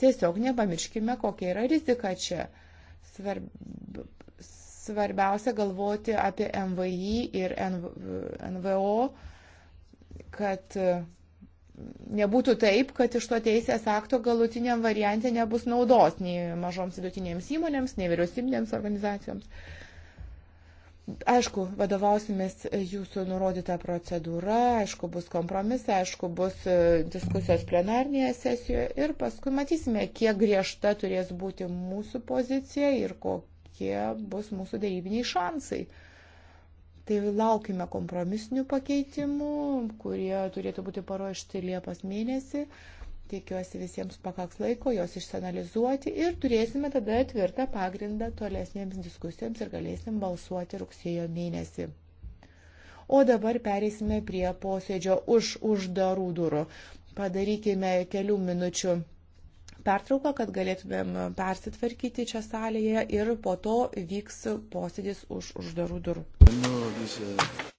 Tiesiog nepamirškime, kokia yra rizika čia. Svarb... Svarbiausia galvoti apie MVI ir NVO, kad e, nebūtų taip, kad iš to teisės akto galutiniam variantė nebus naudos nei mažoms vidutinėms įmonėms, nei vyriausybinėms organizacijoms. Aišku, vadovausimės jūsų nurodytą procedūrą, aišku, bus kompromisai, aišku, bus e, diskusijos plenarnėje sesijoje ir paskui matysime, kiek griežta turės būti mūsų pozicija ir kokie bus mūsų dėrybiniai šansai. Tai laukime kompromisinių pakeitimų, kurie turėtų būti paruošti Liepos mėnesį. Uh, Tikiuosi visiems pakaks laiko jos išsianalizuoti ir turėsime tada tvirtą pagrindą tolesnėms diskusijoms ir galėsim balsuoti rugsėjo mėnesį. O dabar pereisime prie posėdžio už uždarų durų. Padarykime kelių minučių pertrauką, kad galėtumėm persitvarkyti čia salėje ir po to vyks posėdis už uždarų durų. No, nu, this, uh...